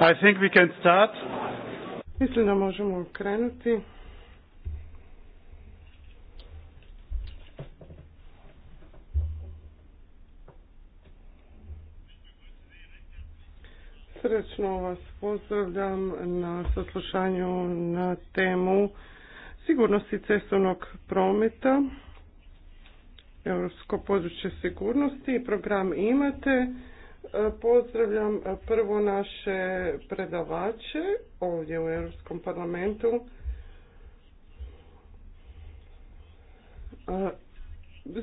I think we can start. Mislim da možemo krenuti. Srećno vas pozdravljam na saslušanju na temu sigurnosti cestovnog prometa, Europsko područje sigurnosti. Program imate. Pozdravljam prvo naše predavače ovdje u Europskom parlamentu. E,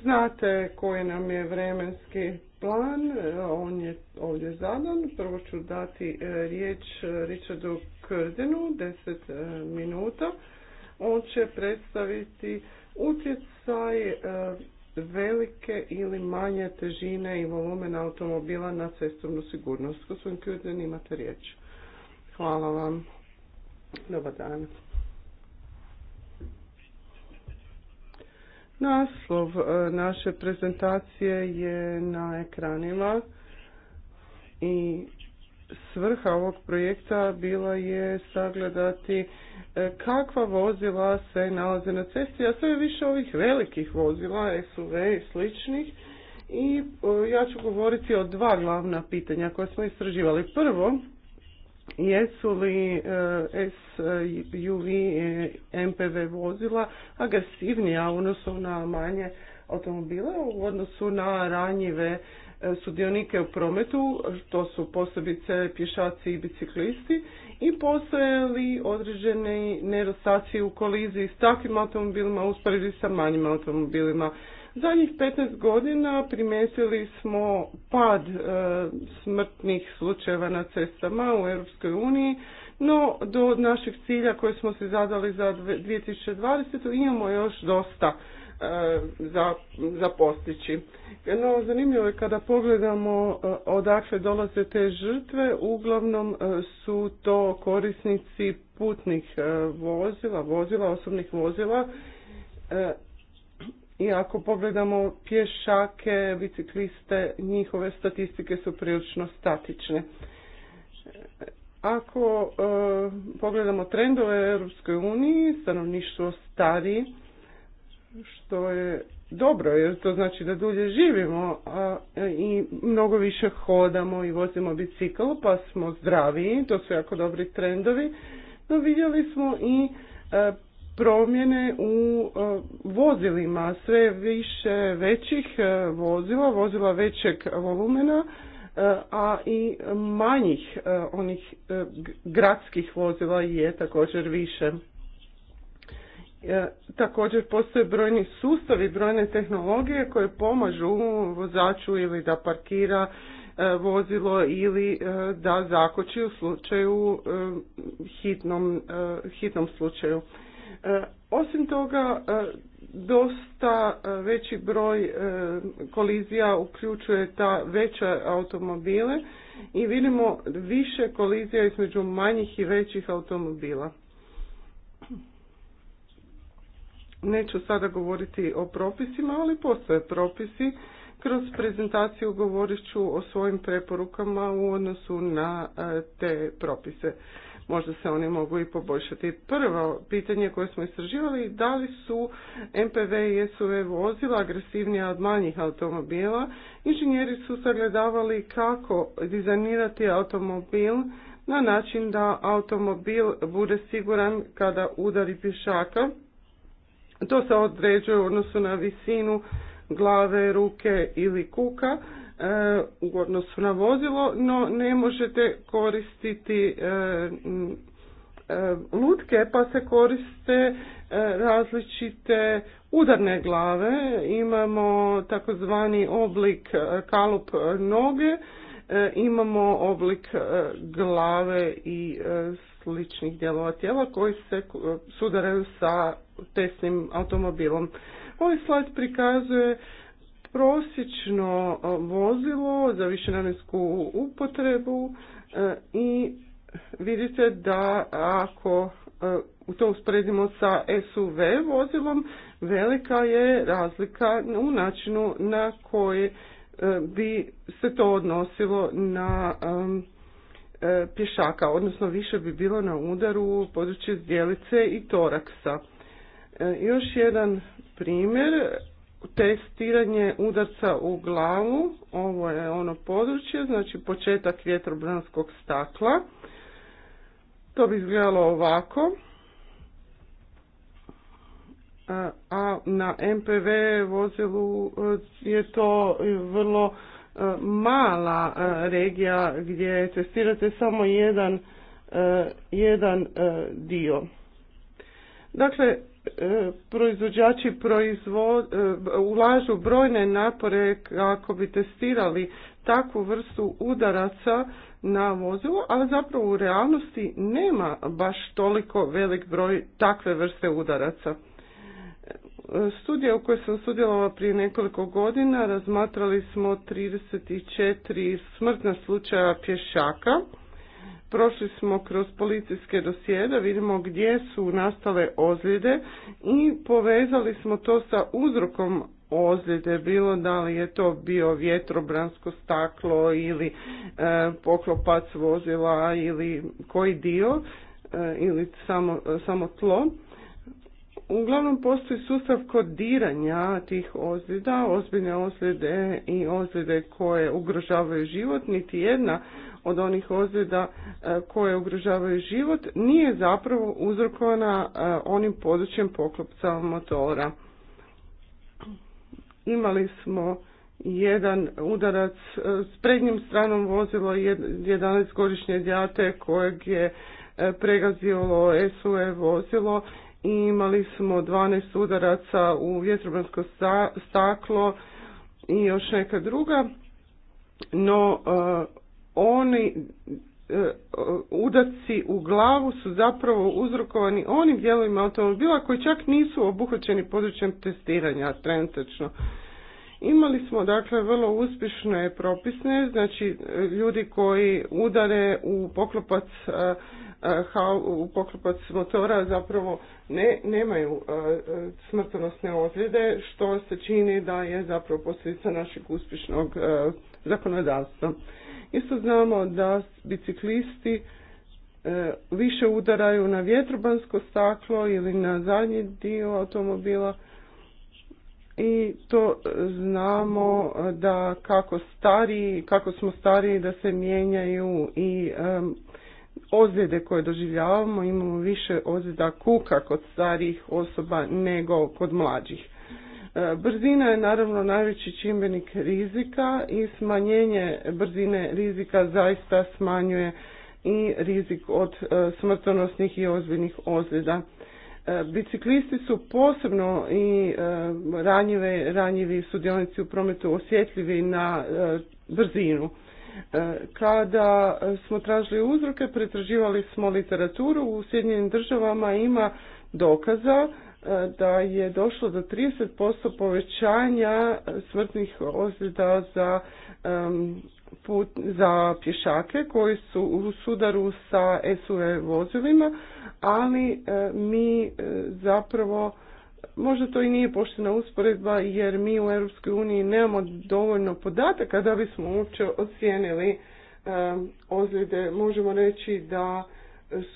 znate koji nam je vremenski plan, on je ovdje zadan. Prvo ću dati e, riječ Richardu Krdenu, 10 e, minuta. On će predstaviti utjecaj velike ili manje težine i volumena automobila na cestovnu sigurnost. Gospodin imate riječ. Hvala vam. Dobar dan. Naslov e, naše prezentacije je na ekranima i svrha ovog projekta bila je sagledati e, kakva vozila se nalaze na cesti, a sve više ovih velikih vozila, SUV i sličnih. I e, ja ću govoriti o dva glavna pitanja koja smo istraživali. Prvo, jesu li e, SUV MPV vozila agresivnija u odnosu na manje automobile u odnosu na ranjive sudionike u prometu, to su posebice pješaci i biciklisti, i postoje li određene nedostaci u koliziji s takvim automobilima usporedi sa manjim automobilima. Zadnjih 15 godina primijetili smo pad e, smrtnih slučajeva na cestama u Europskoj uniji, no do naših cilja koje smo se zadali za 2020. imamo još dosta E, za, za postići. No, zanimljivo je kada pogledamo e, odakle dolaze te žrtve, uglavnom e, su to korisnici putnih vozila, vozila, osobnih vozila. I ako pogledamo pješake, bicikliste, njihove statistike su prilično statične. Ako pogledamo trendove u Europskoj uniji, stanovništvo stari, što je dobro, jer to znači da dulje živimo i mnogo više hodamo i vozimo bicikl, pa smo zdraviji, to su jako dobri trendovi, no vidjeli smo i e, promjene u e, vozilima, sve više većih e, vozila, vozila većeg volumena, a i manjih onih gradskih vozila je također više. E, također postoje brojni sustavi, brojne tehnologije koje pomažu vozaču ili da parkira e, vozilo ili e, da zakoči u slučaju hitnom, hitnom slučaju. Osim toga, dosta veći broj kolizija uključuje ta veća automobile i vidimo više kolizija između manjih i većih automobila. neću sada govoriti o propisima, ali postoje propisi. Kroz prezentaciju govorit ću o svojim preporukama u odnosu na e, te propise. Možda se oni mogu i poboljšati. Prvo pitanje koje smo istraživali, da li su MPV i SUV vozila agresivnija od manjih automobila. Inženjeri su sagledavali kako dizajnirati automobil na način da automobil bude siguran kada udari pješaka to se određuje u odnosu na visinu glave, ruke ili kuka e, u odnosu na vozilo, no ne možete koristiti e, e, lutke pa se koriste različite udarne glave. Imamo takozvani oblik kalup noge, imamo oblik glave i ličnih dijelova tijela koji se eh, sudaraju sa tesnim automobilom. Ovaj slajd prikazuje prosječno eh, vozilo za višenamjensku upotrebu eh, i vidite da ako to usporedimo sa SUV vozilom, velika je razlika u načinu na koji bi se to odnosilo na E, pješaka, odnosno više bi bilo na udaru područje zdjelice i toraksa. E, još jedan primjer, testiranje udarca u glavu, ovo je ono područje, znači početak vjetrobranskog stakla. To bi izgledalo ovako. E, a na MPV vozilu je to vrlo mala e, regija gdje testirate samo jedan, e, jedan e, dio. Dakle, proizvođači ulažu brojne napore kako bi testirali takvu vrstu udaraca na vozilo, ali zapravo u realnosti nema baš toliko velik broj takve vrste udaraca studija u kojoj sam sudjelovala prije nekoliko godina razmatrali smo 34 smrtna slučaja pješaka. Prošli smo kroz policijske dosjede, vidimo gdje su nastale ozljede i povezali smo to sa uzrokom ozljede, bilo da li je to bio vjetrobransko staklo ili e, poklopac vozila ili koji dio e, ili samo, samo tlo uglavnom postoji sustav kodiranja tih ozljeda, ozbiljne ozljede i ozljede koje ugrožavaju život, niti jedna od onih ozljeda e, koje ugrožavaju život nije zapravo uzrokovana e, onim područjem poklopca motora. Imali smo jedan udarac e, s prednjim stranom vozilo 11-godišnje djate kojeg je pregazilo SUE vozilo imali smo 12 udaraca u vjetrobransko staklo i još neka druga, no eh, oni eh, udaci u glavu su zapravo uzrokovani onim dijelovima automobila koji čak nisu obuhvaćeni područjem testiranja trenutačno. Imali smo dakle vrlo uspješne propisne, znači eh, ljudi koji udare u poklopac u poklopac motora zapravo ne, nemaju smrtonosne ozljede što se čini da je zapravo posljedica našeg uspješnog zakonodavstva. Isto znamo da biciklisti više udaraju na vjetrobansko staklo ili na zadnji dio automobila i to znamo da kako stariji, kako smo stariji da se mijenjaju i ozljede koje doživljavamo, imamo više ozljeda kuka kod starijih osoba nego kod mlađih. E, brzina je naravno najveći čimbenik rizika i smanjenje brzine rizika zaista smanjuje i rizik od e, smrtonosnih i ozbiljnih ozljeda. E, biciklisti su posebno i ranjivi sudionici u prometu osjetljivi na brzinu E, kada smo tražili uzroke, pretraživali smo literaturu. U Sjedinjenim državama ima dokaza e, da je došlo do 30% povećanja smrtnih ozljeda za, za pješake koji su u sudaru sa SUV vozilima, ali e, mi zapravo Možda to i nije poštena usporedba jer mi u Europskoj uniji nemamo dovoljno podataka da bismo uopće ocijenili ozljede. Možemo reći da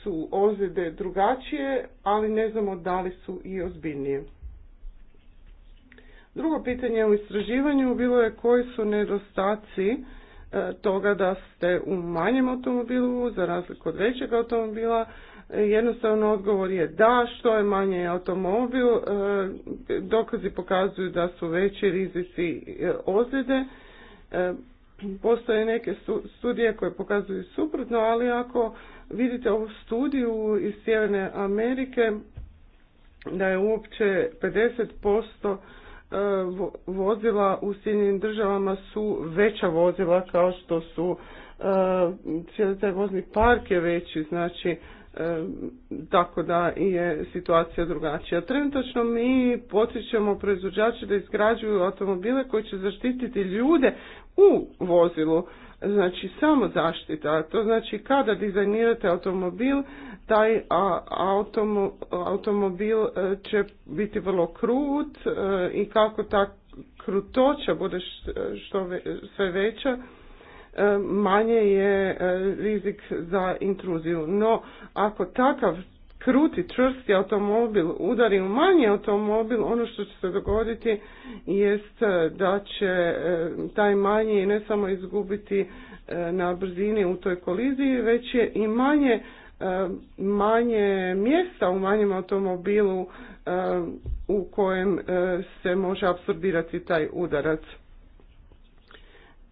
su ozljede drugačije, ali ne znamo da li su i ozbiljnije. Drugo pitanje u istraživanju bilo je koji su nedostaci eh, toga da ste u manjem automobilu, za razliku od većeg automobila, Jednostavno odgovor je da, što je manje automobil, e, dokazi pokazuju da su veći rizici e, ozljede. E, postoje neke studije koje pokazuju suprotno, ali ako vidite ovu studiju iz Sjeverne Amerike, da je uopće 50% vozila u Sjedinjenim državama su veća vozila kao što su cijeli taj vozni park je veći, znači E, tako da je situacija drugačija. Trenutačno mi potičemo proizvođače da izgrađuju automobile koji će zaštititi ljude u vozilu, znači samo zaštita. To znači kada dizajnirate automobil, taj automo, automobil e, će biti vrlo krut e, i kako ta krutoća bude što sve veća, E, manje je e, rizik za intruziju. No, ako takav kruti, čvrsti automobil udari u manji automobil, ono što će se dogoditi jest e, da će taj manji ne samo izgubiti na brzini u toj koliziji, već je i manje manje mjesta u manjem automobilu u kojem se može apsorbirati taj udarac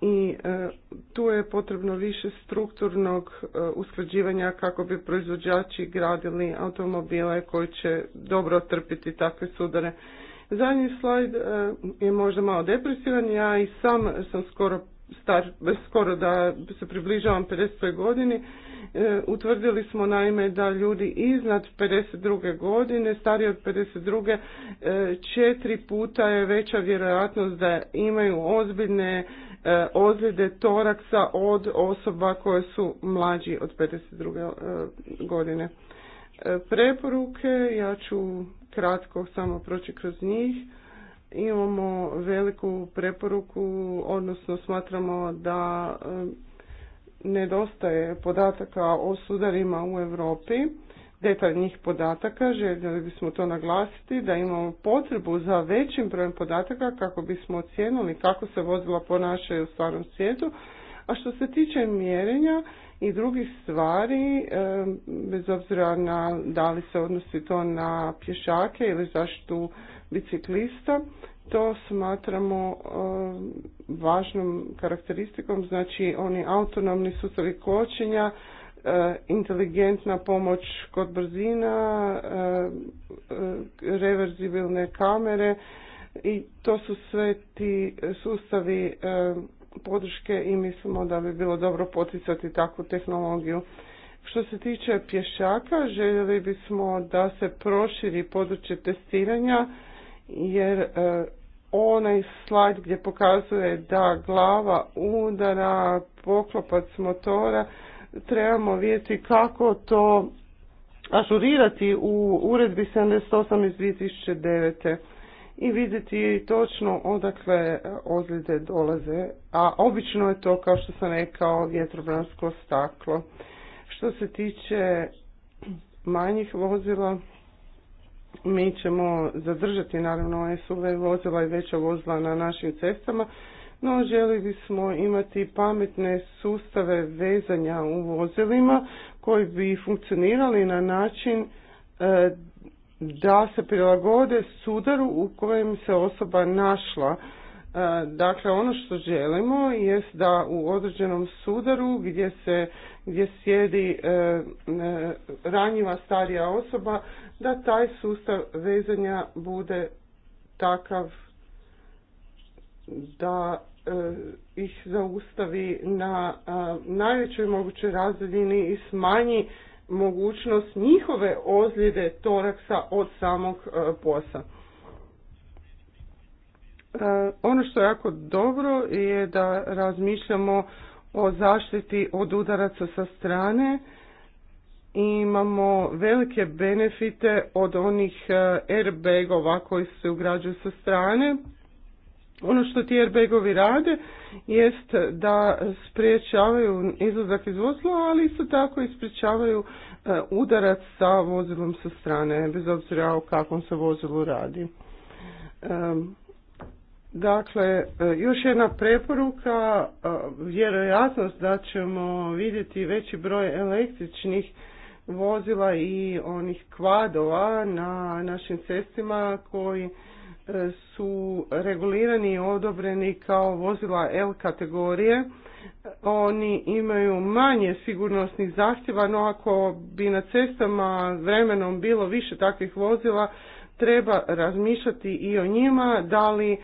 i e, tu je potrebno više strukturnog e, usklađivanja kako bi proizvođači gradili automobile koji će dobro trpiti takve sudare. Zadnji slajd e, je možda malo depresivan, ja i sam sam skoro star, skoro da se približavam 50. godini, utvrdili smo naime da ljudi iznad 52. godine, stariji od 52. četiri puta je veća vjerojatnost da imaju ozbiljne E, ozljede toraksa od osoba koje su mlađi od 52. E, godine. E, preporuke, ja ću kratko samo proći kroz njih. Imamo veliku preporuku, odnosno smatramo da nedostaje podataka o sudarima u Europi detaljnih podataka, željeli bismo to naglasiti da imamo potrebu za većim brojem podataka kako bismo ocijenili kako se vozila ponašaju u stvarnom svijetu, a što se tiče mjerenja i drugih stvari, e, bez obzira na da li se odnosi to na pješake ili zaštitu biciklista, to smatramo e, važnom karakteristikom, znači oni autonomni sustavi kočenja, E, inteligentna pomoć kod brzina, e, e, reverzibilne kamere i to su sve ti sustavi podrške i mislimo da bi bilo dobro poticati takvu tehnologiju. Što se tiče pješaka, željeli bismo da se proširi područje testiranja jer onaj slajd gdje pokazuje da glava udara, poklopac motora, trebamo vidjeti kako to ažurirati u uredbi 78 iz 2009. i vidjeti točno odakle ozljede dolaze, a obično je to, kao što sam rekao, vjetrobransko staklo. Što se tiče manjih vozila, mi ćemo zadržati naravno SUV vozila i veća vozila na našim cestama, no želi bismo imati pametne sustave vezanja u vozilima koji bi funkcionirali na način e, da se prilagode sudaru u kojem se osoba našla. E, dakle, ono što želimo jest da u određenom sudaru gdje se gdje sjedi e, ranjiva starija osoba, da taj sustav vezanja bude takav da e, ih zaustavi na e, najvećoj mogućoj razini i smanji mogućnost njihove ozljede toraksa od samog posa. E, ono što je jako dobro je da razmišljamo o zaštiti od udaraca sa strane. Imamo velike benefite od onih airbagova koji se ugrađuju sa strane. Ono što ti airbagovi rade jest da spriječavaju izlazak iz vozila, ali isto tako i spriječavaju eh, udarac sa vozilom sa strane, bez obzira o kakvom se vozilu radi. Dakle, eh, još jedna preporuka, eh, vjerojatnost da ćemo vidjeti veći broj električnih vozila i onih kvadova na našim cestima koji su regulirani i odobreni kao vozila L kategorije. Oni imaju manje sigurnosnih zahtjeva, no ako bi na cestama vremenom bilo više takvih vozila, treba razmišljati i o njima, da li e,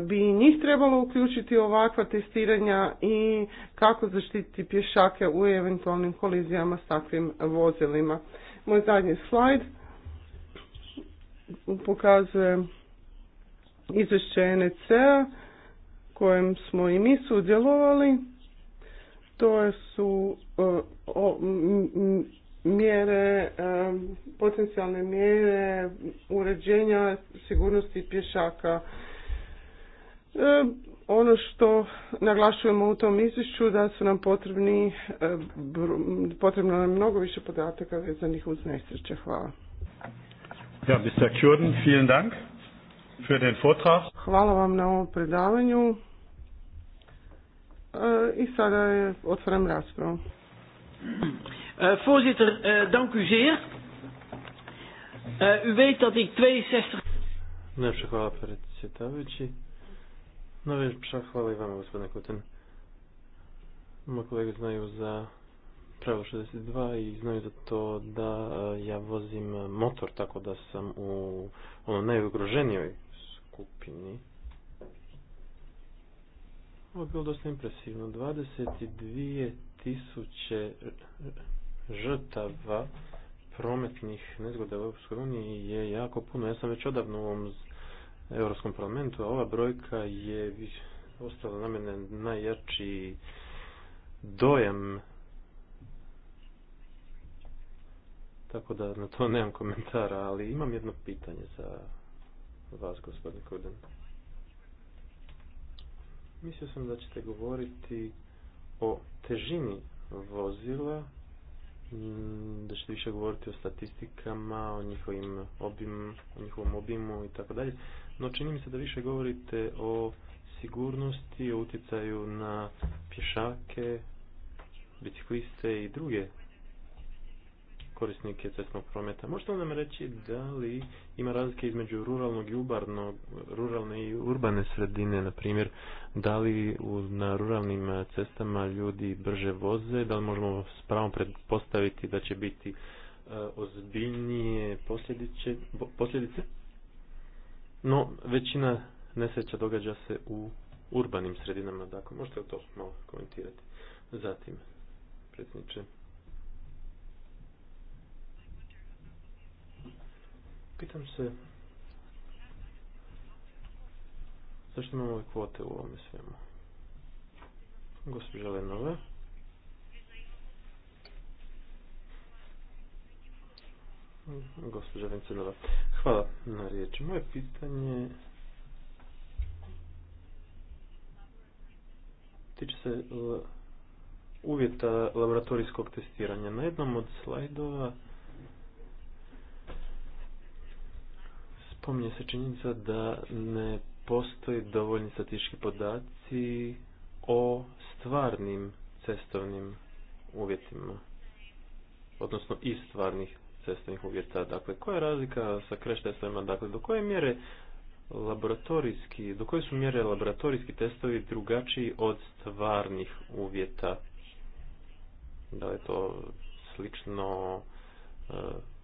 bi njih trebalo uključiti ovakva testiranja i kako zaštititi pješake u eventualnim kolizijama s takvim vozilima. Moj zadnji slajd pokazuje izvješće NEC-a kojem smo i mi sudjelovali. To su e, mjere, e, potencijalne mjere uređenja sigurnosti pješaka. E, ono što naglašujemo u tom izvješću da su nam potrebni, potrebno nam mnogo više podataka vezanih uz nesreće. Hvala. Ja, vielen Dank für den Vortrag. Hvala vam na ovom predavanju. E, I sada je otvaram raspravu. Eh, voorzitter, eh, dank u zeer. Eh, u weet dat ik 62... Najpša hvala predsjedavajući. Najpša hvala i vama gospodine Kutin. Moje kolege znaju za pravo 62 i znaju za to da ja vozim motor tako da sam u ono najugroženijoj skupini. Ovo je bilo dosta impresivno. 22 tisuće žrtava prometnih nezgoda u Europskoj uniji je jako puno. Ja sam već odavno u ovom Europskom parlamentu, a ova brojka je ostala na mene najjači dojem. Tako da na to nemam komentara, ali imam jedno pitanje za vas, gospodine Kuden. Mislio sam da ćete govoriti o težini vozila, mm, da ćete više govoriti o statistikama, o njihovim obim, o njihovom obimu i tako dalje. No čini mi se da više govorite o sigurnosti, o utjecaju na pješake, bicikliste i druge korisnike cestnog prometa. Možete li nam reći da li ima razlike između ruralnog i ubarnog, ruralne i urbane sredine, na primjer, da li na ruralnim cestama ljudi brže voze, da li možemo s pravom predpostaviti da će biti e, ozbiljnije posljedice, posljedice? No, većina nesreća događa se u urbanim sredinama, dakle, možete li to malo komentirati. Zatim, predsjedniče, Pitam se zašto imamo ove kvote u ovome svemu. Gospođa Lenova. Gospođa Vincenova. Hvala na riječi. Moje pitanje tiče se uvjeta laboratorijskog testiranja. Na jednom od slajdova Spominje se činjenica da ne postoji dovoljni statistički podaci o stvarnim cestovnim uvjetima, odnosno iz stvarnih cestovnih uvjeta. Dakle, koja je razlika sa crash testovima? Dakle, do koje mjere laboratorijski, do koje su mjere laboratorijski testovi drugačiji od stvarnih uvjeta? Da li je to slično eh,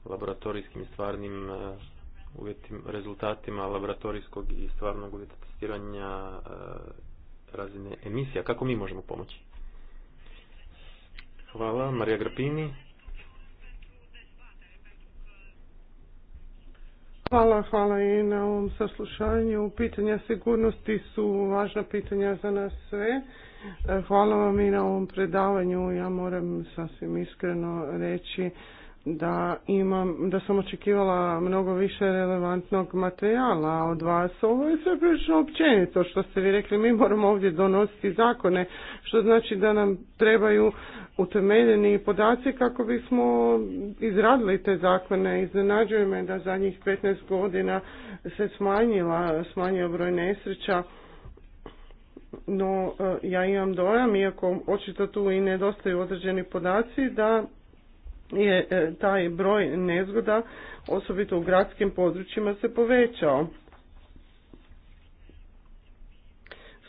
laboratorijskim i stvarnim eh, uvjetim rezultatima laboratorijskog i stvarnog uvjeta testiranja e, razine emisija. Kako mi možemo pomoći? Hvala, Marija Grapini. Hvala, hvala i na ovom saslušanju. Pitanja sigurnosti su važna pitanja za nas sve. E, hvala vam i na ovom predavanju. Ja moram sasvim iskreno reći da imam, da sam očekivala mnogo više relevantnog materijala od vas. Ovo je sve prilično općenito što ste vi rekli, mi moramo ovdje donositi zakone, što znači da nam trebaju utemeljeni podaci kako bismo izradili te zakone. Iznenađuje me da zadnjih 15 godina se smanjila, smanjio broj nesreća. No, e, ja imam dojam, iako očito tu i nedostaju određeni podaci, da je e, taj broj nezgoda, osobito u gradskim područjima, se povećao.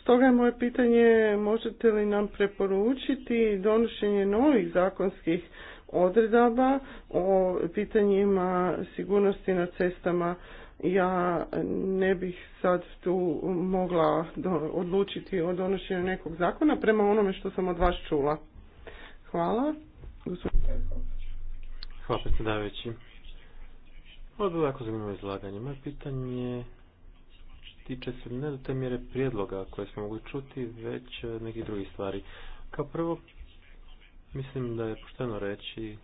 Stoga je moje pitanje, možete li nam preporučiti donošenje novih zakonskih odredaba o pitanjima sigurnosti na cestama? Ja ne bih sad tu mogla odlučiti o donošenju nekog zakona prema onome što sam od vas čula. Hvala. Hvala predsjedavajući. Ovo je bilo jako zanimljivo izlaganje. Moje pitanje tiče se ne do te mjere prijedloga koje smo mogli čuti, već nekih drugih stvari. Kao prvo, mislim da je pošteno reći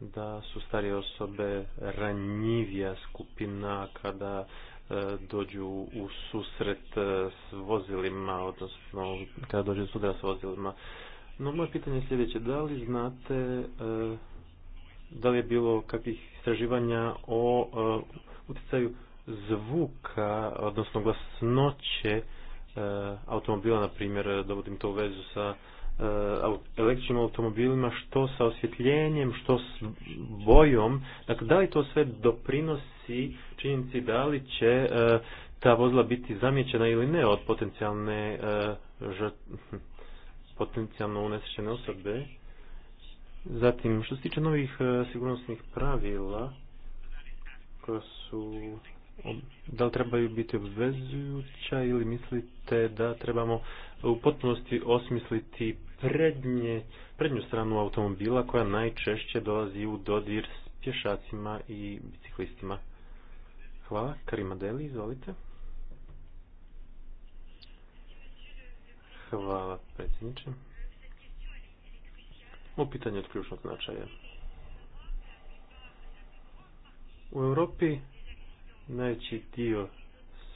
da su starije osobe ranjivija skupina kada e, dođu u susret e, s vozilima, odnosno kada dođu sudra s vozilima. No, moje pitanje je sljedeće, da li znate e, da li je bilo kakvih istraživanja o e, utjecaju zvuka, odnosno glasnoće e, automobila, na primjer, dovodim to u vezu sa e, električnim automobilima, što sa osvjetljenjem, što s bojom, dakle da li to sve doprinosi činjenici da li će ta vozila biti zamjećena ili ne od potencijalne potencijalno unesećene osobe Zatim, što se tiče novih e, sigurnosnih pravila, koja su, da li trebaju biti obvezujuća ili mislite da trebamo u potpunosti osmisliti prednje, prednju stranu automobila koja najčešće dolazi u dodir s pješacima i biciklistima? Hvala. Karima Deli, izvolite. Hvala predsjedniče smo pitanje od ključnog značaja. U Europi najveći dio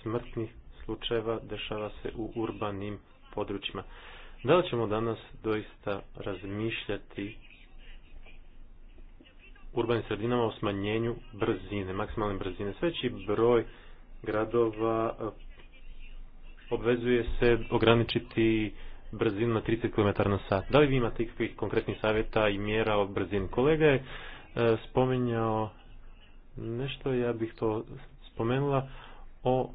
smrtnih slučajeva dešava se u urbanim područjima. Da li ćemo danas doista razmišljati u urbanim sredinama o smanjenju brzine, maksimalne brzine? Sveći broj gradova e, obvezuje se ograničiti brzinu na 30 km na sat. Da li vi imate ikakvih konkretnih savjeta i mjera o brzini? Kolega je e, spominjao nešto, ja bih to spomenula, o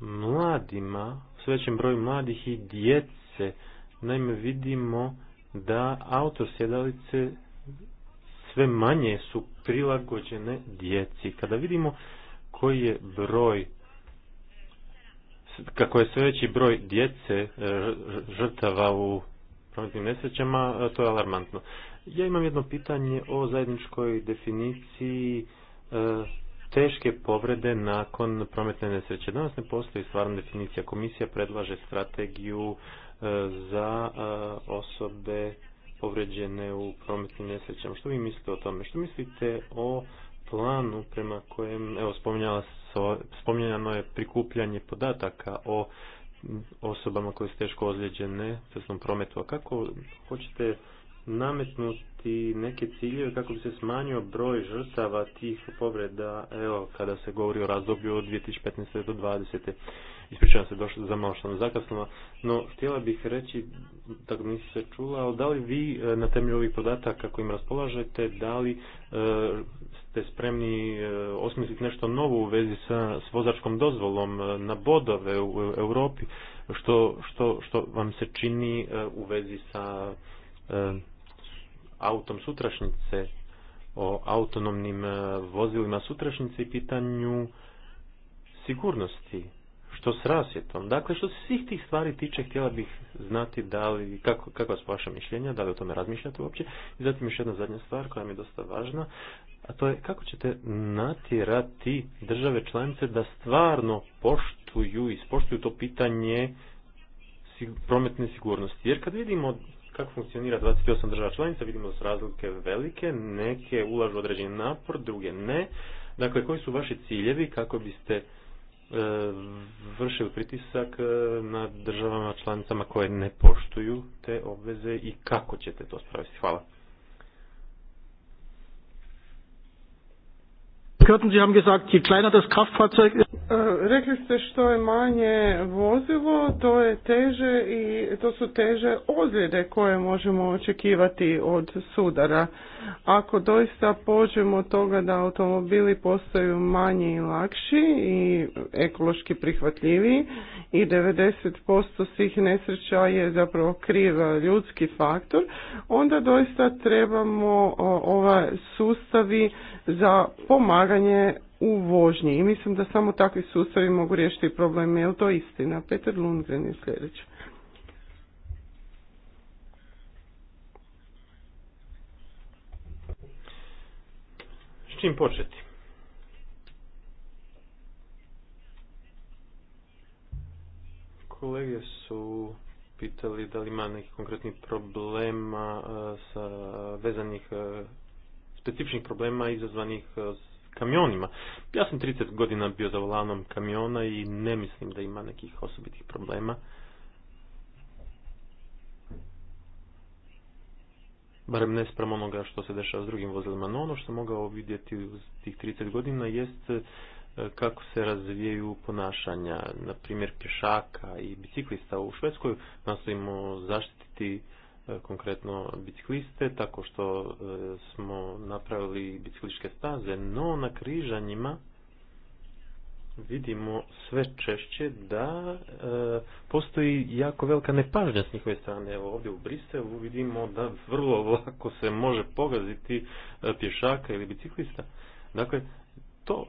mladima, sve većem broju mladih i djece. Naime, vidimo da autor sjedalice sve manje su prilagođene djeci. Kada vidimo koji je broj kako je sve veći broj djece e, žrtava u prometnim nesrećama, e, to je alarmantno. Ja imam jedno pitanje o zajedničkoj definiciji e, teške povrede nakon prometne nesreće. Danas ne postoji stvarna definicija. Komisija predlaže strategiju za osobe povređene u prometnim nesrećama. Što vi mislite o tome? Što mislite o planu prema kojem, evo spominjala spominjano je prikupljanje podataka o osobama koje su teško ozlijeđene cestnom prometu. A kako hoćete nametnuti neke ciljeve kako bi se smanjio broj žrtava tih povreda, evo, kada se govori o razdoblju od 2015. do 2020. Ispričavam se, došlo za malo što sam zakasnila, no htjela bih reći, tako nisam se čula, da li vi e, na temelju ovih podataka kojim raspolažete, da li e, ste spremni e, osmisliti nešto novo u vezi sa, s vozačkom dozvolom na bodove u, u Europi, što, što, što vam se čini u vezi sa autom sutrašnjice, o autonomnim e, vozilima sutrašnjice i pitanju sigurnosti, što s rasvjetom. Dakle, što se svih tih stvari tiče, htjela bih znati da li, kako, kakva su vaša mišljenja, da li o tome razmišljate uopće. I zatim još jedna zadnja stvar koja mi je dosta važna, a to je kako ćete natjerati države članice da stvarno poštuju i ispoštuju to pitanje prometne sigurnosti. Jer kad vidimo kako funkcionira 28 država članica, vidimo da su razlike velike, neke ulažu određeni napor, druge ne. Dakle, koji su vaši ciljevi kako biste e, vršili pritisak e, na državama članicama koje ne poštuju te obveze i kako ćete to spraviti? Hvala. Kürten, Sie haben gesagt, je kleiner das Kraftfahrzeug ist... E, rekli ste što je manje vozilo, to je teže i to su teže ozljede koje možemo očekivati od sudara. Ako doista pođemo od toga da automobili postaju manji i lakši i ekološki prihvatljiviji i 90% svih nesreća je zapravo kriv ljudski faktor, onda doista trebamo ova sustavi za pomaganje u vožnji. I mislim da samo takvi sustavi mogu riješiti probleme. Je li to istina? Peter Lundgren je sljedeći. S čim početi? Kolege su pitali da li ima nekih konkretnih problema eh, sa vezanih eh, specifičnih problema izazvanih eh, kamionima. Ja sam 30 godina bio za volanom kamiona i ne mislim da ima nekih osobitih problema. barem ne sprem onoga što se dešava s drugim vozilima. No ono što mogao vidjeti u tih 30 godina jest e, kako se razvijaju ponašanja, na primjer pješaka i biciklista u Švedskoj. nastavimo zaštititi E, konkretno bicikliste, tako što e, smo napravili bicikličke staze, no na križanjima vidimo sve češće da e, postoji jako velika nepažnja s njihove strane. Evo ovdje u Briselu vidimo da vrlo lako se može pogaziti pješaka ili biciklista. Dakle, to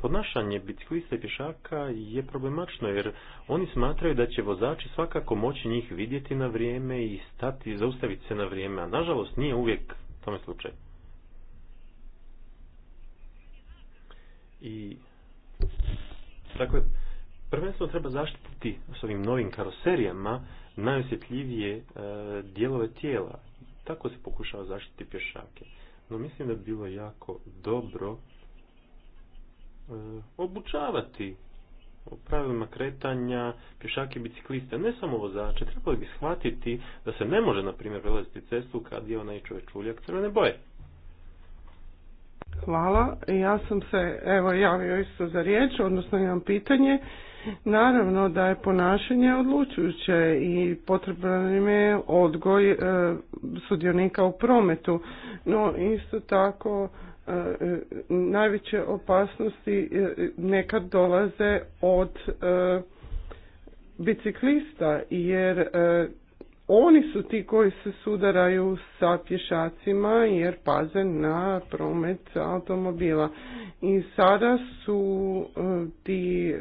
ponašanje biciklista i pješaka je problematično jer oni smatraju da će vozači svakako moći njih vidjeti na vrijeme i stati, zaustaviti se na vrijeme, a nažalost nije uvijek tome slučaj. I dakle, prvenstveno treba zaštititi s ovim novim karoserijama najosjetljivije e, dijelove tijela. Tako se pokušava zaštiti pješake. No mislim da bi bilo jako dobro E, obučavati o pravilima kretanja pješake i biciklista, ne samo vozače, trebali bi shvatiti da se ne može, na primjer, prelaziti cestu kad je onaj čovjek uljak crvene boje. Hvala. Ja sam se evo javio isto za riječ, odnosno imam pitanje. Naravno da je ponašanje odlučujuće i potreban im je odgoj e, sudionika u prometu, no isto tako najveće opasnosti e, nekad dolaze od e, biciklista jer e, oni su ti koji se sudaraju sa pješacima jer paze na promet automobila. I sada su ti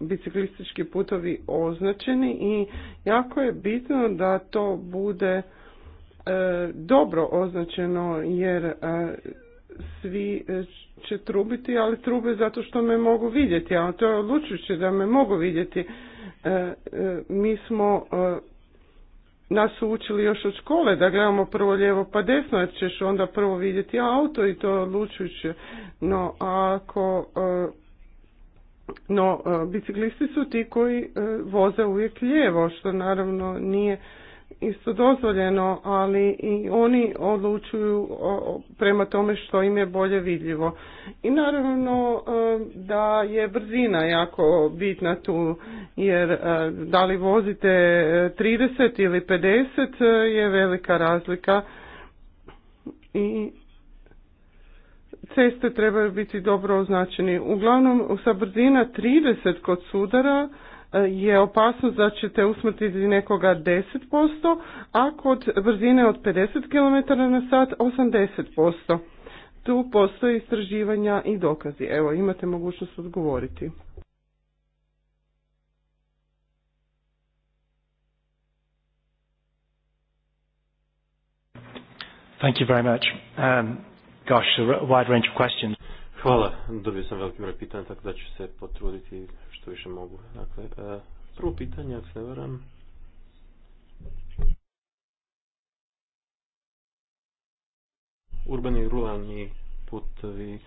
biciklistički putovi označeni i jako je bitno da to bude dobro označeno jer svi e, će trubiti, ali trube zato što me mogu vidjeti, a to je odlučujuće da me mogu vidjeti. E, e, mi smo nas su učili još od škole da gledamo prvo lijevo pa desno jer ćeš onda prvo vidjeti auto i to je odlučujuće. No, ako no, biciklisti su ti koji voze uvijek lijevo, što naravno nije isto dozvoljeno, ali i oni odlučuju prema tome što im je bolje vidljivo. I naravno e, da je brzina jako bitna tu, jer e, da li vozite 30 e, ili 50 je velika razlika i ceste trebaju biti dobro označeni. Uglavnom sa brzina 30 kod sudara je opasnost da ćete usmrtiti nekoga 10%, a kod brzine od 50 km na sat 80%. Tu postoje istraživanja i dokazi. Evo, imate mogućnost odgovoriti. Thank you very much. Um, gosh, a wide range of questions. Hvala, dobio sam veliki broj pitanja, tako da ću se potruditi što više mogu. Dakle, e, prvo pitanje, ako se varam. Urbani ruralni putovi, e,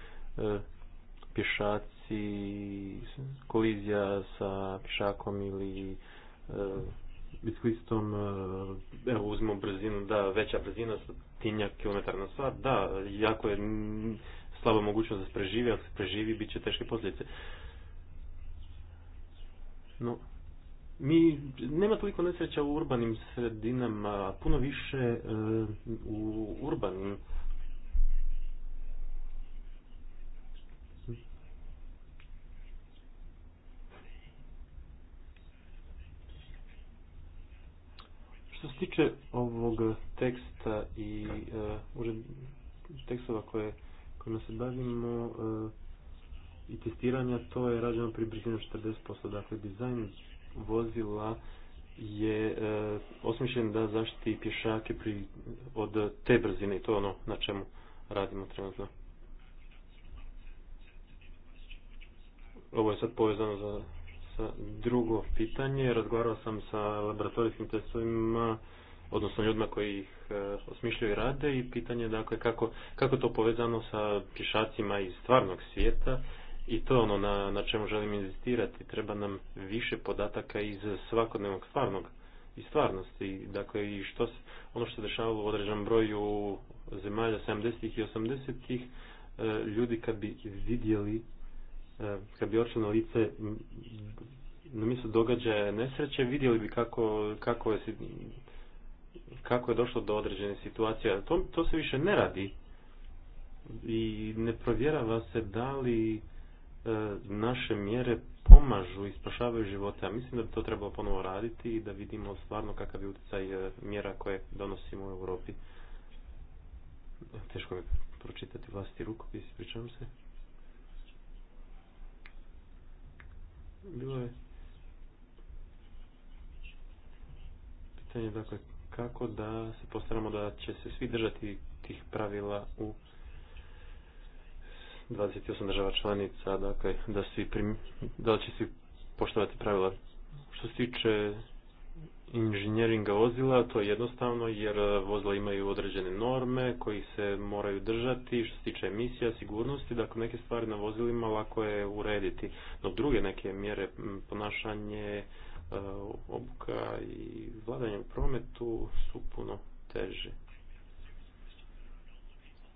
pješaci, kolizija sa pješakom ili e, biciklistom, evo uzmemo brzinu, da, veća brzina, tinja, kilometar na sat, da, jako je slaba mogućnost da se preživi, ako se preživi bit će teške posljedice. No, mi, nema toliko nesreća u urbanim sredinama, a puno više e, u urbanim Što se tiče ovog teksta i e, tekstova koje kojima se bavimo e, i testiranja, to je rađeno približno 40%. Dakle, dizajn vozila je e, osmišljen da zaštiti pješake pri, od te brzine i to je ono na čemu radimo trenutno. Ovo je sad povezano za, sa drugo pitanje. Razgovarao sam sa laboratorijskim testovima odnosno ljudima koji ih e, osmišljaju i rade i pitanje dakle kako, kako to povezano sa pješacima iz stvarnog svijeta i to ono na, na čemu želim inzistirati. Treba nam više podataka iz svakodnevnog stvarnog i stvarnosti. Dakle, i što ono što se dešavalo u određenom broju zemalja 70-ih i 80-ih, e, ljudi kad bi vidjeli, e, kad bi očili na lice na mjesto događaja nesreće, vidjeli bi kako, kako je kako je došlo do određene situacije. To, to se više ne radi i ne provjerava se da li e, naše mjere pomažu i spašavaju živote, a mislim da bi to trebalo ponovo raditi i da vidimo stvarno kakav je utjecaj e, mjera koje donosimo u Europi. Teško mi pročitati vlastiti rukopis, pričam se. Bilo je pitanje dakle kako da se postaramo da će se svi držati tih pravila u 28 država članica, dakle, da, svi prim, da će svi poštovati pravila. Što se tiče inženjeringa vozila, to je jednostavno jer e, vozila imaju određene norme koji se moraju držati što se tiče emisija, sigurnosti, dakle neke stvari na vozilima lako je urediti, no druge neke mjere ponašanje, Eh, obuka i vladanje u prometu su puno teže.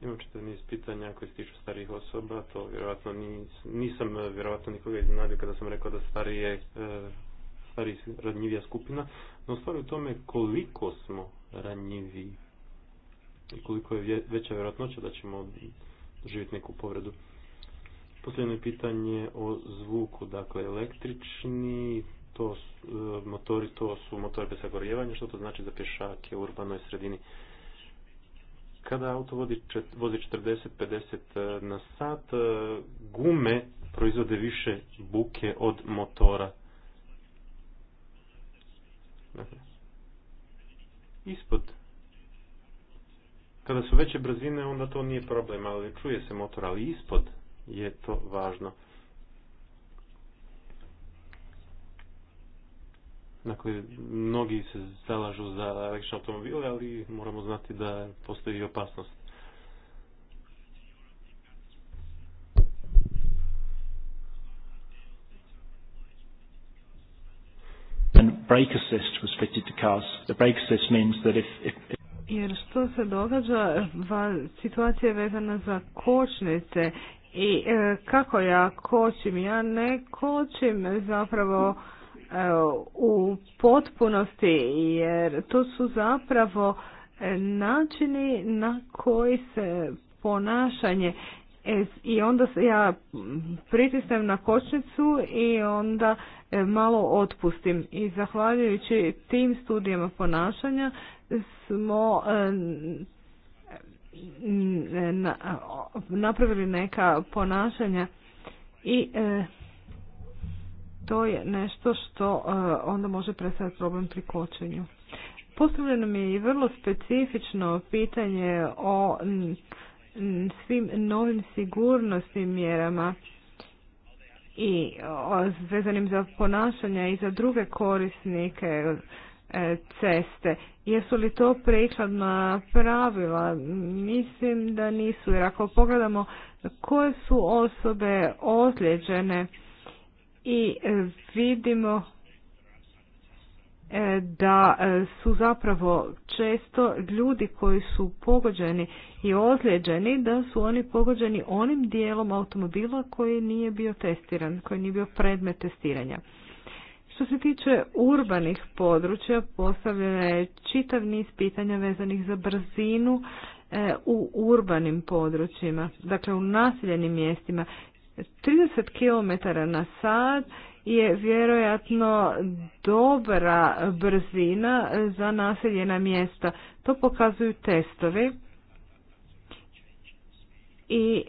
Imam čitav niz pitanja koje se tiču starijih osoba, to vjerojatno nisam eh, vjerojatno nikoga iznenadio kada sam rekao da starije, eh, stariji ranjivija skupina, no stvar u tome koliko smo ranjiviji i koliko je veća vjerojatnoća da ćemo doživjeti neku povredu. Posljedno je pitanje o zvuku, dakle električni to su, e, motori to su motori bez sagorjevanja, što to znači za pješake u urbanoj sredini. Kada auto vodi, čet, vozi 40-50 e, na sat, e, gume proizvode više buke od motora. Dakle, ispod kada su veće brzine, onda to nije problem, ali čuje se motor, ali ispod je to važno. na koje mnogi se zalažu za električne automobile, ali moramo znati da postoji i opasnost. jer što se događa, va, situacija je vezana za kočnice i e, kako ja kočim? Ja ne kočim zapravo u potpunosti jer to su zapravo e, načini na koji se ponašanje e, i onda se ja pritisnem na kočnicu i onda e, malo otpustim i zahvaljujući tim studijama ponašanja smo napravili neka ponašanja i to je nešto što e, onda može predstaviti problem pri kočenju. Postavljeno mi je i vrlo specifično pitanje o svim novim sigurnosnim mjerama i vezanim za ponašanja i za druge korisnike e, ceste. Jesu li to prikladna pravila? Mislim da nisu, jer ako pogledamo koje su osobe ozlijeđene, i e, vidimo e, da e, su zapravo često ljudi koji su pogođeni i ozlijeđeni da su oni pogođeni onim dijelom automobila koji nije bio testiran, koji nije bio predmet testiranja. Što se tiče urbanih područja, postavljeno je čitav niz pitanja vezanih za brzinu u urbanim područjima, dakle u naseljenim mjestima. 30 km na sat je vjerojatno dobra brzina za naseljena mjesta. To pokazuju testovi. I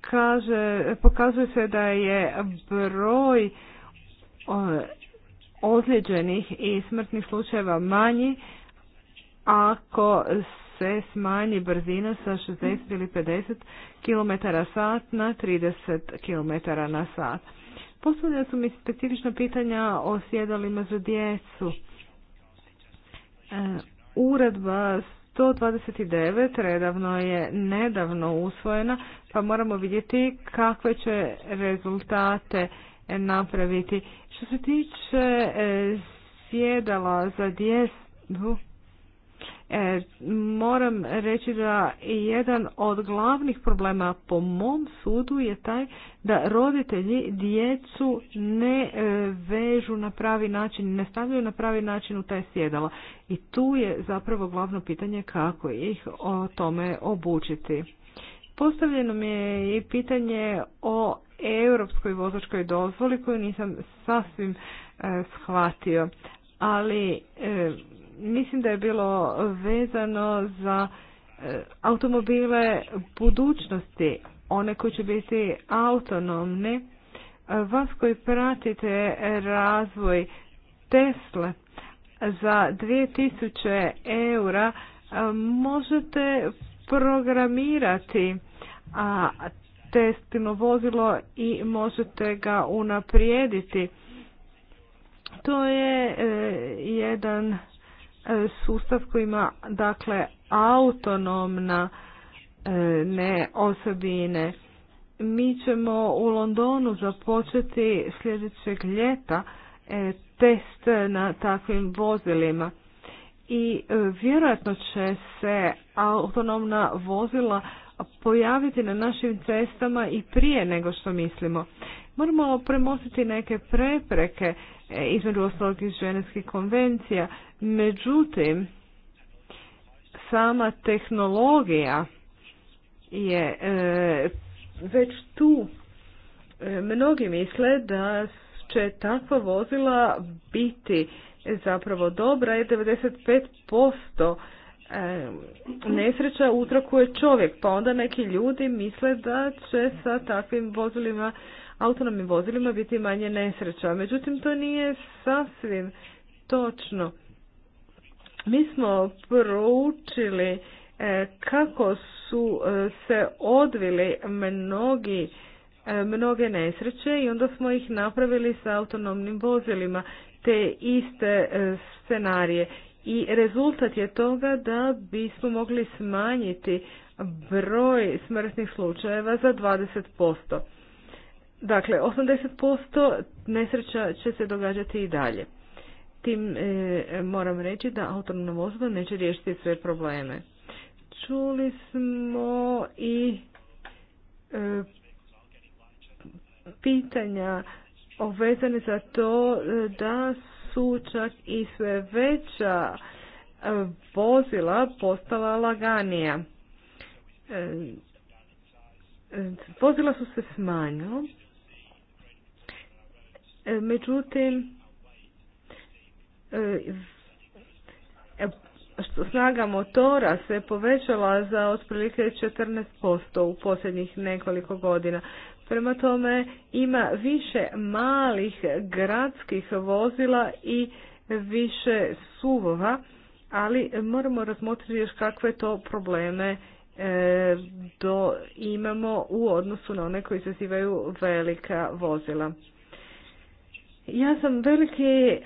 kaže, pokazuje se da je broj ozlijeđenih i smrtnih slučajeva manji ako se smanji brzina sa 60 ili 50 km sat na 30 km na sat. Postavljena su mi specifična pitanja o sjedalima za djecu. E, uredba 129 redavno je nedavno usvojena, pa moramo vidjeti kakve će rezultate napraviti. Što se tiče e, sjedala za djecu, E, moram reći da jedan od glavnih problema po mom sudu je taj da roditelji djecu ne e, vežu na pravi način, ne stavljaju na pravi način u taj sjedalo. I tu je zapravo glavno pitanje kako ih o tome obučiti. Postavljeno mi je i pitanje o europskoj vozačkoj dozvoli koju nisam sasvim e, shvatio, ali mislim da je bilo vezano za e, automobile budućnosti, one koji će biti autonomni. E, vas koji pratite razvoj Tesla za 2000 eura e, možete programirati a testino vozilo i možete ga unaprijediti. To je jedan E, sustav koji ima dakle autonomna e, ne osobine. Mi ćemo u Londonu započeti sljedećeg ljeta e, test na takvim vozilima i vjerojatno će se autonomna vozila pojaviti na našim cestama i prije nego što mislimo. Moramo premostiti neke prepreke e, između ostalog iz ženevskih konvencija. Međutim, sama tehnologija je e, već tu. E, mnogi misle da će takva vozila biti zapravo dobra jer 95% nesreća utrakuje čovjek, pa onda neki ljudi misle da će sa takvim vozilima autonomnim vozilima biti manje nesreća. Međutim, to nije sasvim točno. Mi smo proučili e, kako su e, se odvili mnogi e, mnoge nesreće i onda smo ih napravili sa autonomnim vozilima te iste scenarije. I rezultat je toga da bismo mogli smanjiti broj smrtnih slučajeva za 20%. Dakle, 80% nesreća će se događati i dalje. Tim e, moram reći da autonomna vozila neće riješiti sve probleme. Čuli smo i e, pitanja ovezane za to e, da su čak i sve veća vozila postala laganija. Vozila su se smanjila E, međutim, e, snaga motora se povećala za otprilike 14% u posljednjih nekoliko godina. Prema tome ima više malih gradskih vozila i više suvova, ali moramo razmotriti još kakve to probleme e, do, imamo u odnosu na one koji izazivaju velika vozila. Ja sam veliki eh,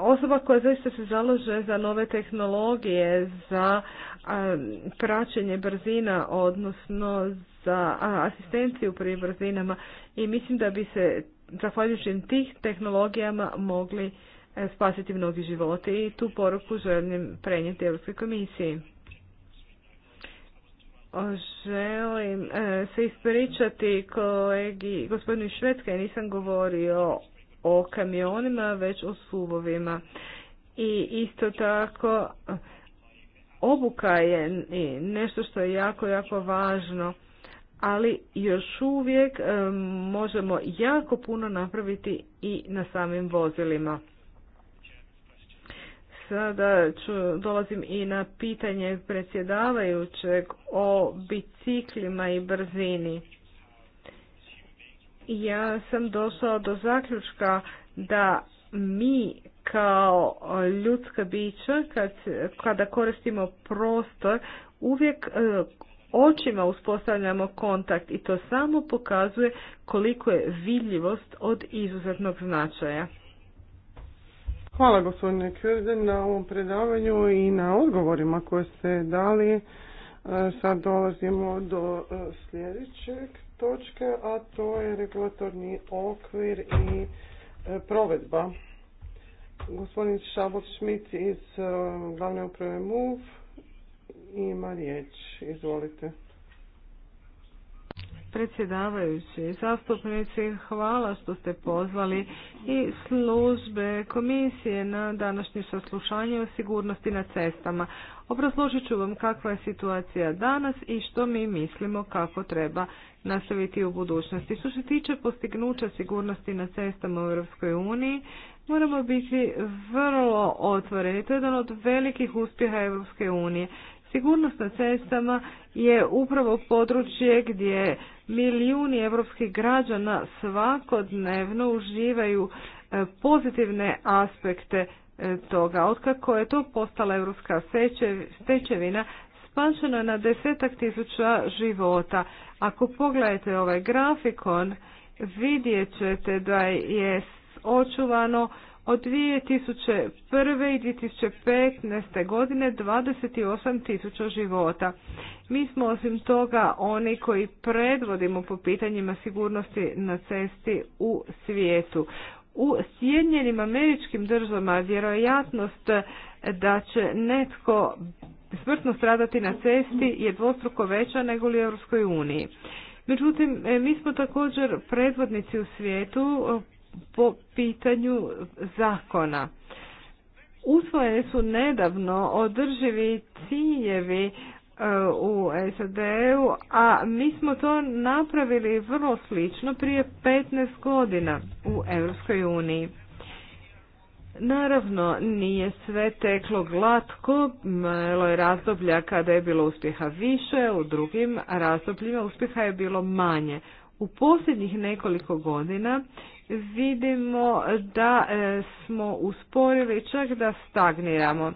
osoba koja zaista se zalaže za nove tehnologije, za eh, praćenje brzina, odnosno za eh, asistenciju pri brzinama i mislim da bi se zahvaljujući tih tehnologijama mogli spasiti mnogi životi i tu poruku želim prenijeti Europskoj komisiji. Želim e, se ispričati kolegi, gospodinu Švedske, nisam govorio o kamionima, već o suvovima. I isto tako, obuka je nešto što je jako, jako važno, ali još uvijek e, možemo jako puno napraviti i na samim vozilima sada dolazim i na pitanje predsjedavajućeg o biciklima i brzini. Ja sam došla do zaključka da mi kao ljudska bića kad, kada koristimo prostor uvijek e, očima uspostavljamo kontakt i to samo pokazuje koliko je vidljivost od izuzetnog značaja. Hvala gospodine Kjurden na ovom predavanju i na odgovorima koje ste dali. E, sad dolazimo do e, sljedećeg točke, a to je regulatorni okvir i e, provedba. Gospodin Šabot Šmit iz glavne uprave MUF ima riječ. Izvolite predsjedavajući zastupnici, hvala što ste pozvali i službe komisije na današnje saslušanje o sigurnosti na cestama. Obrazložit ću vam kakva je situacija danas i što mi mislimo kako treba nastaviti u budućnosti. Što se tiče postignuća sigurnosti na cestama u Europskoj uniji, moramo biti vrlo otvoreni. To je jedan od velikih uspjeha Europske unije Sigurnost na cestama je upravo područje gdje milijuni evropskih građana svakodnevno uživaju e, pozitivne aspekte e, toga. Otkako je to postala evropska stečevina, spašeno je na desetak tisuća života. Ako pogledate ovaj grafikon, vidjet ćete da je očuvano od 2001. i 2015. godine 28 tisuća života. Mi smo osim toga oni koji predvodimo po pitanjima sigurnosti na cesti u svijetu. U Sjedinjenim američkim državama vjerojatnost da će netko smrtno stradati na cesti je dvostruko veća nego li u Europskoj uniji. Međutim, e, mi smo također predvodnici u svijetu po pitanju zakona. Usvojeni su nedavno održivi ciljevi e, u SAD-u, a mi smo to napravili vrlo slično prije 15 godina u Europskoj uniji. Naravno, nije sve teklo glatko, malo je razdoblja kada je bilo uspjeha više, u drugim razdobljima uspjeha je bilo manje. U posljednjih nekoliko godina vidimo da e, smo usporili čak da stagniramo.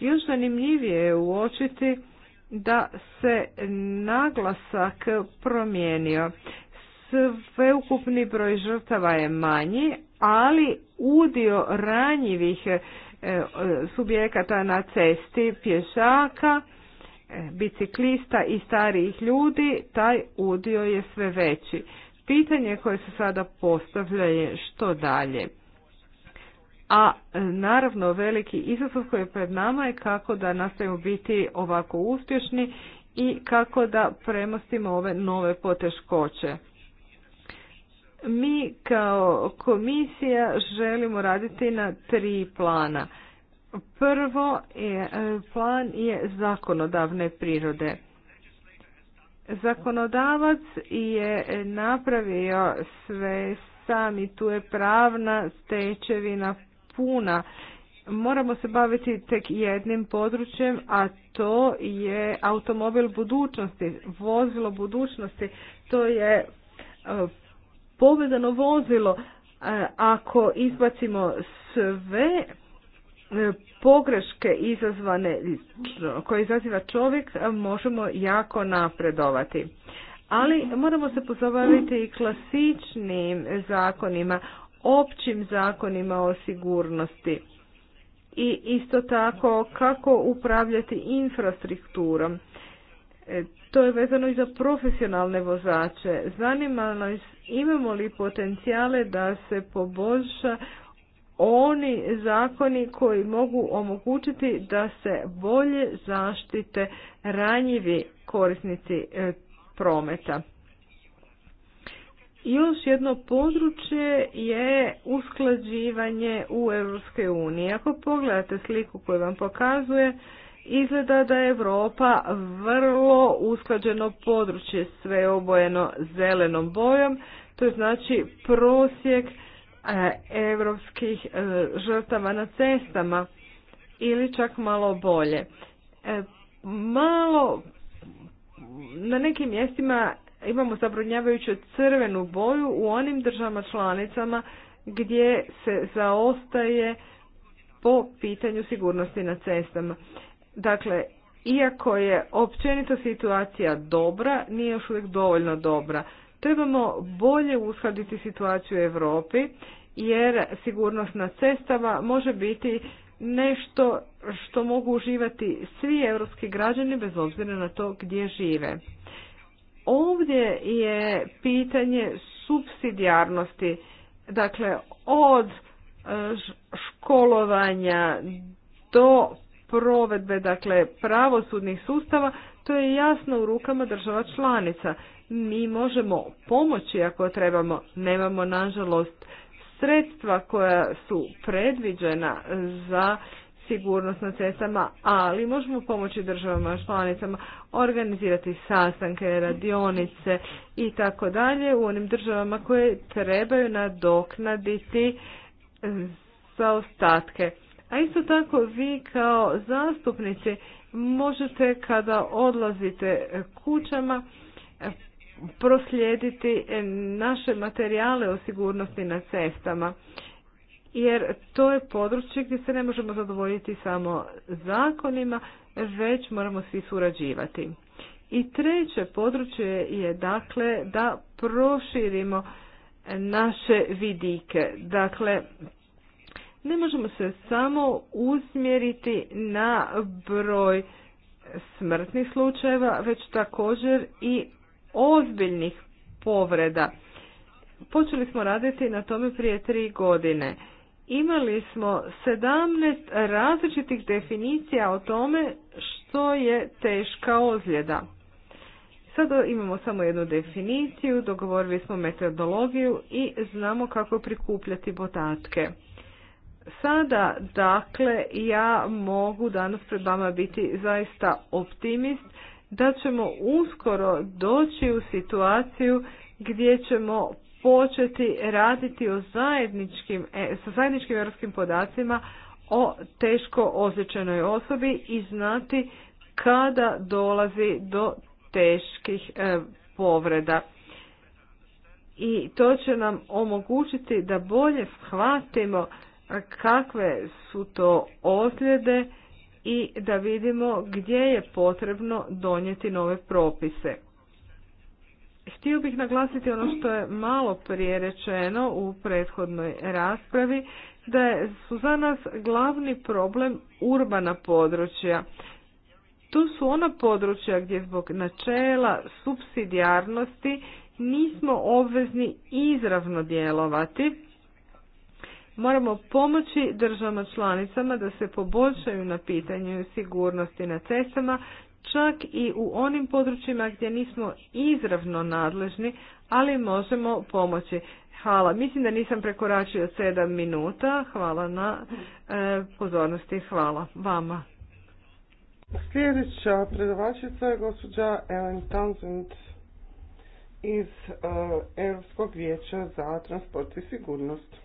Još zanimljivije je uočiti da se naglasak promijenio. Sveukupni broj žrtava je manji, ali udio ranjivih e, subjekata na cesti, pješaka, e, biciklista i starijih ljudi, taj udio je sve veći. Pitanje koje se sada postavlja je što dalje. A naravno veliki izazov koji je pred nama je kako da nastavimo biti ovako uspješni i kako da premostimo ove nove poteškoće. Mi kao komisija želimo raditi na tri plana. Prvo je, e, plan je zakonodavne prirode. Zakonodavac je napravio sve sam i tu je pravna stečevina puna. Moramo se baviti tek jednim područjem, a to je automobil budućnosti, vozilo budućnosti. To je e, povedano vozilo. E, ako izbacimo sve E, pogreške izazvane koje izaziva čovjek e, možemo jako napredovati. Ali moramo se pozabaviti i klasičnim zakonima, općim zakonima o sigurnosti. I isto tako kako upravljati infrastrukturom. E, to je vezano i za profesionalne vozače. Zanima nas imamo li potencijale da se poboljša oni zakoni koji mogu omogućiti da se bolje zaštite ranjivi korisnici e, prometa. Još jedno područje je usklađivanje u Europskoj uniji. Ako pogledate sliku koju vam pokazuje, izgleda da je Europa vrlo usklađeno područje sve obojeno zelenom bojom, to je znači prosjek E, evropskih e, žrtava na cestama ili čak malo bolje. E, malo na nekim mjestima imamo zabrinjavajuću crvenu boju u onim državama članicama gdje se zaostaje po pitanju sigurnosti na cestama. Dakle, iako je općenito situacija dobra, nije još uvijek dovoljno dobra. Trebamo bolje uskladiti situaciju u Europi jer sigurnost na cestama može biti nešto što mogu uživati svi europski građani bez obzira na to gdje žive. Ovdje je pitanje subsidijarnosti, dakle od e, školovanja do provedbe dakle pravosudnih sustava, to je jasno u rukama država članica mi možemo pomoći ako trebamo. Nemamo, nažalost, sredstva koja su predviđena za sigurnost na cestama, ali možemo pomoći državama, članicama, organizirati sastanke, radionice i tako dalje u onim državama koje trebaju nadoknaditi za ostatke. A isto tako vi kao zastupnici možete kada odlazite kućama proslijediti e, naše materijale o sigurnosti na cestama. Jer to je područje gdje se ne možemo zadovoljiti samo zakonima, već moramo svi surađivati. I treće područje je dakle da proširimo naše vidike. Dakle, ne možemo se samo usmjeriti na broj smrtnih slučajeva, već također i ozbiljnih povreda. Počeli smo raditi na tome prije tri godine. Imali smo 17 različitih definicija o tome što je teška ozljeda. Sada imamo samo jednu definiciju, dogovorili smo metodologiju i znamo kako prikupljati podatke. Sada, dakle, ja mogu danas pred vama biti zaista optimist da ćemo uskoro doći u situaciju gdje ćemo početi raditi o zajedničkim, e, sa zajedničkim europskim podacima o teško ozličenoj osobi i znati kada dolazi do teških e, povreda. I to će nam omogućiti da bolje shvatimo e, kakve su to ozljede i da vidimo gdje je potrebno donijeti nove propise. Htio bih naglasiti ono što je malo prije rečeno u prethodnoj raspravi, da su za nas glavni problem urbana područja. Tu su ona područja gdje zbog načela subsidijarnosti nismo obvezni izravno djelovati, Moramo pomoći državama članicama da se poboljšaju na pitanju sigurnosti na cestama, čak i u onim područjima gdje nismo izravno nadležni, ali možemo pomoći. Hvala. Mislim da nisam prekoračio sedam minuta. Hvala na e, pozornosti. Hvala vama. Sljedeća predavačica je gospođa Ellen Townsend iz e, Europskog vijeća za transport i sigurnost.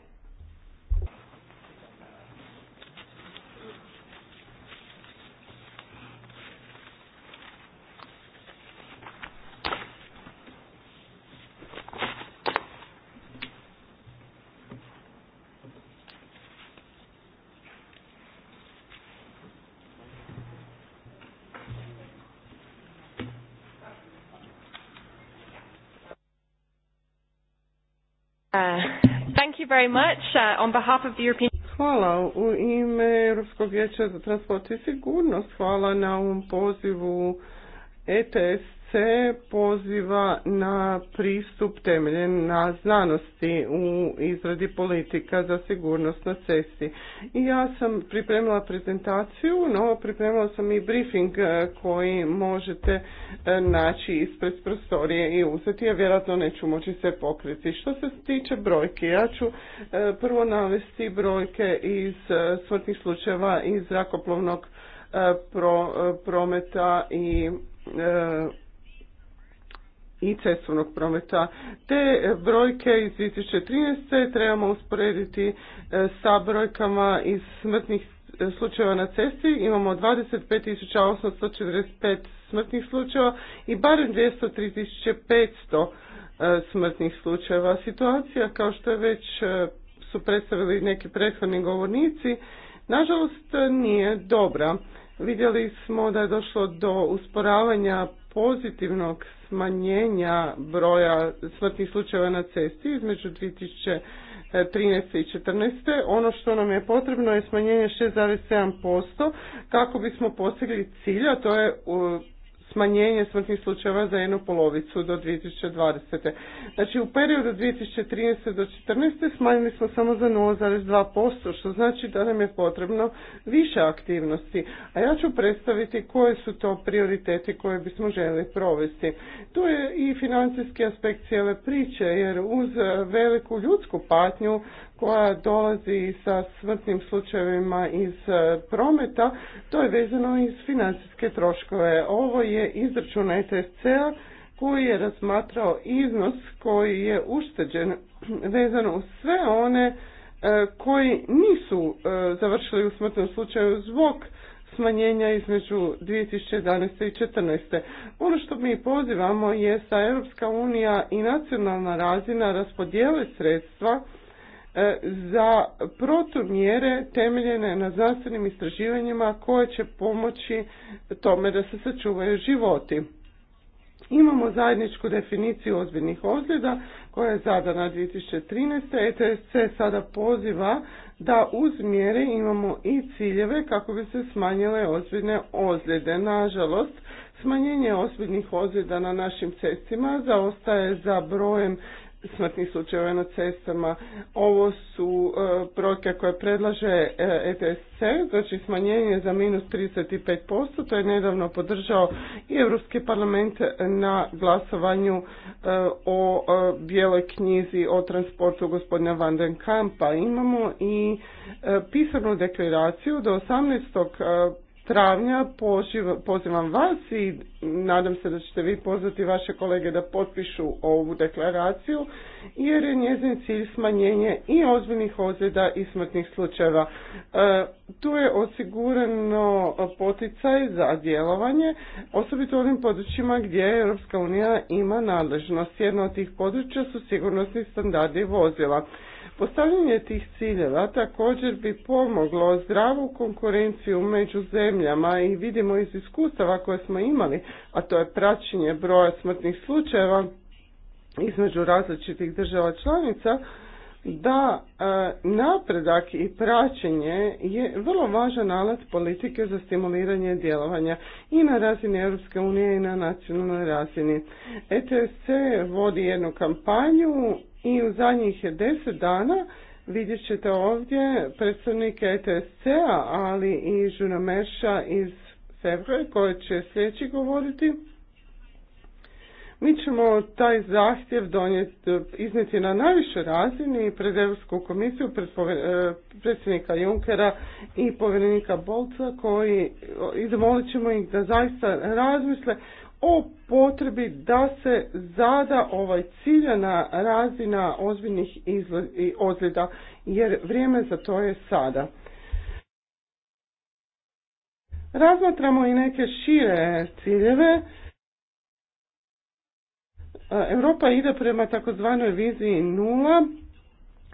very much uh, on behalf of the European Hvala u ime Europskog vijeća za transport i sigurnost. Hvala na ovom pozivu ETS se poziva na pristup temeljen na znanosti u izradi politika za sigurnost na cesti. I ja sam pripremila prezentaciju, no pripremila sam i briefing e, koji možete e, naći ispred prostorije i uzeti, a ja vjerojatno neću moći sve pokriti. Što se tiče brojke, ja ću e, prvo navesti brojke iz smrtnih slučajeva iz zrakoplovnog prometa i i cestovnog prometa. Te brojke iz 2013. trebamo usporediti e, sa brojkama iz smrtnih e, slučajeva na cesti. Imamo 25.845 smrtnih slučajeva i barem 203.500 e, smrtnih slučajeva. Situacija, kao što je već su predstavili neki prethodni govornici, nažalost nije dobra. Vidjeli smo da je došlo do usporavanja pozitivnog smanjenja broja smrtnih slučajeva na cesti između 2013. i 2014. Ono što nam je potrebno je smanjenje 6,7% kako bismo postigli cilj, a to je smanjenje smrtnih slučajeva za jednu polovicu do 2020. Znači u periodu 2013. do 2014. smanjili smo samo za 0,2%, što znači da nam je potrebno više aktivnosti. A ja ću predstaviti koje su to prioriteti koje bismo želi provesti. Tu je i financijski aspekt cijele priče, jer uz veliku ljudsku patnju koja dolazi sa smrtnim slučajevima iz e, prometa, to je vezano iz financijske troškove. Ovo je izračun e SSC-a koji je razmatrao iznos koji je ušteđen vezano uz sve one e, koji nisu završili u smrtnom slučaju zbog smanjenja između 2011. i 2014. Ono što mi pozivamo je da Europska unija i nacionalna razina raspodijele sredstva E, za protumjere temeljene na znanstvenim istraživanjima koje će pomoći tome da se sačuvaju životi. Imamo zajedničku definiciju ozbiljnih ozljeda koja je zadana 2013. ETSC sada poziva da uz mjere imamo i ciljeve kako bi se smanjile ozbiljne ozljede. Nažalost, smanjenje ozbiljnih ozljeda na našim cestima zaostaje za brojem smrtnih slučajeva na cestama. Ovo su projekte e, koje predlaže ETSC, e znači smanjenje za minus 35%, to je nedavno podržao i Europski parlament na glasovanju e, o bijeloj knjizi o transportu gospodina Van den Kampa. Imamo i pisanu deklaraciju do 18 travnja pozivam vas i nadam se da ćete vi pozvati vaše kolege da potpišu ovu deklaraciju jer je njezin cilj smanjenje i ozbiljnih ozljeda i smrtnih slučajeva. E, tu je osigurano poticaj za djelovanje, osobito u onim područjima gdje Europska unija ima nadležnost. Jedno od tih područja su sigurnosni standardi vozila. Postavljanje tih ciljeva također bi pomoglo zdravu konkurenciju među zemljama i vidimo iz iskustava koje smo imali, a to je praćenje broja smrtnih slučajeva između različitih država članica, da e, napredak i praćenje je vrlo važan alat politike za stimuliranje djelovanja i na razini Europske unije i na nacionalnoj razini. ETSC vodi jednu kampanju i u zadnjih deset dana vidjet ćete ovdje predstavnike ETSC-a, ali i Žunameša iz Sevre koje će sljedeći govoriti mi ćemo taj zahtjev donijeti, e, iznijeti na najvišoj razini pred Europsku komisiju, pred e, predsjednika Junkera i povjerenika Bolca koji e, izvolit ćemo ih da zaista razmisle o potrebi da se zada ovaj ciljana razina ozbiljnih ozljeda jer vrijeme za to je sada. Razmatramo i neke šire ciljeve Europa ide prema takozvanoj viziji nula,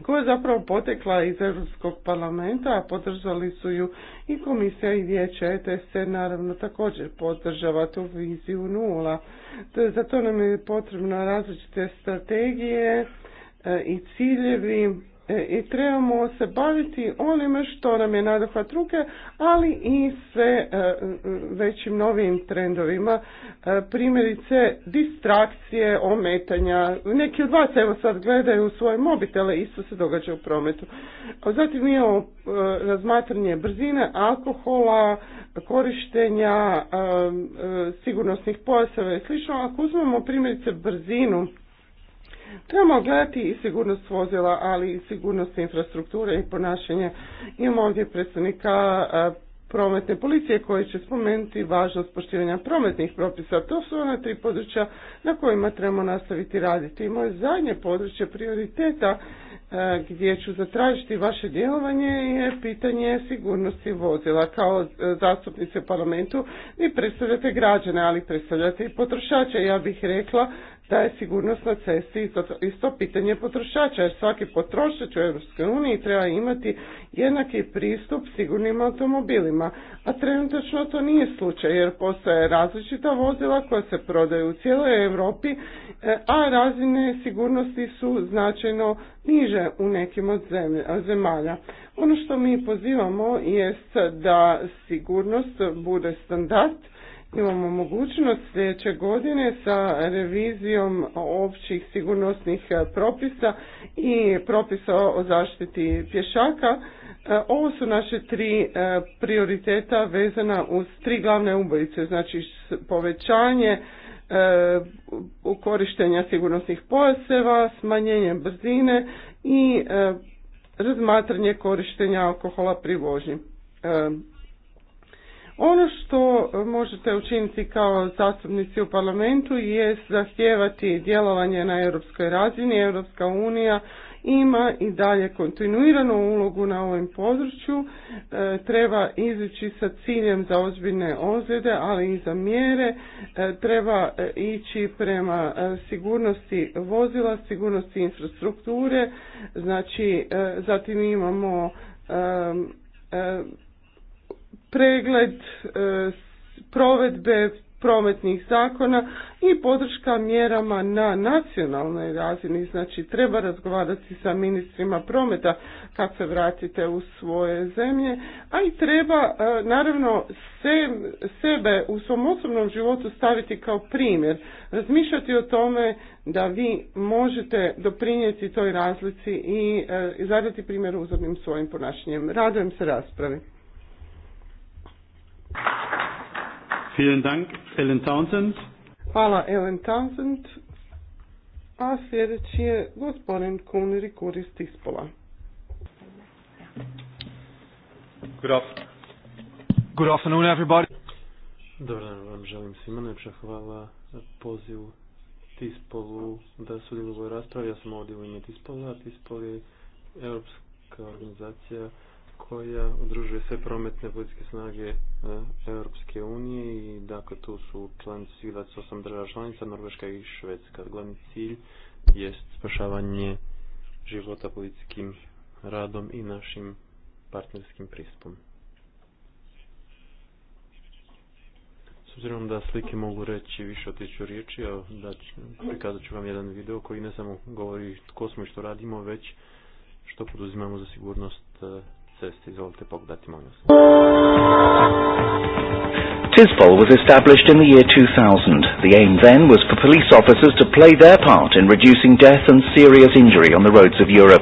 koja je zapravo potekla iz Europskog parlamenta, a podržali su ju i komisija i vijeće se naravno također podržava tu viziju nula. Zato nam je potrebno različite strategije e, i ciljevi E, i trebamo se baviti onime što nam je nadohvat ruke, ali i sve e, e, većim novim trendovima, primjerice distrakcije, ometanja. Neki od vas evo sad gledaju u svoje mobitele, isto se događa u prometu. Zatim imamo razmatranje brzine, alkohola, korištenja sigurnosnih pojaseva i slično. Ako uzmemo primjerice brzinu, Trebamo gledati i sigurnost vozila, ali i sigurnost infrastrukture i ponašanje. Imamo ovdje predstavnika prometne policije koji će spomenuti važnost poštivanja prometnih propisa. To su ona tri područja na kojima trebamo nastaviti raditi. I moje zadnje područje prioriteta gdje ću zatražiti vaše djelovanje je pitanje sigurnosti vozila. Kao e, zastupnice u parlamentu vi predstavljate građane, ali predstavljate i potrošače. Ja bih rekla da je sigurnost na cesti isto pitanje potrošača, jer svaki potrošač u EU treba imati jednaki pristup sigurnim automobilima, a trenutačno to nije slučaj jer postoje različita vozila koja se prodaju u cijeloj Europi, e, a razine sigurnosti su značajno niže u nekim od zemalja. Ono što mi pozivamo jest da sigurnost bude standard imamo mogućnost sljedeće godine sa revizijom općih sigurnosnih e, propisa i propisa o zaštiti pješaka. E, ovo su naše tri e, prioriteta vezana uz tri glavne ubojice, znači povećanje korištenja sigurnosnih pojaseva, smanjenje brzine i razmatranje korištenja alkohola pri vožnji ono što možete učiniti kao zastupnici u parlamentu je zahtijevati djelovanje na europskoj razini. Europska unija ima i dalje kontinuiranu ulogu na ovom području. E, treba izići sa ciljem za ozbiljne ozljede, ali i za mjere. E, treba e, ići prema sigurnosti vozila, sigurnosti infrastrukture. Znači, zatim imamo pregled e, provedbe prometnih zakona i podrška mjerama na nacionalnoj razini. Znači treba razgovarati sa ministrima prometa kad se vratite u svoje zemlje, a i treba e, naravno sebe u svom osobnom životu staviti kao primjer. Razmišljati o tome da vi možete doprinijeti toj razlici i e, zadati primjer uzornim svojim ponašanjem. Radujem se raspravi. Vielen Dank, Ellen Townsend. Hvala, Ellen Townsend. A sljedeći je gospodin Kuniri Kuris Tispola. Good, Good afternoon, everybody. Dobar dan vam želim svima. Najpša hvala pozivu Tispolu da su u ovoj raspravi. Ja sam ovdje u ime Tispola. Tispol je europska organizacija koja udružuje sve prometne politiske snage e, Europske unije i dakle tu su članici 28 država članica, Norveška i Švedska. Glavni cilj jest spašavanje života policijskim radom i našim partnerskim pristupom. S obzirom da slike mogu reći više od tisuću riječi, a da ću, prikazat ću vam jedan video koji ne samo govori tko smo i što radimo, već što poduzimamo za sigurnost e, cesti. Izvolite pogledati, TISPOL was established in the year 2000. The aim then was for police officers to play their part in reducing death and serious injury on the roads of Europe.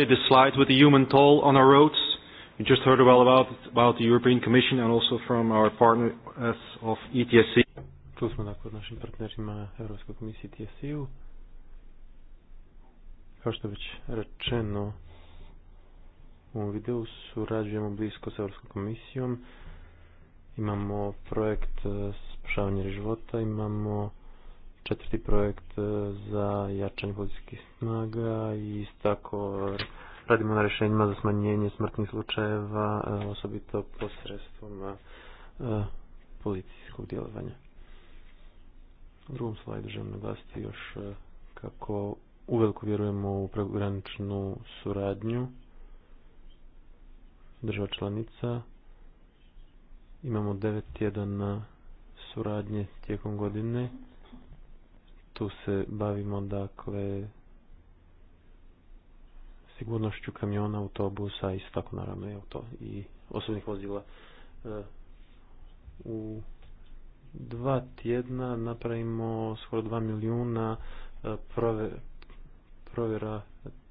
already this slide with the human toll on our roads. You just heard well about, about the European Commission and also from our partners of ETSC. Tu smo dakle našim partnerima Europskoj komisiji e tsc Kao što je već rečeno u ovom videu, surađujemo blisko s Europskom komisijom. Imamo projekt e, spašavanje života, imamo četvrti projekt e, za jačanje policijskih snaga i tako radimo na rješenjima za smanjenje smrtnih slučajeva, e, osobito posredstvom e, policijskog djelovanja. U drugom slajdu želim naglasiti još kako uveliko vjerujemo u prekograničnu suradnju država članica. Imamo devet tjedana suradnje tijekom godine tu se bavimo dakle sigurnošću kamiona, autobusa i tako naravno i auto i osobnih vozila. E, u dva tjedna napravimo skoro dva milijuna e, provjera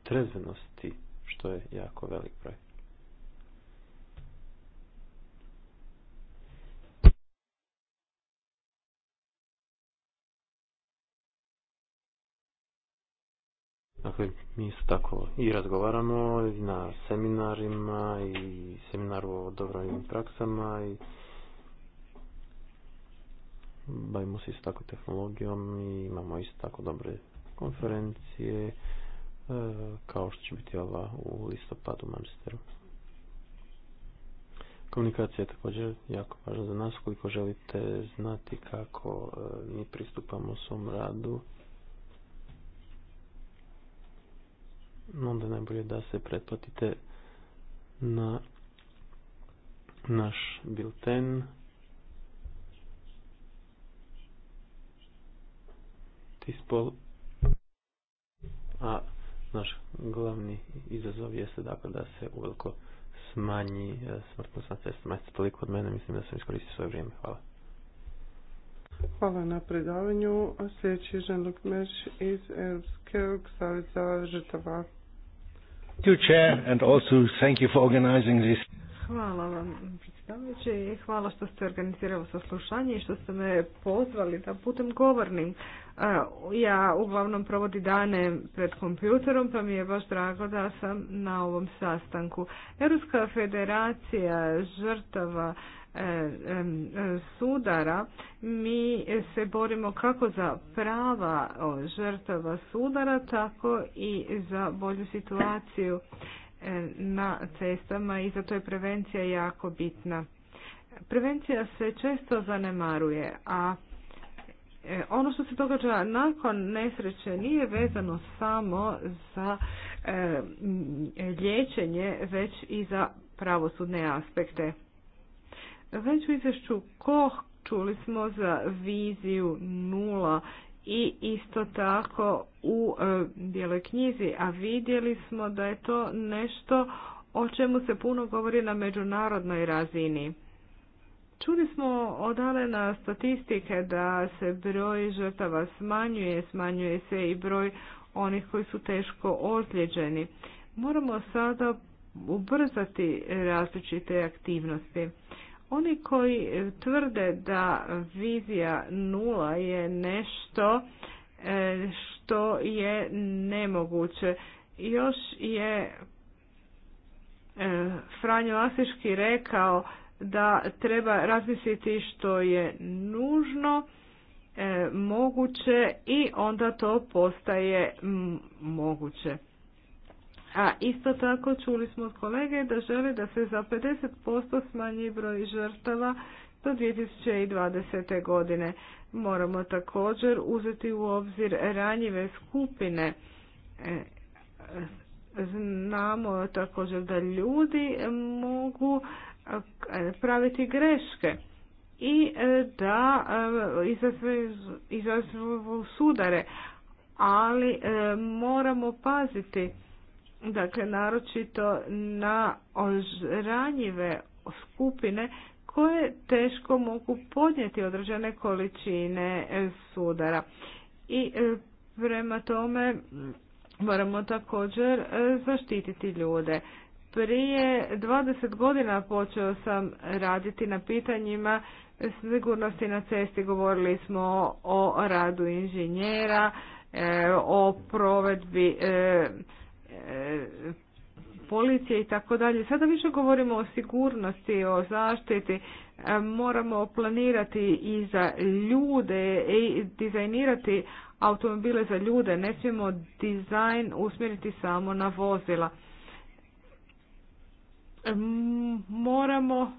trezvenosti, što je jako velik projekt. Dakle, mi isto tako i razgovaramo i na seminarima i seminaru o dobrojim praksama i bavimo se isto tako tehnologijom i imamo isto tako dobre konferencije e, kao što će biti ova u listopadu u Manchesteru. Komunikacija je također jako važna za nas, koliko želite znati kako e, mi pristupamo svom radu. onda najbolje da se pretplatite na naš bilten. Tispol. A naš glavni izazov jeste dakle da se uveliko smanji e, smrtnost na cestu toliko od mene, mislim da sam iskoristio svoje vrijeme. Hvala. Hvala na predavanju. Sljedeći je meš iz Europskog savjeta žrtava Hvala vam, predsjedavajući, i hvala što ste organizirali saslušanje i što ste me pozvali da putem govornim. Ja uglavnom provodi dane pred kompjuterom, pa mi je baš drago da sam na ovom sastanku. Europska federacija žrtava E, e, sudara, mi se borimo kako za prava žrtava sudara, tako i za bolju situaciju e, na cestama i zato je prevencija jako bitna. Prevencija se često zanemaruje, a ono što se događa nakon nesreće nije vezano samo za liječenje, već i za pravosudne aspekte. Već u izvješću Koh čuli smo za viziju nula i isto tako u e, bijeloj knjizi, a vidjeli smo da je to nešto o čemu se puno govori na međunarodnoj razini. Čuli smo od statistike da se broj žrtava smanjuje, smanjuje se i broj onih koji su teško ozlijeđeni. Moramo sada ubrzati različite aktivnosti. Oni koji e, tvrde da vizija nula je nešto e, što je nemoguće. Još je e, Franjo Asiški rekao da treba razmisliti što je nužno, moguće i onda to postaje moguće. A isto tako čuli smo od kolege da žele da se za 50% smanji broj žrtava do 2020. godine. Moramo također uzeti u obzir ranjive skupine. E, znamo također da ljudi mogu e, praviti greške i e, da izazovu sudare, ali moramo paziti dakle naročito na ranjive skupine koje teško mogu podnijeti određene količine e, sudara. I e, prema tome moramo također e, zaštititi ljude. Prije 20 godina počeo sam raditi na pitanjima sigurnosti na cesti. Govorili smo o radu inženjera, o provedbi policije i tako dalje. Sada više govorimo o sigurnosti, o zaštiti. E, moramo planirati i za ljude i dizajnirati automobile za ljude. Ne smijemo dizajn usmjeriti samo na vozila. E, moramo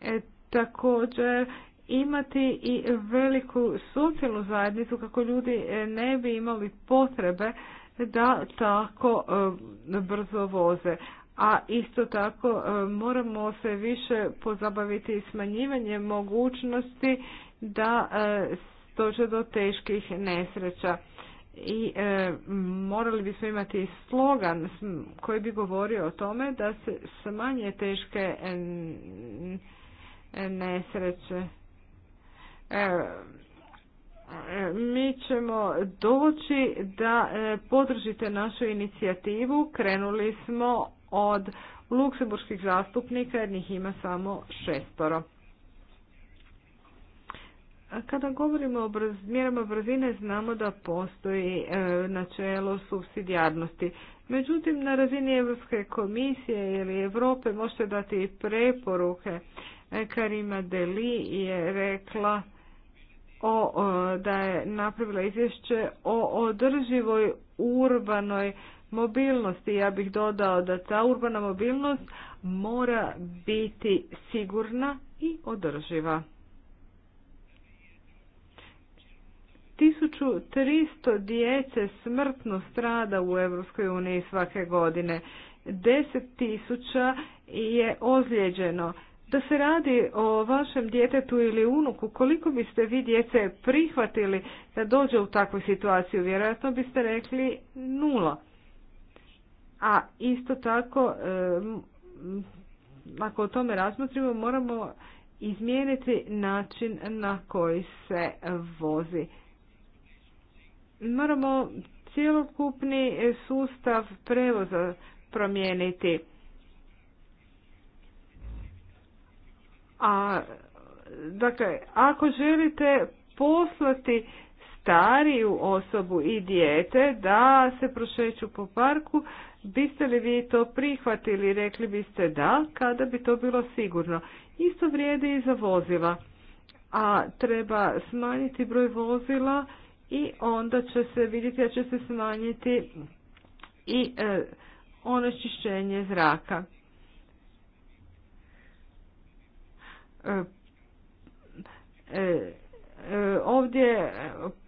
e, također imati i veliku socijalnu zajednicu kako ljudi ne bi imali potrebe da tako e, brzo voze. A isto tako e, moramo se više pozabaviti smanjivanjem mogućnosti da e, dođe do teških nesreća. I morali bismo imati slogan koji bi govorio o tome da se smanje teške nesreće mi ćemo doći da e, podržite našu inicijativu. Krenuli smo od luksemburskih zastupnika jer njih ima samo šestoro. Kada govorimo o mjerama brzine znamo da postoji e, načelo subsidijarnosti. Međutim, na razini Europske komisije ili Europe možete dati preporuke. E, Karima Deli je rekla o, da je napravila izvješće o održivoj urbanoj mobilnosti. Ja bih dodao da ta urbana mobilnost mora biti sigurna i održiva. 1300 djece smrtno strada u EU svake godine. 10.000 je ozlijeđeno. Da se radi o vašem djetetu ili unuku, koliko biste vi djece prihvatili da dođe u takvu situaciju? Vjerojatno biste rekli nula. A isto tako, ako o tome razmotrimo, moramo izmijeniti način na koji se vozi. Moramo cjelokupni sustav prevoza promijeniti A, dakle, ako želite poslati stariju osobu i dijete da se prošeću po parku, biste li vi to prihvatili? Rekli biste da, kada bi to bilo sigurno. Isto vrijedi i za vozila. A treba smanjiti broj vozila i onda će se vidjeti da će se smanjiti i e, onečišćenje zraka. E, e, ovdje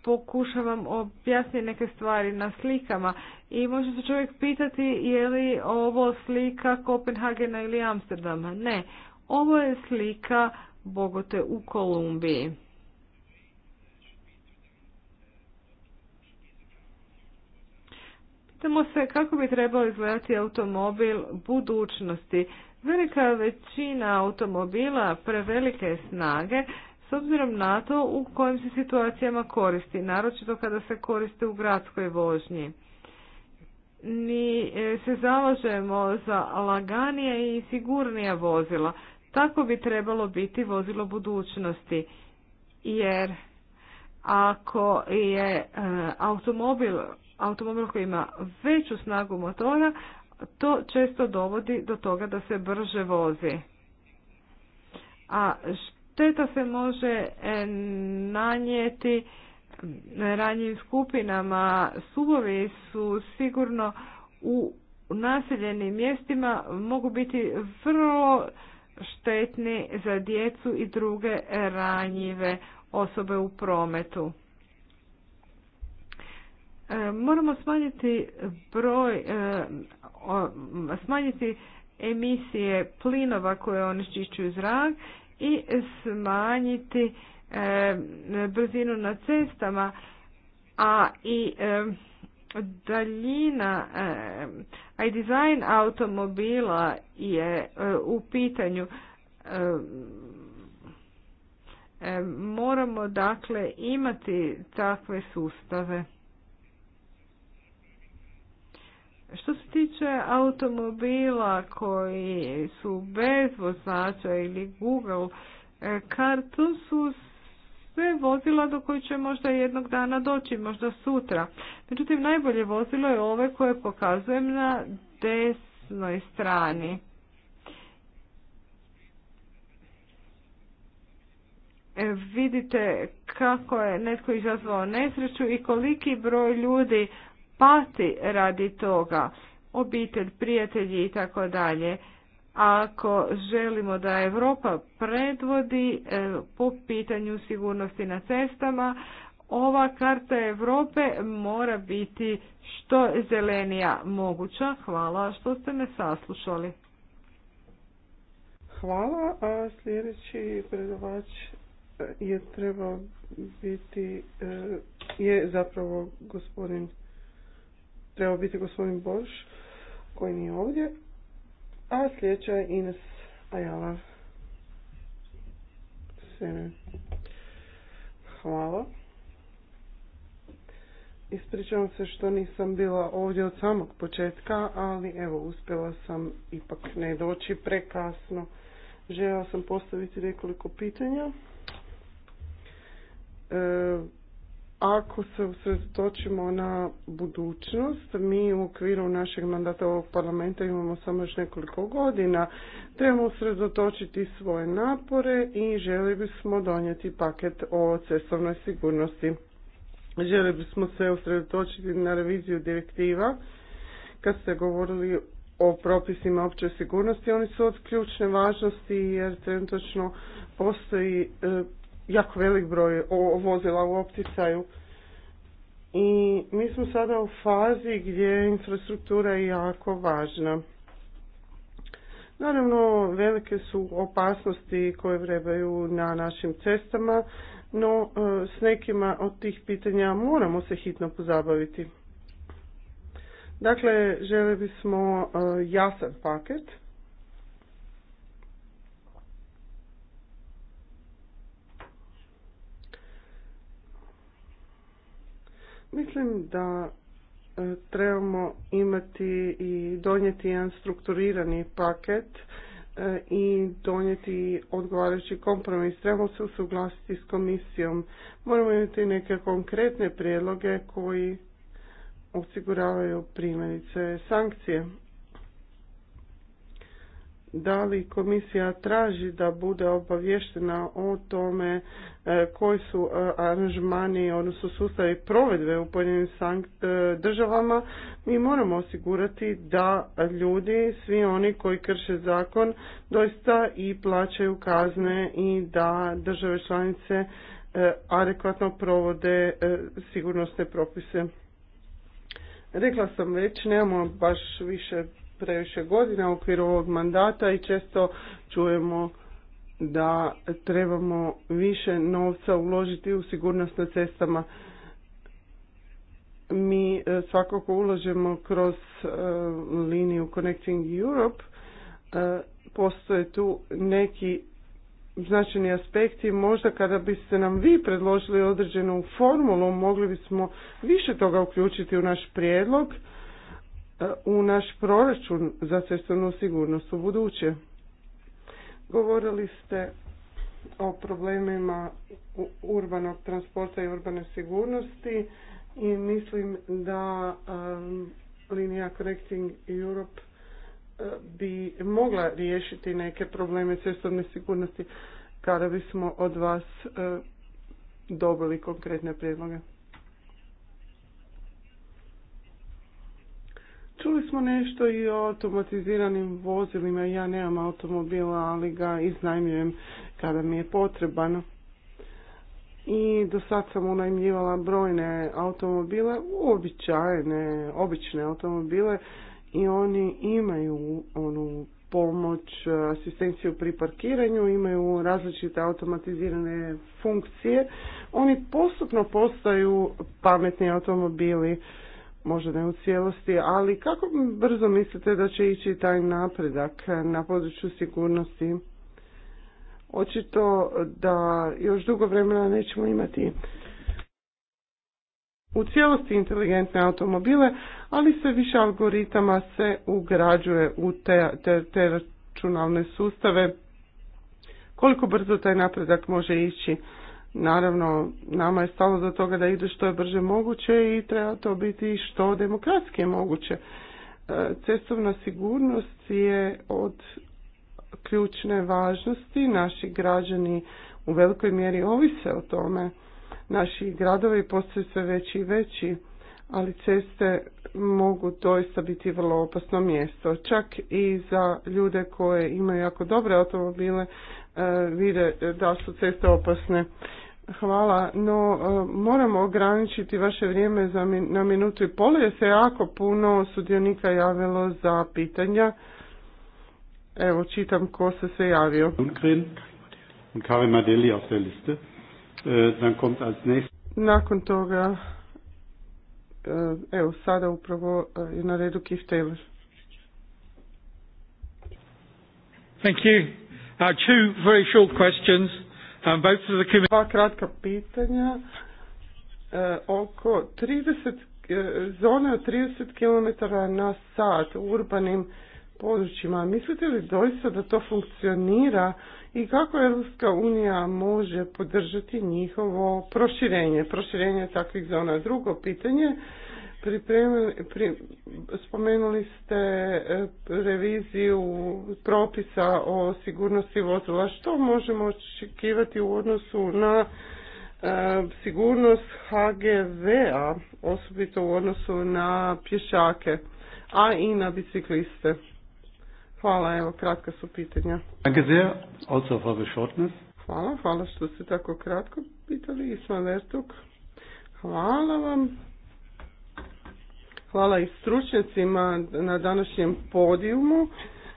pokušavam objasniti neke stvari na slikama i može se čovjek pitati je li ovo slika Kopenhagena ili Amsterdama. Ne, ovo je slika Bogote u Kolumbiji. Pitamo se kako bi trebalo izgledati automobil budućnosti. Velika većina automobila prevelike snage s obzirom na to u kojim se situacijama koristi, naročito kada se koriste u gradskoj vožnji. Mi e, se zalažemo za laganija i sigurnija vozila. Tako bi trebalo biti vozilo budućnosti, jer ako je e, automobil, automobil koji ima veću snagu motora, to često dovodi do toga da se brže vozi. A šteta se može e, nanijeti ranjim skupinama. Subovi su sigurno u naseljenim mjestima mogu biti vrlo štetni za djecu i druge ranjive osobe u prometu. E, moramo smanjiti broj e, smanjiti emisije plinova koje onečišćuju zrak i smanjiti e, brzinu na cestama, a i e, daljina, e, i dizajn automobila je u pitanju. Moramo dakle imati takve sustave. Što se tiče automobila koji su bez vozača ili Google e, kar, to su sve vozila do koji će možda jednog dana doći, možda sutra. Međutim, najbolje vozilo je ove koje pokazujem na desnoj strani. E, vidite kako je netko izazvao nesreću i koliki broj ljudi pati radi toga, obitelj, prijatelji i tako dalje. Ako želimo da Europa predvodi e, po pitanju sigurnosti na cestama, ova karta Europe mora biti što zelenija moguća. Hvala što ste me saslušali. Hvala, a sljedeći predavač e, je trebao biti, e, je zapravo gospodin trebao biti gospodin Borš, koji nije ovdje. A sljedeća je Ines Ajala. Hvala. Ispričavam se što nisam bila ovdje od samog početka, ali evo, uspjela sam ipak ne doći prekasno. Željela sam postaviti nekoliko pitanja. E, ako se usredotočimo na budućnost, mi u okviru našeg mandata ovog parlamenta imamo samo još nekoliko godina, trebamo usredotočiti svoje napore i želi bismo donijeti paket o cestovnoj sigurnosti. Želi bismo se usredotočiti na reviziju direktiva. Kad ste govorili o propisima opće sigurnosti, oni su od ključne važnosti jer trenutno postoji e, jako velik broj vozila u opticaju. I mi smo sada u fazi gdje je infrastruktura je jako važna. Naravno, velike su opasnosti koje vrebaju na našim cestama, no e, s nekima od tih pitanja moramo se hitno pozabaviti. Dakle, žele bismo e, jasan paket Mislim da e, trebamo imati i donijeti jedan strukturirani paket e, i donijeti odgovarajući kompromis. Trebamo se usuglasiti s komisijom. Moramo imati neke konkretne prijedloge koji osiguravaju primjerice sankcije da li komisija traži da bude obavještena o tome e, koji su e, aranžmani, odnosno sustavi provedbe u pojedinim e, državama, mi moramo osigurati da ljudi, svi oni koji krše zakon, doista i plaćaju kazne i da države članice adekvatno provode sigurnosne propise. Rekla sam već, nemamo baš više previše godina u okviru ovog mandata i često čujemo da trebamo više novca uložiti u sigurnost na cestama. Mi e, svakako uložemo kroz e, liniju Connecting Europe. E, postoje tu neki značajni aspekti. Možda kada biste nam vi predložili određenu formulu, mogli bismo više toga uključiti u naš prijedlog E, u naš proračun za cestovnu sigurnost u buduće. Govorili ste o problemima urbanog transporta i urbane sigurnosti i mislim da um, linija Connecting Europe e, bi mogla riješiti neke probleme cestovne sigurnosti kada bismo od vas e, dobili konkretne prijedloge. Čuli smo nešto i o automatiziranim vozilima. Ja nemam automobila, ali ga iznajmljujem kada mi je potreban. I do sad sam unajmljivala brojne automobile, uobičajene, obične automobile i oni imaju onu pomoć, asistenciju pri parkiranju, imaju različite automatizirane funkcije. Oni postupno postaju pametni automobili možda ne u cijelosti, ali kako brzo mislite da će ići taj napredak na području sigurnosti? Očito da još dugo vremena nećemo imati u cijelosti inteligentne automobile, ali sve više algoritama se ugrađuje u te, te računalne sustave. Koliko brzo taj napredak može ići? Naravno, nama je stalo do toga da ide što je brže moguće i treba to biti što demokratski moguće. E, cestovna sigurnost je od ključne važnosti. Naši građani u velikoj mjeri ovise o tome. Naši gradovi postaju sve veći i veći, ali ceste mogu doista biti vrlo opasno mjesto. Čak i za ljude koje imaju jako dobre automobile, E, vide da su ceste opasne. Hvala, no e, moramo ograničiti vaše vrijeme za min na minutu i pol Je se jako puno sudionika javilo za pitanja. Evo čitam ko se sve javio. E, Nakon toga, evo sada upravo je na redu Keith Taylor. Thank you. Uh, questions, um, Dva kratka pitanja. Uh, oko 30 zona uh, zone od 30 km na sat u urbanim područjima. Mislite li doista da to funkcionira i kako Europska unija može podržati njihovo proširenje, proširenje takvih zona? Drugo pitanje, Pri, spomenuli ste e, reviziju propisa o sigurnosti vozila. Što možemo očekivati u odnosu na e, sigurnost HGV-a, osobito u odnosu na pješake, a i na bicikliste? Hvala, evo, kratka su pitanja. Hvala, hvala što ste tako kratko pitali, Isma Vertuk. Hvala vam hvala i stručnjacima na današnjem podijumu.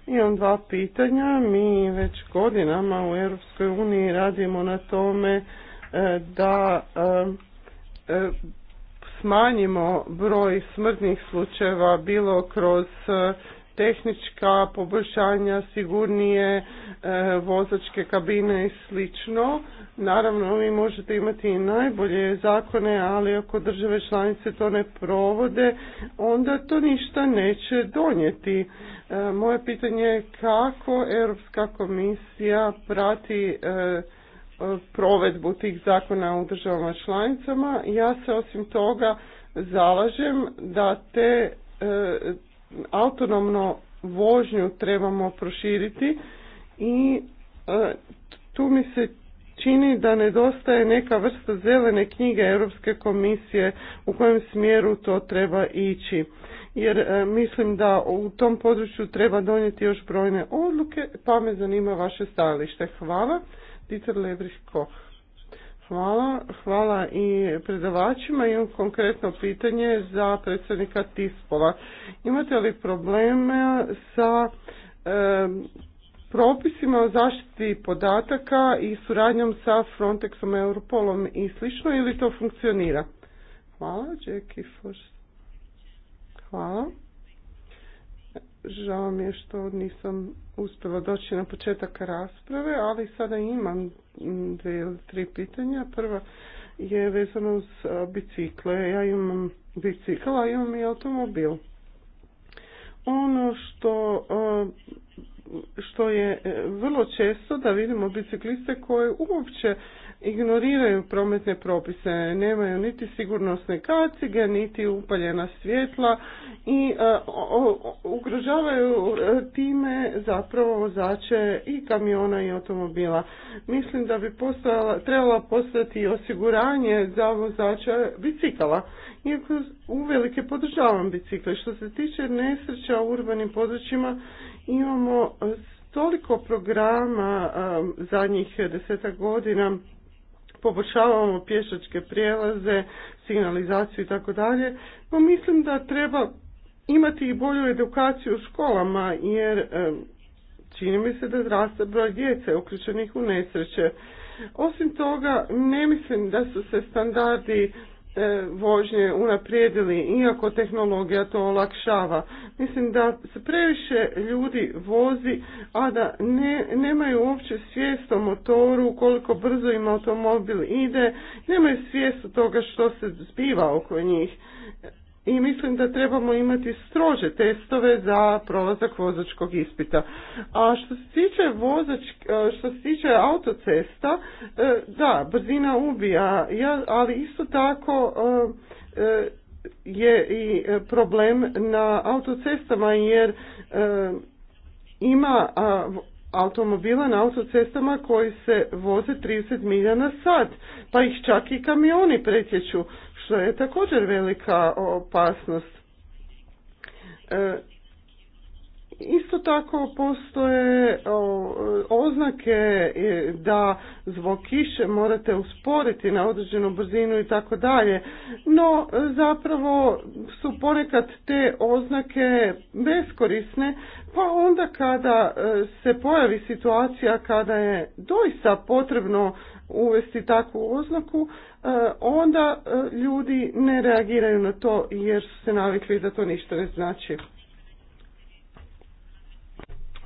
Imam dva pitanja. Mi već godinama u Europskoj uniji radimo na tome e, da e, e, smanjimo broj smrtnih slučajeva bilo kroz tehnička poboljšanja, sigurnije e, vozačke kabine i slično. Naravno, vi možete imati i najbolje zakone, ali ako države članice to ne provode, onda to ništa neće donijeti. E, moje pitanje je kako Europska komisija prati e, provedbu tih zakona u državama članicama. Ja se osim toga zalažem da te autonomno vožnju trebamo proširiti i e, tu mi se čini da nedostaje neka vrsta zelene knjige Europske komisije u kojem smjeru to treba ići. Jer e, mislim da u tom području treba donijeti još brojne odluke, pa me zanima vaše stajalište. Hvala. Dieter Lebrich Hvala. Hvala i predavačima. Imam konkretno pitanje za predsjednika Tispova. Imate li probleme sa propisima o zaštiti podataka i suradnjom sa Frontexom, Europolom i slično ili to funkcionira? Hvala, Jackie Hvala. Žao mi je što nisam uspjela doći na početak rasprave, ali sada imam dvije ili tri pitanja. Prva je vezano uz e, bicikle. Ja imam bicikl, a imam i automobil. Ono što, e, što je e, vrlo često da vidimo bicikliste koje uopće ignoriraju prometne propise, nemaju niti sigurnosne kacige, niti upaljena svjetla i e, ugrožavaju e, time zapravo vozače i kamiona i automobila. Mislim da bi trebalo trebala postati osiguranje za vozača bicikala. Iako uvelike podržavam bicikle. Što se tiče nesreća u urbanim područjima imamo toliko programa e, zadnjih desetak godina poboljšavamo pješačke prijelaze, signalizaciju i tako dalje, no mislim da treba imati i bolju edukaciju u školama, jer čini mi se da zraste broj djece uključenih u nesreće. Osim toga, ne mislim da su se standardi E, vožnje unaprijedili, iako tehnologija to olakšava. Mislim da se previše ljudi vozi, a da ne, nemaju uopće svijest o motoru, koliko brzo im automobil ide, nemaju svijest o toga što se zbiva oko njih i mislim da trebamo imati strože testove za prolazak vozačkog ispita. A što se tiče vozač, što se tiče autocesta, e, da, brzina ubija, ja, ali isto tako e, e, je i problem na autocestama jer ima automobila na autocestama koji se voze 30 milja na sat, pa ih čak i kamioni pretječu što je također velika opasnost. E, isto tako postoje oznake e, da zbog kiše morate usporiti na određenu brzinu i tako dalje, no zapravo su ponekad te oznake beskorisne, pa onda kada e, se pojavi situacija kada je doista potrebno uvesti takvu oznaku, e, onda e, ljudi ne reagiraju na to jer su se navikli da to ništa ne znači.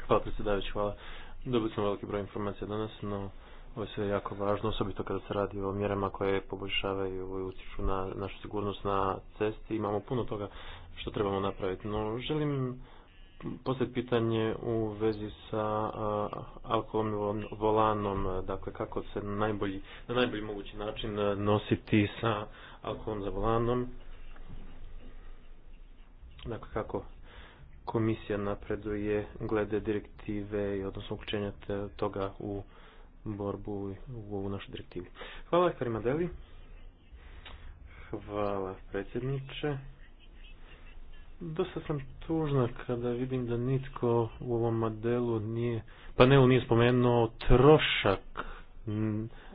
Hvala predsjedavajući, hvala. Dobili smo veliki broj informacija danas, no ovo je sve jako važno, osobito kada se radi o mjerama koje poboljšavaju i utječu na našu sigurnost na cesti. Imamo puno toga što trebamo napraviti, no želim poslije pitanje u vezi sa alkoholom volanom, dakle kako se na najbolji, na najbolji mogući način nositi sa alkoholom za volanom. Dakle kako komisija napreduje glede direktive i odnosno uključenja toga u borbu u ovu našu direktivu. Hvala Karima Deli. Hvala predsjedniče. Dosta sam tužna kada vidim da nitko u ovom modelu nije, panelu nije spomenuo trošak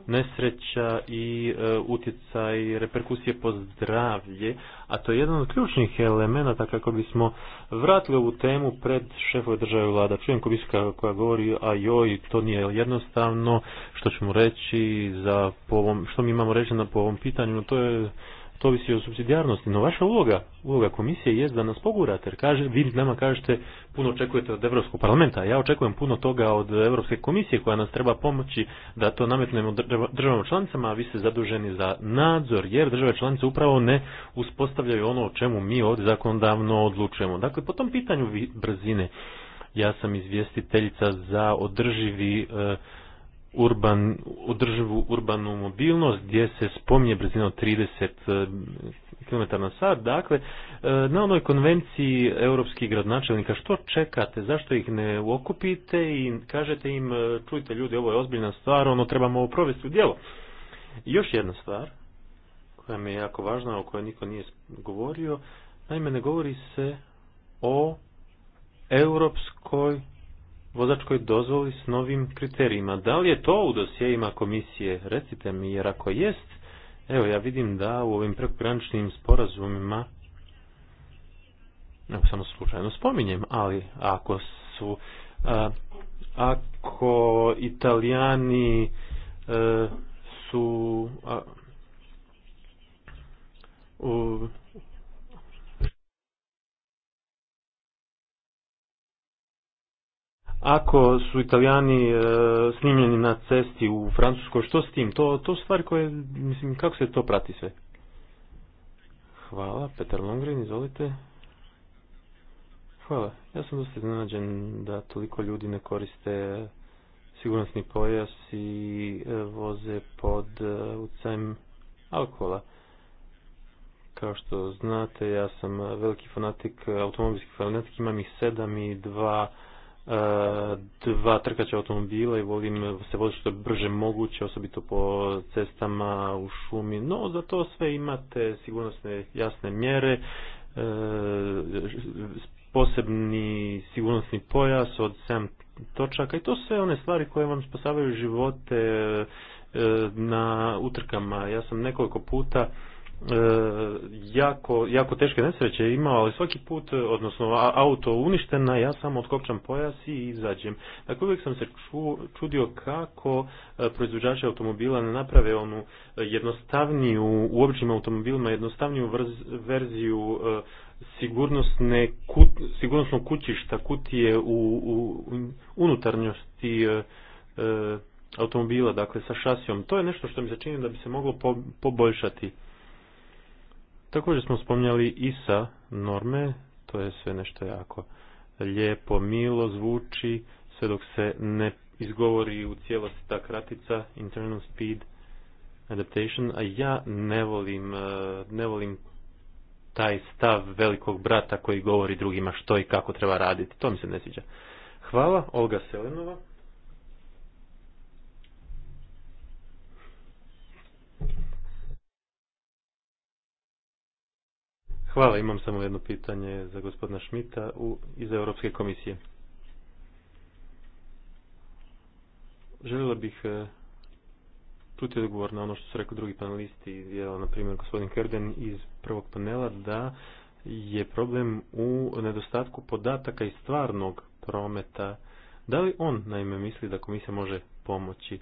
nesreća i e, utjecaj reperkusije po zdravlje, a to je jedan od ključnih elemenata kako bismo vratili ovu temu pred šefove države vlada. Čujem kubiska koja govori, a to nije jednostavno, što ćemo reći za po ovom, što mi imamo reći na po ovom pitanju, no to je to visi o subsidijarnosti, no vaša uloga, uloga komisije je da nas pogurate, jer kaže, vi nama kažete puno očekujete od Europskog parlamenta, ja očekujem puno toga od Europske komisije koja nas treba pomoći da to nametnemo državama članicama, a vi ste zaduženi za nadzor, jer države članice upravo ne uspostavljaju ono o čemu mi ovdje zakonodavno odlučujemo. Dakle, po tom pitanju brzine, ja sam izvjestiteljica za održivi eh, urban, održivu urbanu mobilnost gdje se spominje brzina od 30 e, km na sat. Dakle, e, na onoj konvenciji europskih gradonačelnika što čekate, zašto ih ne okupite i kažete im e, čujte ljudi ovo je ozbiljna stvar, ono trebamo ovo provesti u djelo. još jedna stvar koja mi je jako važna, o kojoj niko nije govorio, naime ne govori se o europskoj vozačkoj dozvoli s novim kriterijima. Da li je to u dosjejima komisije? Recite mi, jer ako jest, evo ja vidim da u ovim prekograničnim sporazumima, evo samo slučajno spominjem, ali ako su, ako italijani e, su a, u, Ako su Italijani e, snimljeni na cesti u Francuskoj, što s tim? To, to stvari koje, mislim, kako se to prati sve? Hvala, Petar Longren, izvolite. Hvala. Ja sam dosta iznenađen da toliko ljudi ne koriste e, sigurnosni pojas i e, voze pod e, ucajem alkohola. Kao što znate, ja sam veliki fanatik, automobilskih fanatik, imam ih sedam i dva E, dva trkača automobila i volim se voziti što je brže moguće, osobito po cestama u šumi. No, za to sve imate sigurnosne jasne mjere, e, posebni sigurnosni pojas od 7 točaka i to sve one stvari koje vam spasavaju živote e, na utrkama. Ja sam nekoliko puta E, jako, jako teške nesreće imao, ali svaki put, odnosno auto uništena, ja samo otkopčam pojas i izađem. Dakle, uvijek sam se ču, čudio kako e, proizvođači automobila ne naprave onu e, jednostavniju, u običnim automobilima jednostavniju vrz, verziju sigurnosne kut, sigurnosno kućišta, kutije u, u unutarnjosti automobila, dakle sa šasijom. To je nešto što mi se čini da bi se moglo poboljšati. Također smo spominjali ISA norme, to je sve nešto jako lijepo, milo zvuči, sve dok se ne izgovori u cijelosti ta kratica, internal speed adaptation, a ja ne volim, eh, ne volim taj stav velikog brata koji govori drugima što i kako treba raditi. To mi se ne sviđa. Hvala, Olga Selenova. Hvala, imam samo jedno pitanje za gospodina Šmita u, iz Europske komisije. Željela bih eh, čuti odgovor na ono što su rekli drugi panelisti, je, na primjer gospodin Kerden iz prvog panela, da je problem u nedostatku podataka i stvarnog prometa. Da li on, naime, misli da komisija može pomoći?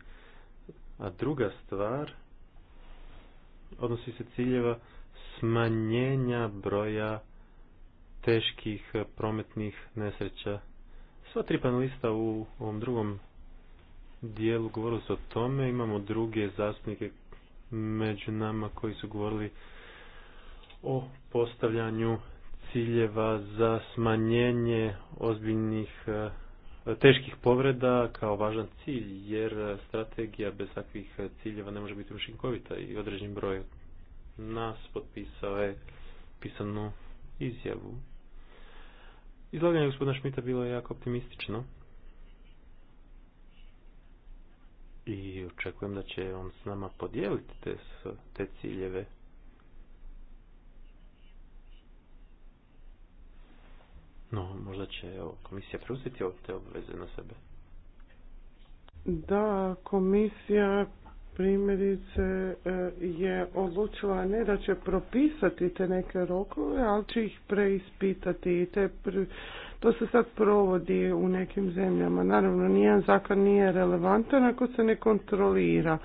A druga stvar, odnosi se ciljeva smanjenja broja teških prometnih nesreća. Sva tri panelista u ovom drugom dijelu govorili su o tome. Imamo druge zastupnike među nama koji su govorili o postavljanju ciljeva za smanjenje ozbiljnih eh, teških povreda kao važan cilj, jer strategija bez takvih ciljeva ne može biti učinkovita i određen broj nas, potpisao je pisanu izjavu. Izlaganje gospodina Šmita bilo je jako optimistično. I očekujem da će on s nama podijeliti te, te ciljeve. No, možda će evo, komisija preuzeti te obveze na sebe. Da, komisija primjerice e, je odlučila ne da će propisati te neke rokove, ali će ih preispitati i te to se sad provodi u nekim zemljama. Naravno, nijedan zakon nije relevantan ako se ne kontrolira.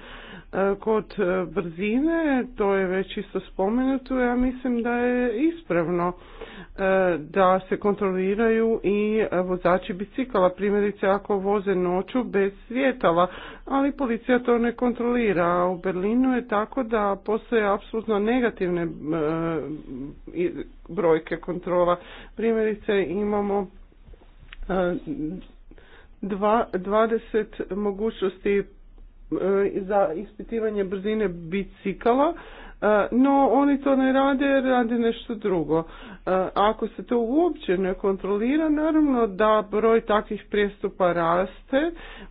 E, kod e, brzine, to je već isto spomenuto, ja mislim da je ispravno e, da se kontroliraju i vozači bicikala, primjerice ako voze noću bez svjetala, ali policija to ne kontrolira. U Berlinu je tako da postoje apsolutno negativne brojke kontrola. Primjerice imamo 20 e, mogućnosti e, za ispitivanje brzine bicikala E, no oni to ne rade jer rade nešto drugo. E, ako se to uopće ne kontrolira, naravno da broj takvih prijestupa raste.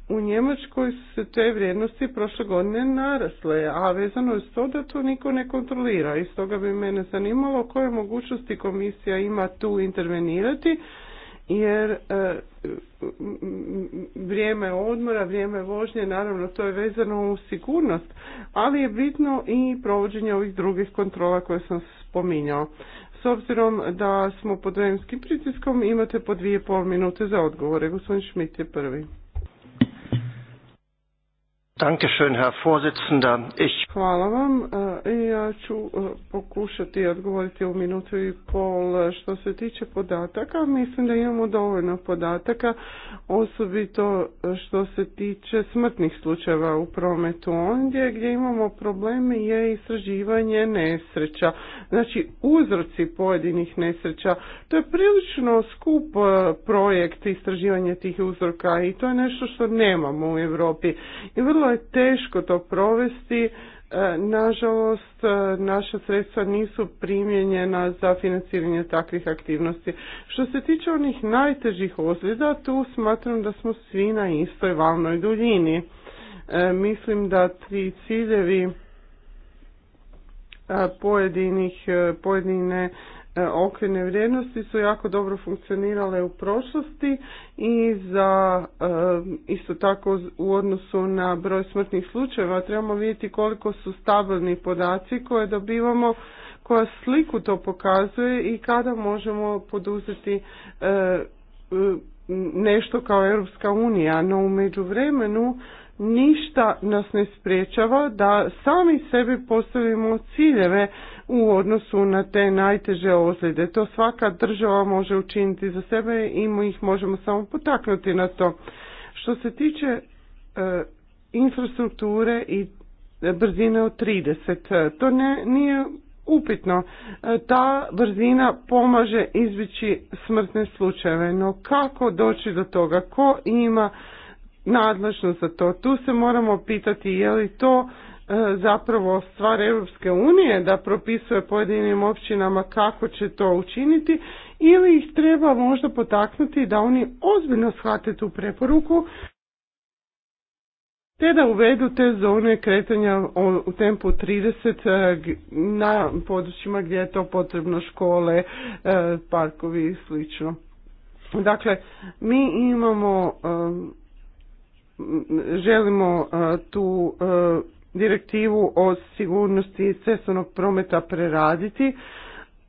U Njemačkoj su te vrijednosti prošle godine narasle, a vezano je s to da to niko ne kontrolira. I stoga bi mene zanimalo koje mogućnosti komisija ima tu intervenirati jer e, vrijeme odmora, vrijeme vožnje, naravno to je vezano u sigurnost, ali je bitno i provođenje ovih drugih kontrola koje sam spominjao. S obzirom da smo pod vremenskim pritiskom, imate po dvije pol minute za odgovore. Gospodin Šmit je prvi schön, Herr Vorsitzender. Ich... Hvala vam. E, ja ću e, pokušati odgovoriti u minutu i pol. Što se tiče podataka, mislim da imamo dovoljno podataka, osobito e, što se tiče smrtnih slučajeva u prometu. Ondje gdje imamo probleme je istraživanje nesreća. Znači, uzroci pojedinih nesreća. To je prilično skup projekt istraživanja tih uzroka i to je nešto što nemamo u Europi. I vrlo vrlo je teško to provesti. E, nažalost, e, naša sredstva nisu primjenjena za financiranje takvih aktivnosti. Što se tiče onih najtežih ozljeda, tu smatram da smo svi na istoj valnoj duljini. E, mislim da ti ciljevi pojedinih, pojedine E, okvirne vrijednosti su jako dobro funkcionirale u prošlosti i za e, isto tako u odnosu na broj smrtnih slučajeva trebamo vidjeti koliko su stabilni podaci koje dobivamo koja sliku to pokazuje i kada možemo poduzeti e, nešto kao Europska unija, no u međuvremenu ništa nas ne spriječava da sami sebi postavimo ciljeve u odnosu na te najteže ozljede. To svaka država može učiniti za sebe i mi ih možemo samo potaknuti na to. Što se tiče e, infrastrukture i brzine od 30, e, to ne, nije upitno. E, ta brzina pomaže izbjeći smrtne slučajeve, no kako doći do toga? Ko ima nadležnost za to? Tu se moramo pitati je li to E, zapravo stvar Europske unije da propisuje pojedinim općinama kako će to učiniti ili ih treba možda potaknuti da oni ozbiljno shvate tu preporuku te da uvedu te zone kretanja u tempu 30 e, na područjima gdje je to potrebno škole, e, parkovi i sl. Dakle, mi imamo želimo tu direktivu o sigurnosti cestovnog prometa preraditi.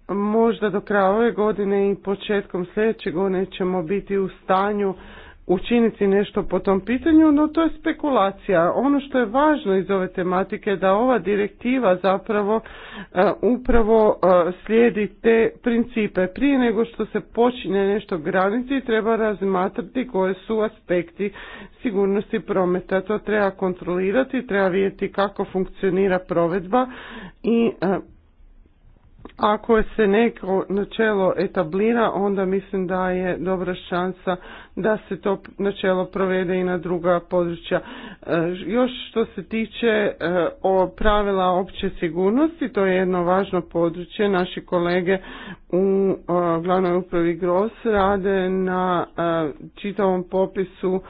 Možda do kraja ove godine i početkom sljedećeg godine ćemo biti u stanju učiniti nešto po tom pitanju, no to je spekulacija. Ono što je važno iz ove tematike je da ova direktiva zapravo e, upravo e, slijedi te principe. Prije nego što se počinje nešto granici treba razmatrati koje su aspekti sigurnosti prometa. To treba kontrolirati, treba vidjeti kako funkcionira provedba i e, ako se neko načelo etablira, onda mislim da je dobra šansa da se to načelo provede i na druga područja. E, još što se tiče e, o pravila opće sigurnosti, to je jedno važno područje. Naši kolege u e, glavnoj upravi GROS rade na čitavom popisu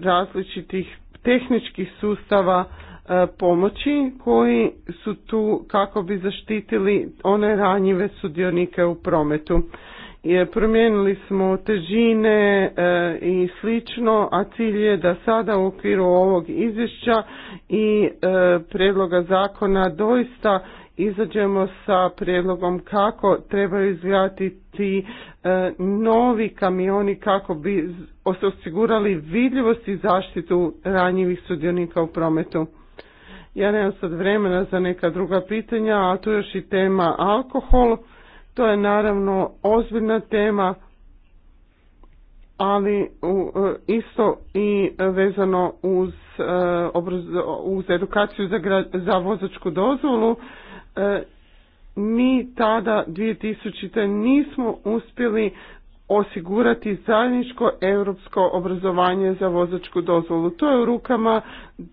različitih tehničkih sustava E, pomoći koji su tu kako bi zaštitili one ranjive sudionike u prometu. E, promijenili smo težine e, i slično, a cilj je da sada u okviru ovog izvješća i predloga zakona doista izađemo sa prijedlogom kako trebaju izgledati novi kamioni kako bi osigurali vidljivost i zaštitu ranjivih sudionika u prometu. Ja nemam sad vremena za neka druga pitanja, a tu još i tema alkohol. To je naravno ozbiljna tema, ali e, isto i vezano uz, e, uz edukaciju za, za vozačku dozvolu. E, mi tada 2000. nismo uspjeli osigurati zajedničko europsko obrazovanje za vozačku dozvolu. To je u rukama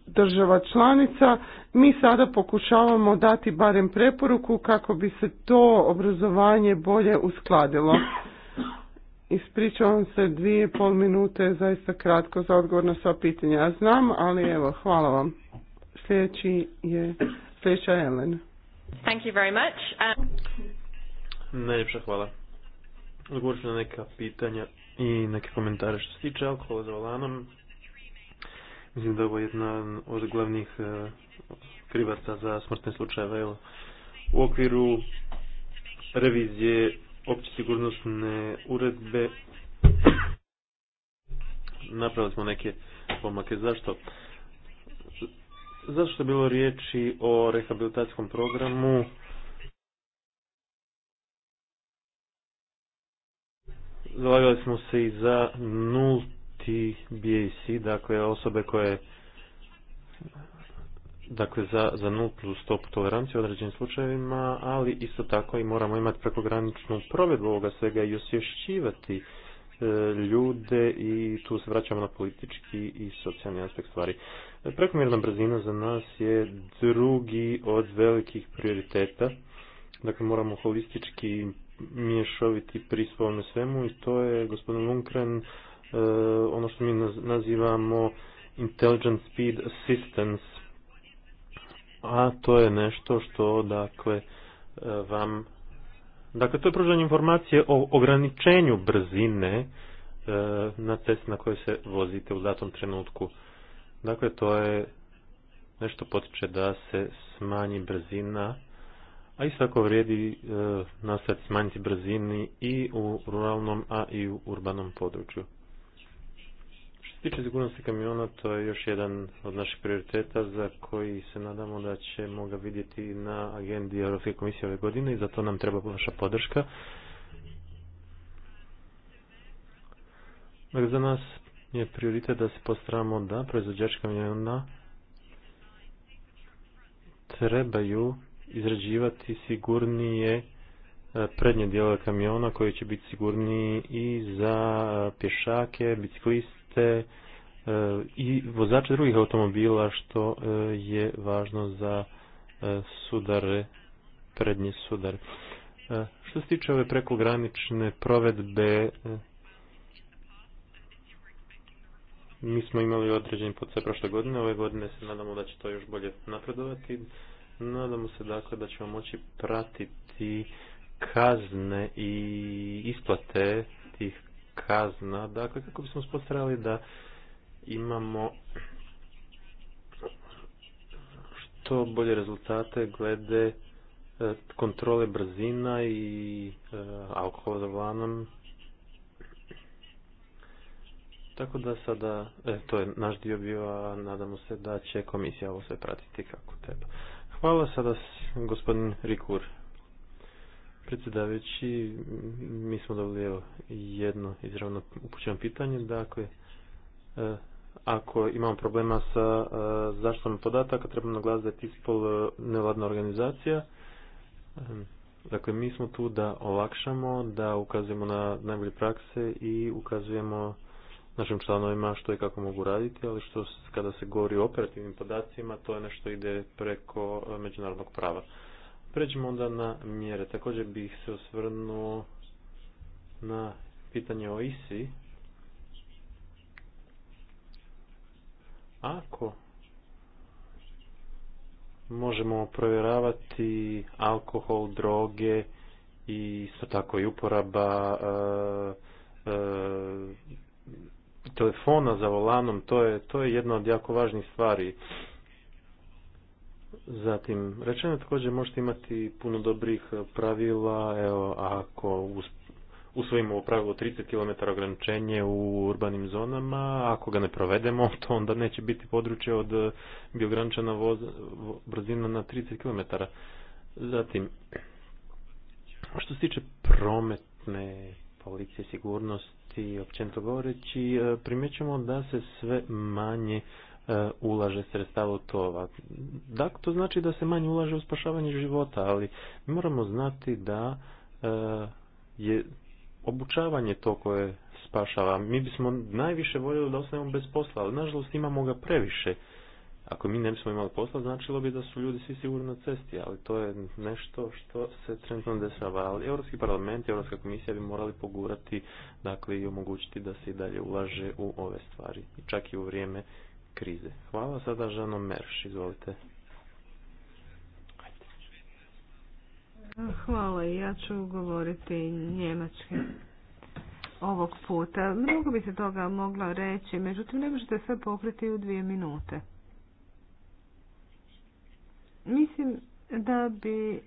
država članica. Mi sada pokušavamo dati barem preporuku kako bi se to obrazovanje bolje uskladilo. Ispričavam se dvije pol minute, zaista kratko za odgovor na sva pitanja. Ja znam, ali evo, hvala vam. Sljedeći je, sljedeća Ellen. Thank you very much. Um... Najljepša hvala odgovorili na neka pitanja i neke komentare što se tiče alkohola za volanom. Mislim da ovo je jedna od glavnih e, krivaca za smrtne slučajeve. u okviru revizije opće sigurnosne uredbe napravili smo neke pomake. Zašto? Zašto je bilo riječi o rehabilitacijskom programu zalagali smo se i za nulti BAC, dakle osobe koje dakle za, za nultu stopu tolerancije u određenim slučajevima, ali isto tako i moramo imati prekograničnu provedbu ovoga svega i osvješćivati e, ljude i tu se vraćamo na politički i socijalni aspekt stvari. Prekomjerna brzina za nas je drugi od velikih prioriteta. Dakle, moramo holistički mješoviti prispovno svemu i to je gospodin Lunkren e, ono što mi nazivamo intelligent speed assistance a to je nešto što dakle e, vam dakle to je pružanje informacije o ograničenju brzine e, na cesti na kojoj se vozite u datom trenutku dakle to je nešto potiče da se smanji brzina a isto tako vrijedi e, nastaviti smanjiti brzini i u ruralnom, a i u urbanom području. Što se tiče sigurnosti kamiona, to je još jedan od naših prioriteta za koji se nadamo da ćemo ga vidjeti na agendi Europske komisije ove godine i za to nam treba vaša podrška. Dakle, za nas je prioritet da se postaramo da proizvođači kamiona trebaju izrađivati sigurnije e, prednje dijela kamiona koji će biti sigurniji i za e, pješake, bicikliste e, i vozače drugih automobila što je važno za sudare, prednji sudar. Što se tiče ove prekogranične provedbe, mi smo imali određen podsaj prošle godine, ove godine se nadamo da će to još bolje napredovati. Nadamo se dakle da ćemo moći pratiti kazne i isplate tih kazna, dakle kako bismo spostavili da imamo što bolje rezultate glede e, kontrole brzina i e, alkohola za Tako da sada, e, to je naš dio bio, a nadamo se da će komisija ovo sve pratiti kako treba. Hvala sada gospodin Rikur. Predsjedavajući, mi smo dobili jedno izravno upućeno pitanje. Dakle, e, ako imamo problema sa e, zaštitom podataka, trebamo naglasiti da je TISPOL e, organizacija. Dakle, mi smo tu da olakšamo, da ukazujemo na najbolje prakse i ukazujemo našim članovima što i kako mogu raditi, ali što kada se govori o operativnim podacima, to je nešto ide preko e, međunarodnog prava. Pređemo onda na mjere. Također bih se osvrnuo na pitanje o ISI. Ako možemo provjeravati alkohol, droge i isto tako i uporaba e, e, telefona za volanom, to je, to je jedna od jako važnih stvari. Zatim, rečeno također možete imati puno dobrih pravila, evo, ako usvojimo ovo pravilo 30 km ograničenje u urbanim zonama, ako ga ne provedemo, to onda neće biti područje od biograničena brzina na 30 km. Zatim, što se tiče prometne policije, sigurnost, i općenito govoreći e, primjećujemo da se sve manje e, ulaže sredstava u to. Dakle, to znači da se manje ulaže u spašavanje života, ali mi moramo znati da e, je obučavanje to koje spašava. Mi bismo najviše voljeli da ostanemo bez posla, ali nažalost imamo ga previše. Ako mi ne bismo imali posla, značilo bi da su ljudi svi sigurno na cesti, ali to je nešto što se trenutno dešava. Ali Europski parlament i Europska komisija bi morali pogurati dakle, i omogućiti da se i dalje ulaže u ove stvari, čak i u vrijeme krize. Hvala sada Žano Merš, izvolite. Hvala, ja ću govoriti njemački ovog puta. Mnogo bi se toga mogla reći, međutim ne možete sve pokriti u dvije minute. Mislim da bi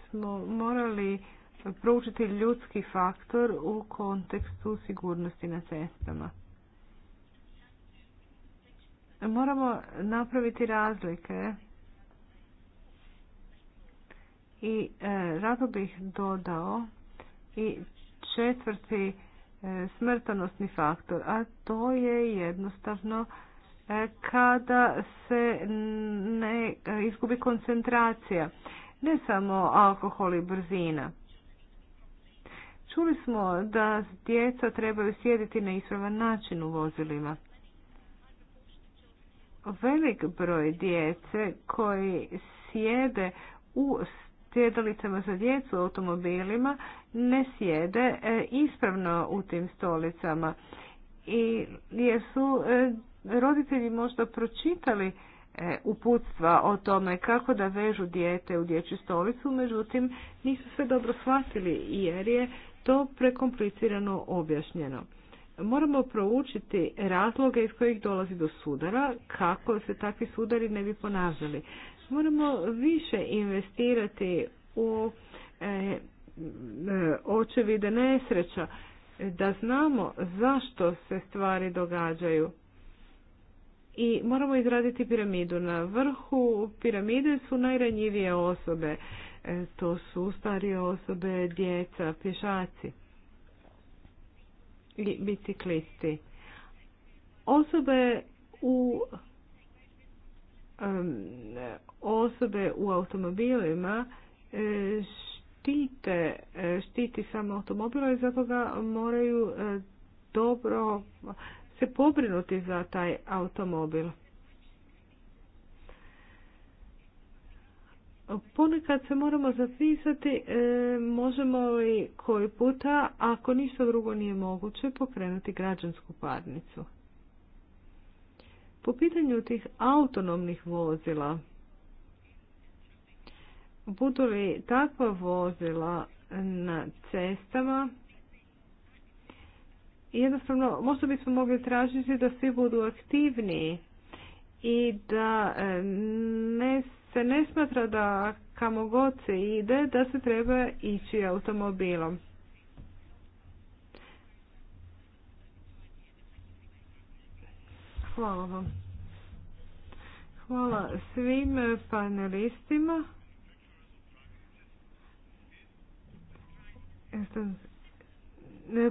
smo morali proučiti ljudski faktor u kontekstu sigurnosti na cestama. Moramo napraviti razlike i e, rado bih dodao i četvrti e, smrtonosni faktor, a to je jednostavno kada se ne izgubi koncentracija, ne samo alkohol i brzina. Čuli smo da djeca trebaju sjediti na ispravan način u vozilima. Velik broj djece koji sjede u sjedalicama za djecu u automobilima ne sjede e, ispravno u tim stolicama i jesu e, roditelji možda pročitali e, uputstva o tome kako da vežu dijete u dječju stolicu, međutim nisu sve dobro shvatili jer je to prekomplicirano objašnjeno. Moramo proučiti razloge iz kojih dolazi do sudara, kako se takvi sudari ne bi ponašali. Moramo više investirati u e, e, očevide nesreća, da znamo zašto se stvari događaju i moramo izraditi piramidu. Na vrhu piramide su najranjivije osobe. E, to su starije osobe, djeca, pješaci i biciklisti. Osobe u osobe u automobilima e, štite, e, štiti samo automobila i zato ga moraju dobro se pobrinuti za taj automobil. Ponekad se moramo zapisati, e, možemo li koji puta, ako ništa drugo nije moguće, pokrenuti građansku parnicu. Po pitanju tih autonomnih vozila, budu li takva vozila na cestama, jednostavno možda bismo mogli tražiti da svi budu aktivniji i da e, ne, se ne smatra da kamo god se ide da se treba ići automobilom. Hvala vam. Hvala svim panelistima.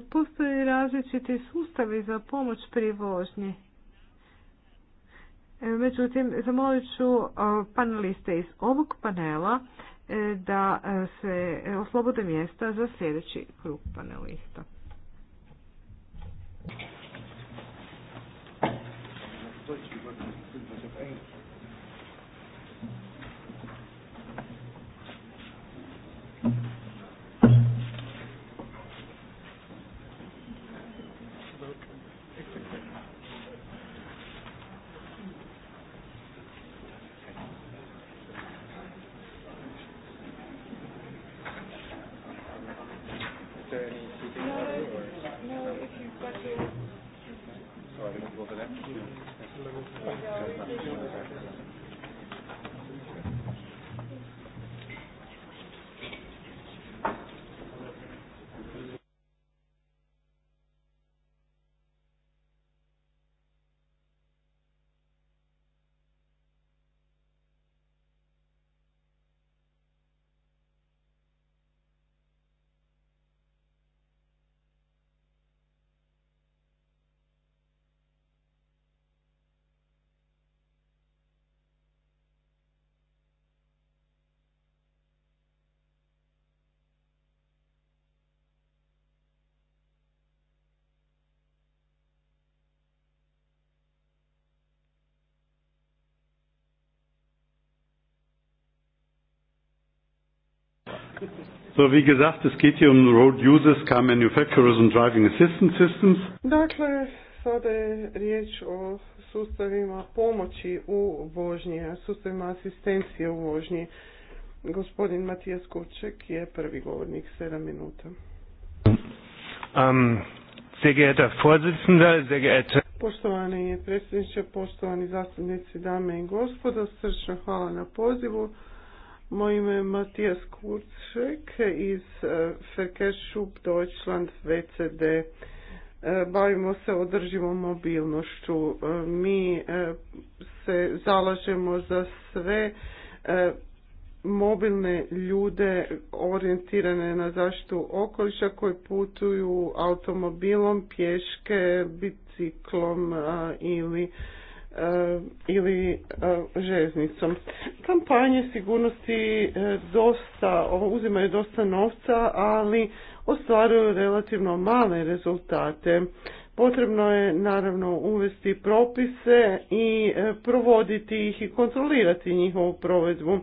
Postoje različiti sustavi za pomoć pri vožnji. E, međutim, zamolit ću e, paneliste iz ovog panela e, da se oslobode mjesta za sljedeći krug panelista. So, wie gesagt, es geht hier um Road Users, Car Manufacturers and Driving Assistance Systems. Dakle, sada je riječ o sustavima pomoći u vožnji, sustavima asistencije u vožnji. Gospodin Matijas Kovček je prvi govornik, 7 minuta. Um, sehr geehrter Vorsitzender, sehr geehrter Poštovani predsjedniče, poštovani zastupnici, dame i gospodo, srčno hvala na pozivu. Moje ime je Matijas iz Verkehrsschub e, Deutschland VCD. E, bavimo se održivom mobilnošću. E, mi se zalažemo za sve mobilne ljude orijentirane na zaštitu okoliša koji putuju automobilom, pješke, biciklom ili E, ili e, željeznicom. Kampanje sigurnosti e, dosta, uzimaju dosta novca, ali ostvaruju relativno male rezultate. Potrebno je naravno uvesti propise i provoditi ih i kontrolirati njihovu provedbu.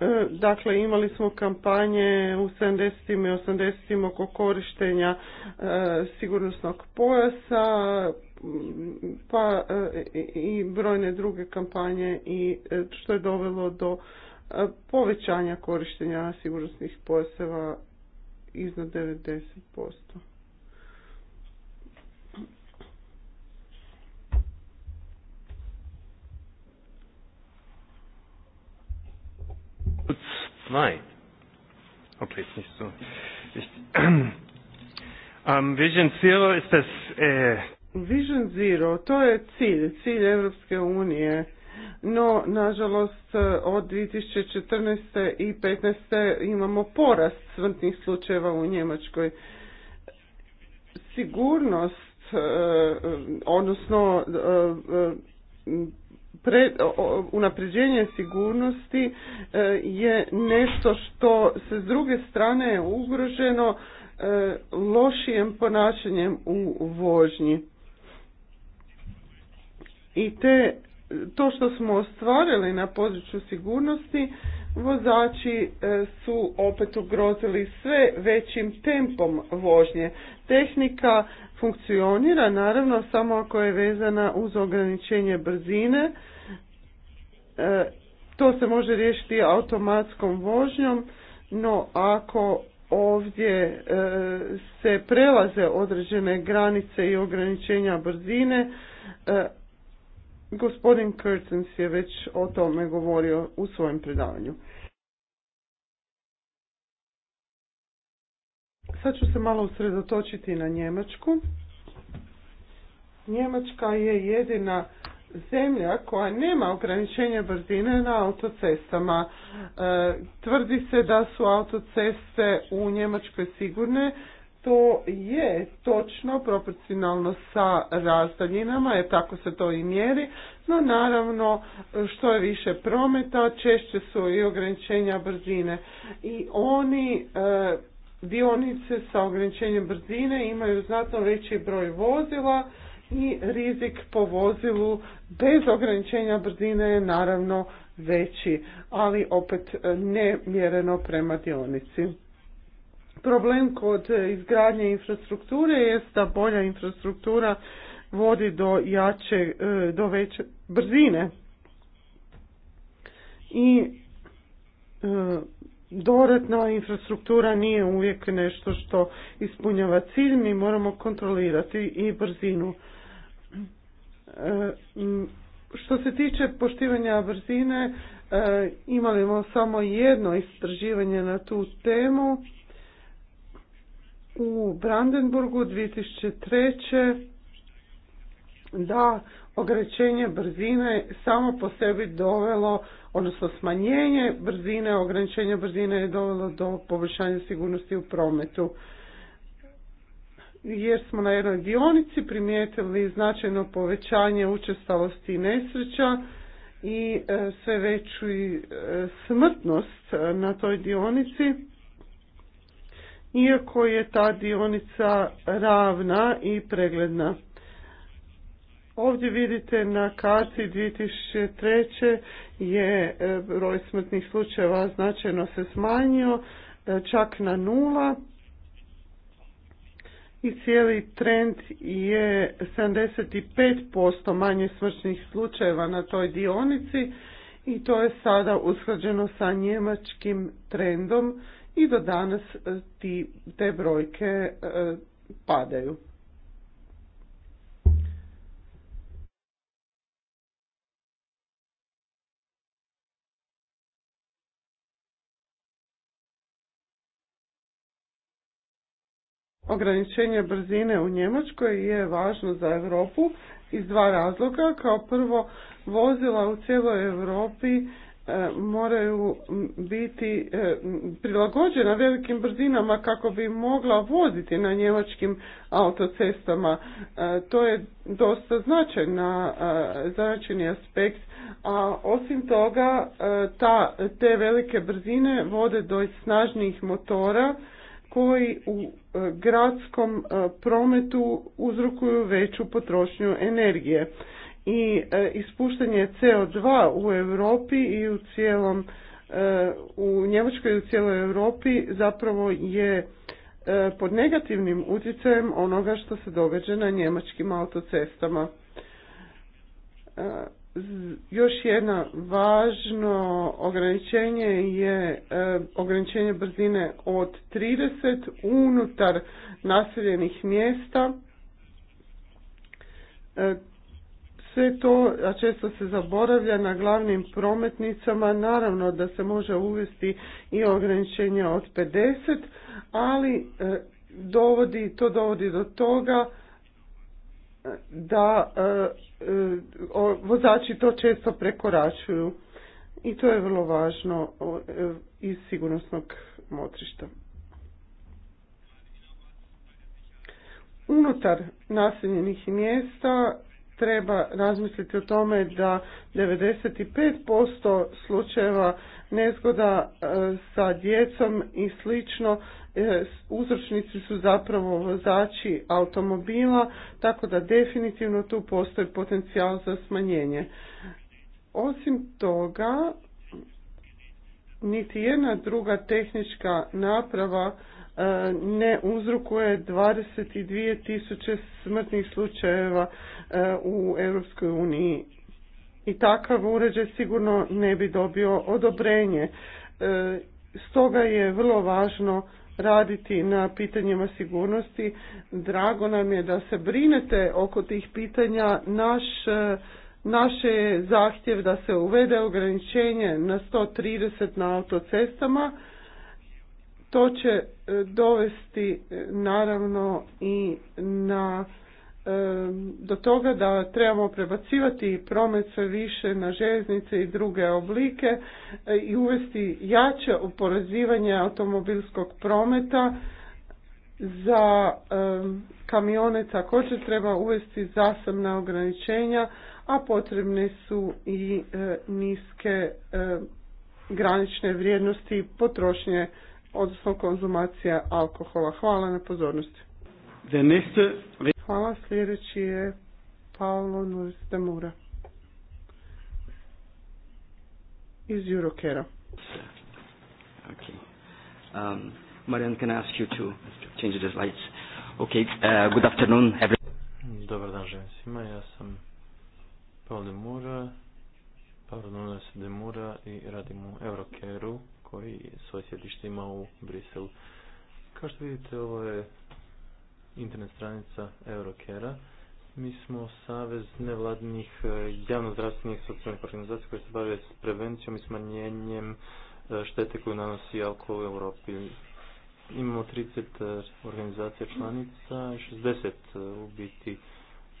E, dakle, imali smo kampanje u 70. i 80. oko korištenja e, sigurnosnog pojasa, pa e, i brojne druge kampanje i što je dovelo do povećanja korištenja sigurnosnih pojaseva iznad 90%. Nein. Okay, ist nicht so. Ich, um, Vision Zero ist das... Äh Vision Zero, to je cilj, cilj Europske unije. No, nažalost, e, od 2014. i 2015. imamo porast svrtnih slučajeva u Njemačkoj. Sigurnost, e, odnosno e, Pre, unapređenje sigurnosti e, je nešto što se s druge strane je ugroženo e, lošijem ponašanjem u vožnji. I te, to što smo ostvarili na području sigurnosti vozači e, su opet ugrozili sve većim tempom vožnje. Tehnika funkcionira naravno samo ako je vezana uz ograničenje brzine. E, to se može riješiti automatskom vožnjom, no ako ovdje e, se prelaze određene granice i ograničenja brzine, Gospodin Kurtens je već o tome govorio u svojem predavanju. Sad ću se malo usredotočiti na Njemačku. Njemačka je jedina zemlja koja nema ograničenja brzine na autocestama. E, tvrdi se da su autoceste u Njemačkoj sigurne, to je točno proporcionalno sa razdaljinama, jer tako se to i mjeri, no naravno što je više prometa, češće su i ograničenja brzine i oni e, dionice sa ograničenjem brzine imaju znatno veći broj vozila i rizik po vozilu bez ograničenja brzine je naravno veći, ali opet e, ne mjereno prema dionici. Problem kod e, izgradnje infrastrukture jest da bolja infrastruktura vodi do jače, e, do veće brzine. I e, doradna infrastruktura nije uvijek nešto što ispunjava cilj, mi moramo kontrolirati i brzinu. Što se tiče poštivanja brzine, imali smo samo jedno istraživanje na tu temu u Brandenburgu 2003. da ograničenje brzine samo po sebi dovelo, odnosno smanjenje brzine, ograničenje brzine je dovelo do poboljšanja sigurnosti u prometu. Jer smo na jednoj dionici primijetili značajno povećanje učestalosti nesreća i e, sve veću e, smrtnost e, na toj dionici iako je ta dionica ravna i pregledna. Ovdje vidite na karti 2003. je e, broj smrtnih slučajeva značajno se smanjio, e, čak na nula. I cijeli trend je 75% manje smrtnih slučajeva na toj dionici i to je sada usklađeno sa njemačkim trendom i do danas e, ti, te brojke e, padaju. Ograničenje brzine u Njemačkoj je važno za Europu iz dva razloga. Kao prvo, vozila u cijeloj Europi E, moraju biti e, prilagođena velikim brzinama kako bi mogla voziti na njemačkim autocestama. E, to je dosta značajna, značajni aspekt, a osim toga ta, te velike brzine vode do snažnijih motora koji u gradskom prometu uzrokuju veću potrošnju energije i e, ispuštanje CO2 u Europi i u e, u Njemačkoj i u cijeloj Europi zapravo je e, pod negativnim utjecajem onoga što se događa na njemačkim autocestama. Još jedno važno ograničenje je ograničenje brzine od 30 unutar naseljenih mjesta sve to, a često se zaboravlja na glavnim prometnicama, naravno da se može uvesti i ograničenje od 50, ali e, dovodi, to dovodi do toga e, da e, vozači to često prekoračuju i to je vrlo važno iz sigurnosnog motrišta. Unutar naseljenih mjesta treba razmisliti o tome da 95% slučajeva nezgoda e, sa djecom i slično e, uzročnici su zapravo vozači automobila, tako da definitivno tu postoji potencijal za smanjenje. Osim toga, niti jedna druga tehnička naprava E, ne uzrukuje 22 tisuće smrtnih slučajeva e, u Europskoj uniji. I takav uređaj sigurno ne bi dobio odobrenje. E, stoga je vrlo važno raditi na pitanjima sigurnosti. Drago nam je da se brinete oko tih pitanja. Naš, je zahtjev da se uvede ograničenje na 130 na autocestama to će e, dovesti e, naravno i na e, do toga da trebamo prebacivati promet sve više na željeznice i druge oblike i uvesti jače oporezivanje automobilskog prometa za kamione također treba uvesti zasebna ograničenja, a potrebne su i niske granične vrijednosti potrošnje odnosno konzumacija alkohola. Hvala na pozornosti. Hvala, sljedeći je Paolo Mura iz Eurocare. Okay. Um, Marian, can I ask you to change the slides? Okay, uh, good afternoon. everyone. Dobar dan želim svima, ja sam Paolo Mura, Paolo Nuris Mura i radim u Eurocare-u koji svoje sjedište ima u Briselu. Kao što vidite, ovo je internet stranica Eurokera. Mi smo savez nevladnih e, javnozdravstvenih socijalnih organizacija koje se bave s prevencijom i smanjenjem e, štete koju nanosi alkohol u Europi. Imamo 30 e, organizacija članica i 60 u biti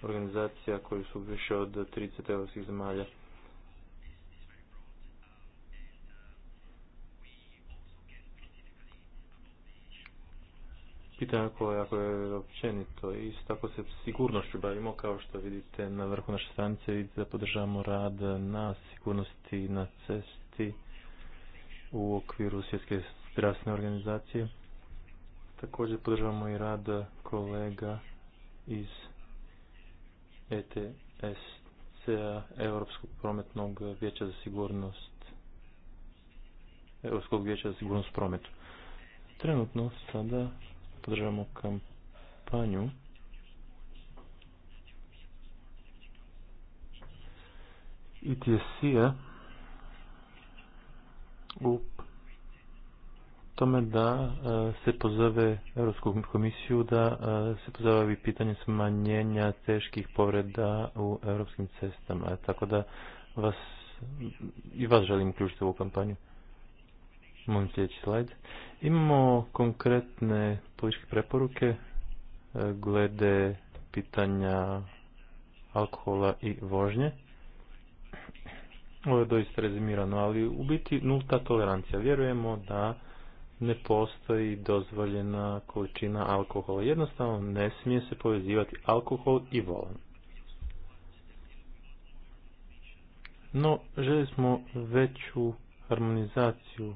organizacija koje su više od 30 evropskih zemalja. pitanje ako, ako je općenito. i tako se sigurnošću bavimo, kao što vidite na vrhu naše stranice, vidite da podržavamo rad na sigurnosti na cesti u okviru svjetske zdravstvene organizacije. Također podržavamo i rad kolega iz ETSC-a, Europskog prometnog vijeća za sigurnost Europskog vijeća za sigurnost prometu. Trenutno sada podržavamo kampanju je a u tome da e, se pozove Europsku komisiju da e, se ovi pitanje smanjenja teških povreda u europskim cestama. E, tako da vas i vas želim uključiti u ovu kampanju. Molim sljedeći slajd. Imamo konkretne političke preporuke e, glede pitanja alkohola i vožnje. Ovo je doista rezimirano, ali u biti nulta tolerancija. Vjerujemo da ne postoji dozvoljena količina alkohola. Jednostavno ne smije se povezivati alkohol i volan. No, želi smo veću harmonizaciju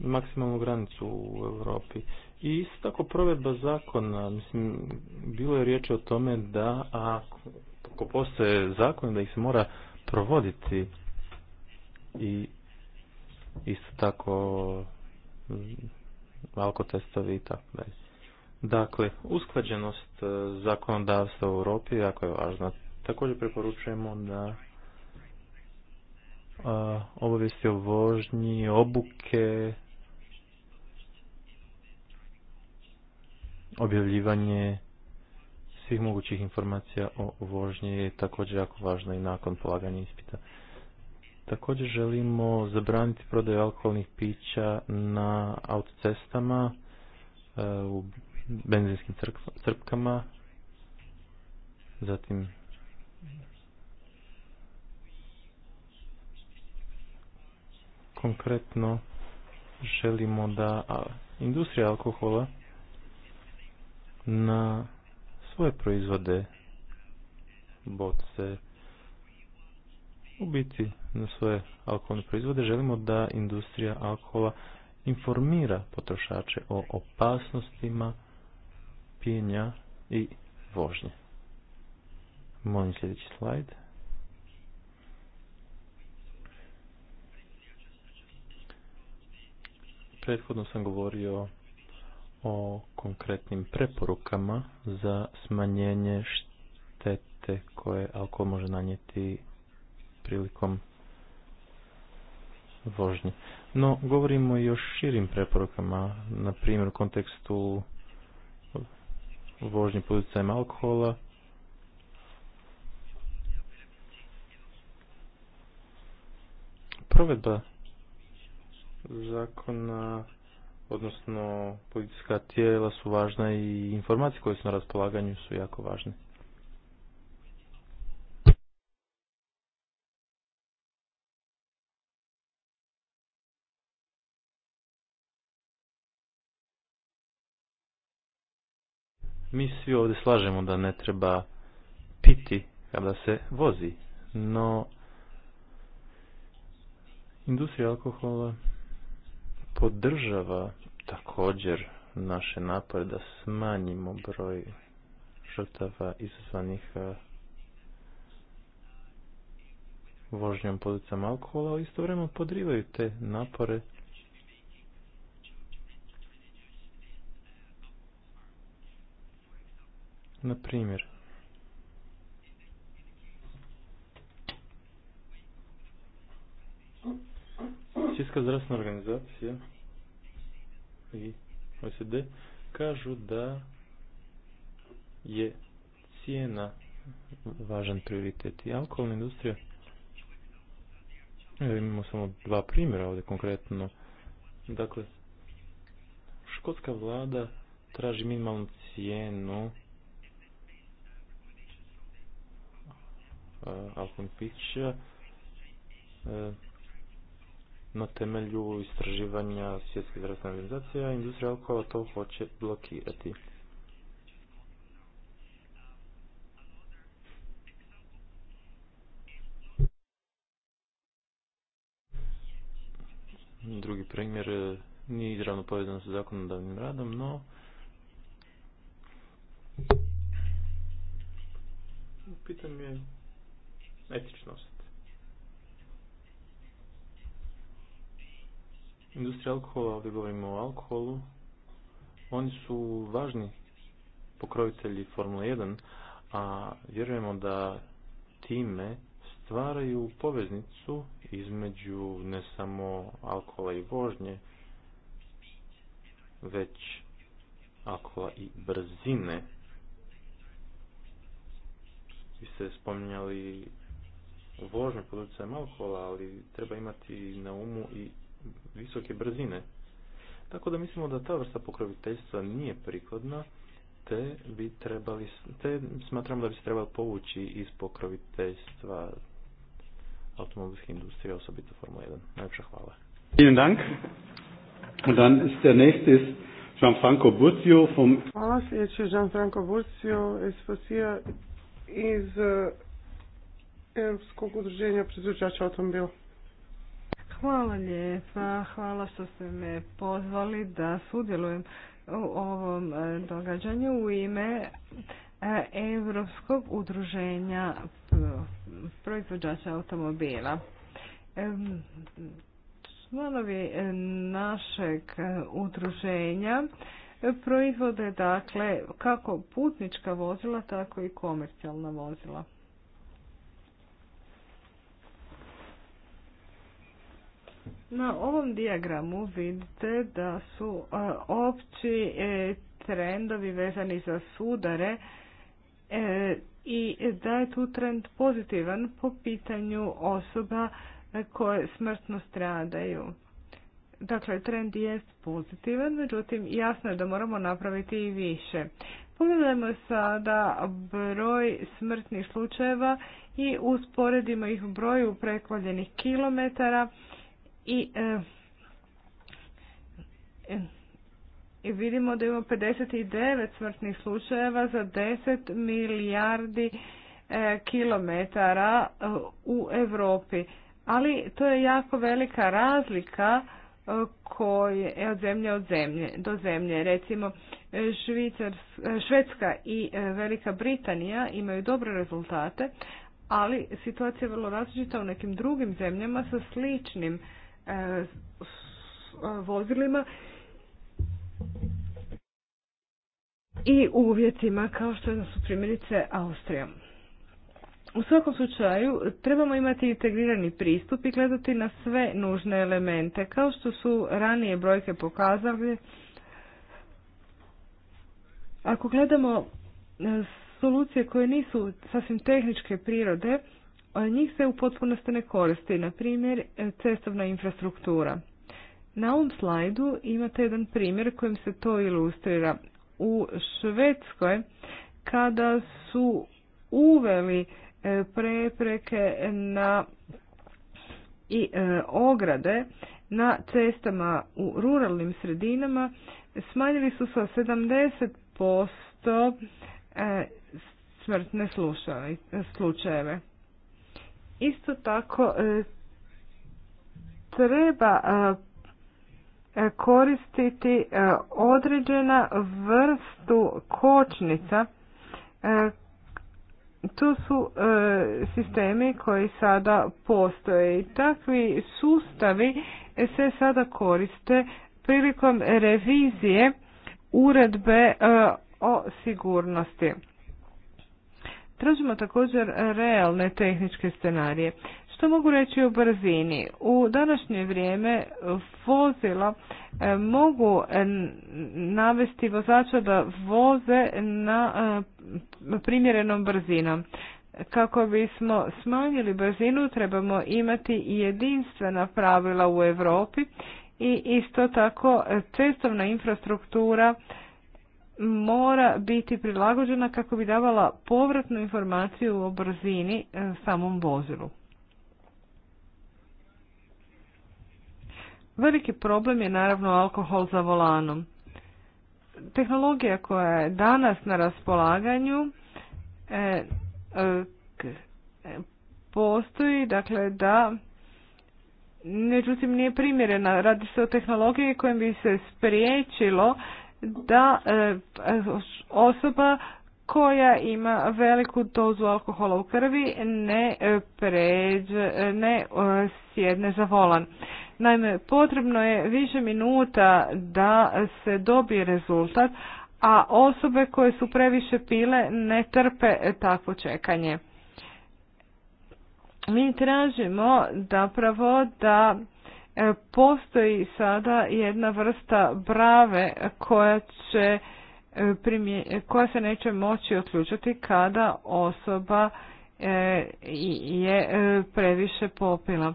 maksimalnu granicu u Europi. I isto tako provedba zakona, mislim, bilo je riječ o tome da ako postoje zakon, da ih se mora provoditi i isto tako mm, alkotestovi i tako Dakle, usklađenost e, zakonodavstva u Europi jako je važna. Također preporučujemo da e, obavijesti o vožnji, obuke, objavljivanje svih mogućih informacija o vožnji je također jako važno i nakon polaganja ispita. Također želimo zabraniti prodaju alkoholnih pića na autocestama, e, u benzinskim crpkama, zatim konkretno želimo da industrija alkohola na svoje proizvode, boce, u biti na svoje alkoholne proizvode želimo da industrija alkohola informira potrošače o opasnostima pijenja i vožnje. Molim sljedeći slajd. Prethodno sam govorio o konkretnim preporukama za smanjenje štete koje alkohol može nanijeti prilikom vožnje. No, govorimo i o širim preporukama, na primjer u kontekstu vožnje pod alkohola, provedba zakona odnosno politička tijela su važna i informacije koje su na raspolaganju su jako važne. Mi svi ovdje slažemo da ne treba piti kada se vozi, no industrija alkohola podržava također naše napore da smanjimo broj žrtava izazvanih e, vožnjom pozicama alkohola, ali istovremeno podrivaju te napore na primjer Svjetska zdravstvena organizacija i OSD kažu da je cijena važan prioritet i alkoholna industrija. Imamo samo dva primjera ovdje konkretno. Dakle, škotska vlada traži minimalnu cijenu e, alkoholnih pića e, na temelju istraživanja svjetske zdravstvene organizacije, a industrija alkohola to hoće blokirati. Drugi primjer eh, nije izravno povezan sa zakonodavnim radom, no u pitanju je etičnost. industrija alkohola, ovdje govorimo o alkoholu, oni su važni pokrovitelji Formule 1, a vjerujemo da time stvaraju poveznicu između ne samo alkohola i vožnje, već alkohola i brzine. Vi ste spominjali vožnje pod utjecajem alkohola, ali treba imati na umu i visoke brzine. Tako da mislimo da ta vrsta pokroviteljstva nije prikladna, te bi trebali, te smatram da bi se trebalo povući iz pokroviteljstva automobilske industrije, osobito Formule 1. Najljepša hvala. Vielen Dank. Und dann ist der nächste ist Gianfranco Burzio vom... Hvala, Gianfranco Burzio iz Fosija iz eh, Europskog udruženja proizvođača automobila. Hvala lijepa, hvala što ste me pozvali da sudjelujem u ovom e, događanju u ime Europskog udruženja e, proizvođača automobila. E, članovi našeg udruženja proizvode dakle kako putnička vozila, tako i komercijalna vozila. Na ovom dijagramu vidite da su e, opći e, trendovi vezani za sudare e, i da je tu trend pozitivan po pitanju osoba koje smrtno stradaju. Dakle, trend je pozitivan, međutim jasno je da moramo napraviti i više. Pogledajmo sada broj smrtnih slučajeva i usporedimo ih broju prekvaljenih kilometara i e, e, i vidimo da imamo 59 smrtnih slučajeva za 10 milijardi e, kilometara u Europi. Ali to je jako velika razlika koje od zemlje od zemlje do zemlje. Recimo Švedska i Velika Britanija imaju dobre rezultate, ali situacija je vrlo različita u nekim drugim zemljama sa sličnim E, e, vozilima i uvjetima kao što su primjerice Austrija. U svakom slučaju trebamo imati integrirani pristup i gledati na sve nužne elemente. Kao što su ranije brojke pokazali, ako gledamo e, solucije koje nisu sasvim tehničke prirode, njih se u potpunosti ne koristi, na primjer e, cestovna infrastruktura. Na ovom slajdu imate jedan primjer kojim se to ilustrira. U Švedskoj kada su uveli e, prepreke na i e, ograde na cestama u ruralnim sredinama smanjili su sa 70% e, smrtne slučajeve. Isto tako e, treba e, e, koristiti određena vrstu kočnica. Tu su sistemi koji sada postoje i takvi sustavi se sada koriste prilikom revizije uredbe o sigurnosti. Tražimo također realne tehničke scenarije. Što mogu reći o brzini? U današnje vrijeme vozila e, mogu e, navesti vozača da voze na e, primjerenom brzinom. Kako bismo smanjili brzinu trebamo imati jedinstvena pravila u Europi i isto tako cestovna infrastruktura mora biti prilagođena kako bi davala povratnu informaciju o brzini e, samom vozilu. Veliki problem je naravno alkohol za volanom. Tehnologija koja je danas na raspolaganju e, e, postoji, dakle da međutim nije primjerena. Radi se o tehnologiji kojim bi se spriječilo da e, osoba koja ima veliku dozu alkohola u krvi ne e, pređe, e, ne sjedne za volan. Naime, potrebno je više minuta da se dobije rezultat, a osobe koje su previše pile ne trpe takvo čekanje. Mi tražimo zapravo da E, postoji sada jedna vrsta brave koja će e, koja se neće moći otključati kada osoba e, je previše popila.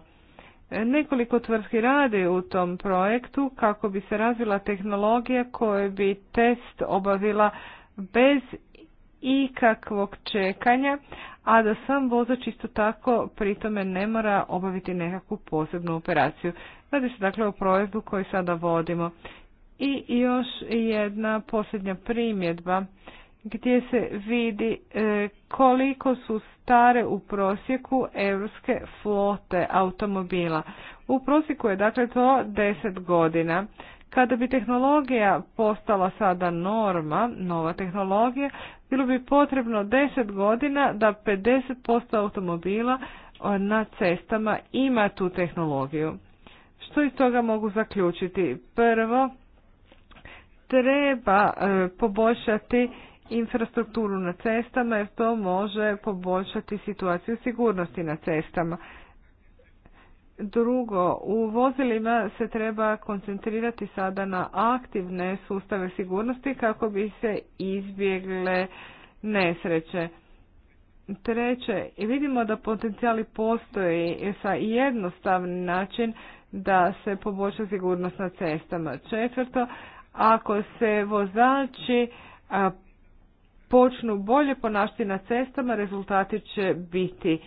Nekoliko tvrtki radi u tom projektu kako bi se razvila tehnologija koja bi test obavila bez ikakvog čekanja, a da sam vozač isto tako pritome ne mora obaviti nekakvu posebnu operaciju. Radi se dakle o projektu koji sada vodimo. I još jedna posljednja primjedba gdje se vidi e, koliko su stare u prosjeku europske flote automobila. U prosjeku je dakle to 10 godina. Kada bi tehnologija postala sada norma, nova tehnologija, bilo bi potrebno 10 godina da 50% automobila na cestama ima tu tehnologiju. Što iz toga mogu zaključiti? Prvo, treba e, poboljšati infrastrukturu na cestama jer to može poboljšati situaciju sigurnosti na cestama. Drugo, u vozilima se treba koncentrirati sada na aktivne sustave sigurnosti kako bi se izbjegle nesreće. Treće, vidimo da potencijali postoji sa jednostavni način da se poboljša sigurnost na cestama. Četvrto, ako se vozači počnu bolje ponašati na cestama, rezultati će biti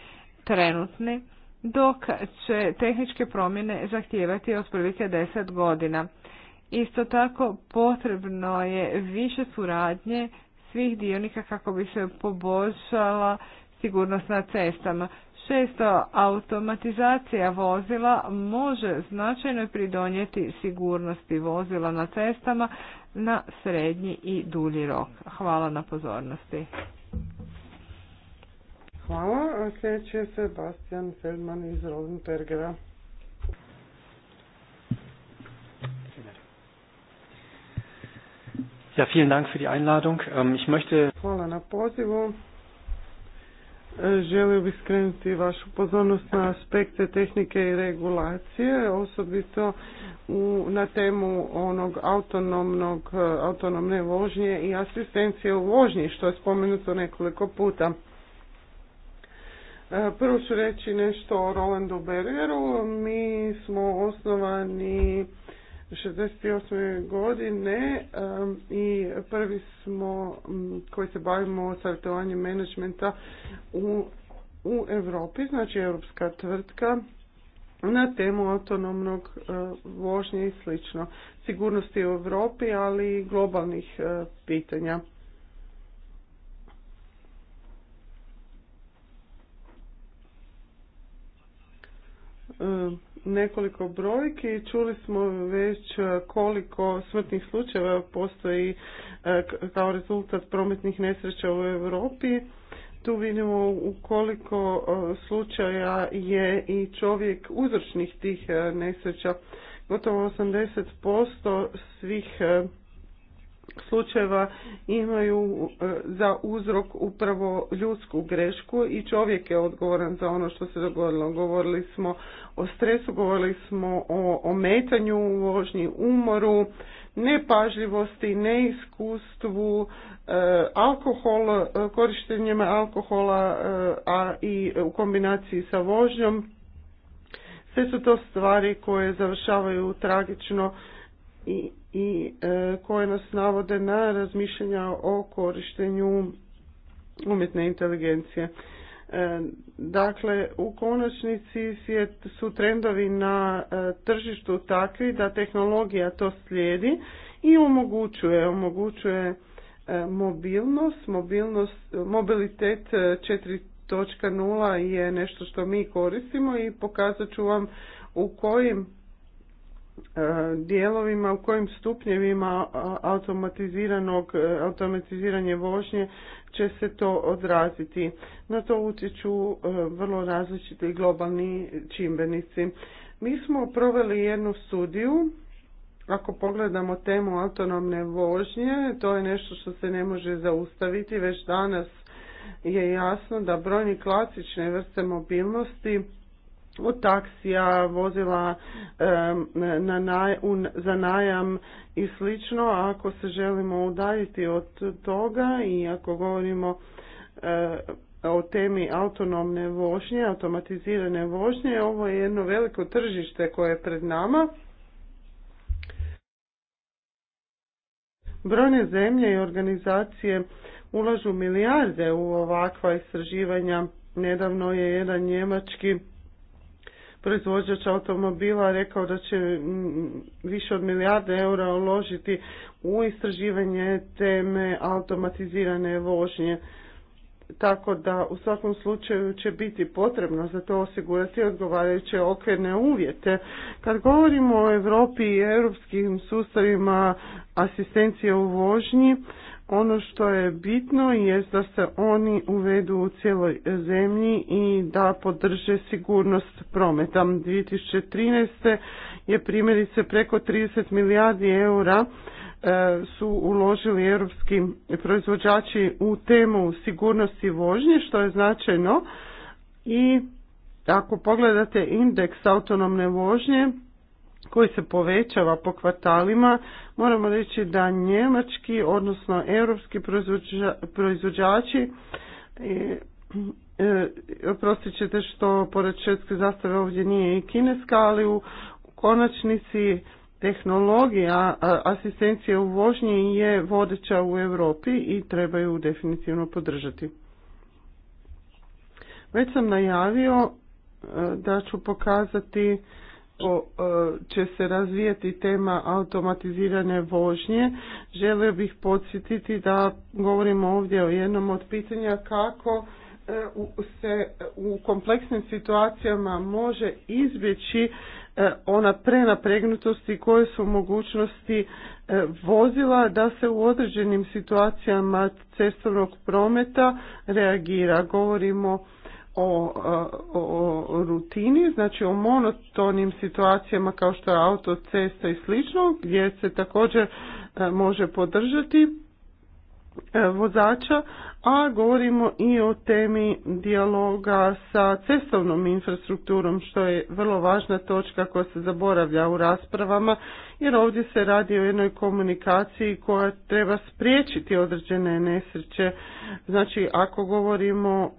trenutni dok će tehničke promjene zahtijevati otprilike deset godina. Isto tako potrebno je više suradnje svih dionika kako bi se poboljšala sigurnost na cestama. Šesto, automatizacija vozila može značajno pridonijeti sigurnosti vozila na cestama na srednji i dulji rok. Hvala na pozornosti. Hvala. Sljedeći je Sebastian Feldman iz Rosenbergera. Ja, vielen Dank für die Einladung. Ähm, ich möchte... Hvala na pozivu. E, želio bih skrenuti vašu pozornost na aspekte tehnike i regulacije, osobito u, na temu onog autonomnog, e, autonomne vožnje i asistencije u vožnji, što je spomenuto nekoliko puta. E, prvo ću reći nešto o Rolandu Bergeru. Mi smo osnovani 68. godine e, i prvi smo koji se bavimo savjetovanjem menadžmenta u, u Europi, znači europska tvrtka na temu autonomnog e, vožnje i slično. Sigurnosti u Europi, ali i globalnih pitanja. Um, nekoliko brojki. Čuli smo već uh, koliko smrtnih slučajeva postoji uh, kao rezultat prometnih nesreća u Europi. Tu vidimo u koliko uh, slučaja je i čovjek uzročnih tih nesreća. Gotovo 80% svih slučajeva imaju e, za uzrok upravo ljudsku grešku i čovjek je odgovoran za ono što se dogodilo. Govorili smo o stresu, govorili smo o ometanju u vožnji, umoru, nepažljivosti, neiskustvu, e, alkohol, e, korištenjem alkohola, a i u kombinaciji sa vožnjom. Sve su to stvari koje završavaju tragično i i e, koje nas navode na razmišljanja o korištenju umjetne inteligencije. E, dakle, u konačnici su trendovi na e, tržištu takvi da tehnologija to slijedi i omogućuje, omogućuje mobilnost, mobilnost mobilitet 4.0 je nešto što mi koristimo i pokazat ću vam u kojim E, dijelovima u kojim stupnjevima automatiziranog, e, automatiziranje vožnje će se to odraziti. Na to utječu e, vrlo različiti globalni čimbenici. Mi smo proveli jednu studiju, ako pogledamo temu autonomne vožnje, to je nešto što se ne može zaustaviti, već danas je jasno da brojni klasične vrste mobilnosti od taksija, vozila na za najam i slično. ako se želimo udaljiti od toga i ako govorimo eh, o temi autonomne vožnje, automatizirane vožnje, ovo je jedno veliko tržište koje je pred nama. Brojne zemlje i organizacije ulažu milijarde u ovakva istraživanja. Nedavno je jedan njemački proizvođač automobila rekao da će više od milijarde eura uložiti u istraživanje teme automatizirane vožnje. Tako da u svakom slučaju će biti potrebno za to osigurati odgovarajuće okvirne uvjete. Kad govorimo o Europi i europskim sustavima asistencije u vožnji, ono što je bitno je da se oni uvedu u cijeloj zemlji i da podrže sigurnost prometa. 2013. je primjerice preko 30 milijardi eura e, su uložili europski proizvođači u temu sigurnosti vožnje, što je značajno. I ako pogledate indeks autonomne vožnje koji se povećava po kvartalima, moramo reći da njemački, odnosno europski proizvođači e, oprostit ćete što pored švedske zastave ovdje nije i kineska, ali u konačnici tehnologija asistencije u vožnji je vodeća u Europi i treba ju definitivno podržati. Već sam najavio e, da ću pokazati E, će se razvijati tema automatizirane vožnje. Želio bih podsjetiti da govorimo ovdje o jednom od pitanja kako e, se u kompleksnim situacijama može izbjeći e, ona prenapregnutost i koje su mogućnosti vozila da se u određenim situacijama cestovnog prometa reagira. Govorimo o, o, rutini, znači o monotonim situacijama kao što je auto, cesta i slično, gdje se također može podržati e, vozača a govorimo i o temi dijaloga sa cestovnom infrastrukturom, što je vrlo važna točka koja se zaboravlja u raspravama, jer ovdje se radi o jednoj komunikaciji koja treba spriječiti određene nesreće. Znači, ako govorimo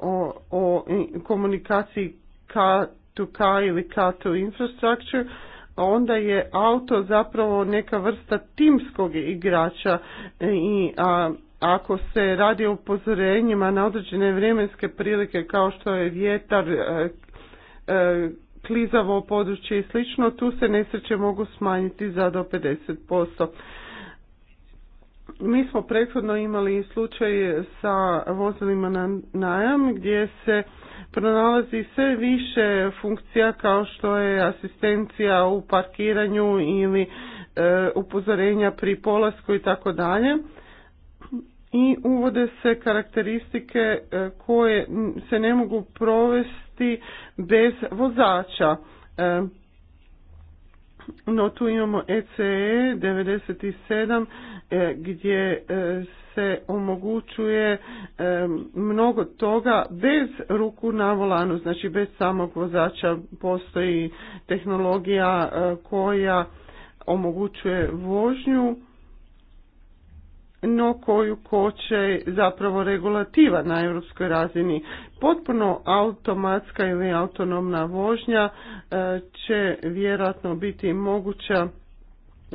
o, komunikaciji ka 2 k ili K2 infrastructure, onda je auto zapravo neka vrsta timskog igrača e, i a, ako se radi o upozorenjima na određene vremenske prilike kao što je vjetar, e, e, klizavo područje i slično, tu se nesreće mogu smanjiti za do 50%. Mi smo prethodno imali slučaj sa vozilima na najam gdje se pronalazi sve više funkcija kao što je asistencija u parkiranju ili e, upozorenja pri polasku i tako dalje i uvode se karakteristike e, koje se ne mogu provesti bez vozača. E, no tu imamo ECE 97 e gdje se omogućuje mnogo toga bez ruku na volanu, znači bez samog vozača postoji tehnologija koja omogućuje vožnju no koju koče zapravo regulativa na europskoj razini. Potpuno automatska ili autonomna vožnja e, će vjerojatno biti moguća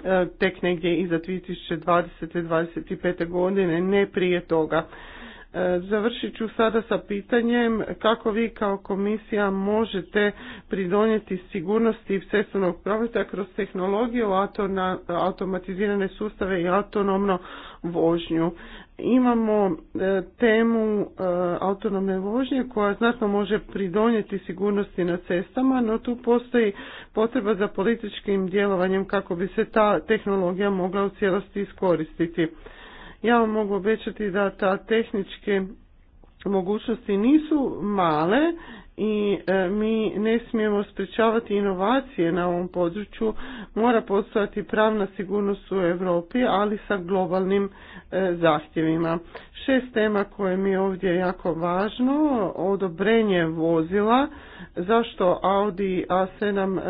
e, tek negdje iza 2020. 2025. godine, ne prije toga. E, završit ću sada sa pitanjem kako vi kao komisija možete pridonijeti sigurnosti cestovnog prometa kroz tehnologiju, automatizirane sustave i autonomno vožnju. Imamo e, temu e, autonomne vožnje koja znatno može pridonijeti sigurnosti na cestama, no tu postoji potreba za političkim djelovanjem kako bi se ta tehnologija mogla u cijelosti iskoristiti. Ja vam mogu obećati da ta tehničke mogućnosti nisu male i e, mi ne smijemo sprječavati inovacije na ovom području. Mora postojati pravna sigurnost u Europi, ali sa globalnim e, zahtjevima. Šest tema koje mi je ovdje jako važno, odobrenje vozila, zašto Audi A7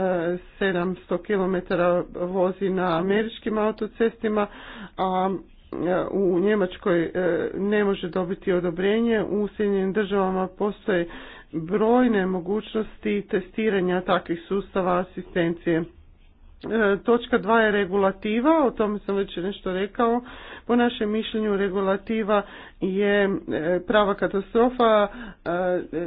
700 km vozi na američkim autocestima, a u Njemačkoj e, ne može dobiti odobrenje. U Sjedinjenim državama postoje brojne mogućnosti testiranja takvih sustava asistencije. E, točka 2 je regulativa, o tome sam već nešto rekao. Po našem mišljenju regulativa je e, prava katastrofa.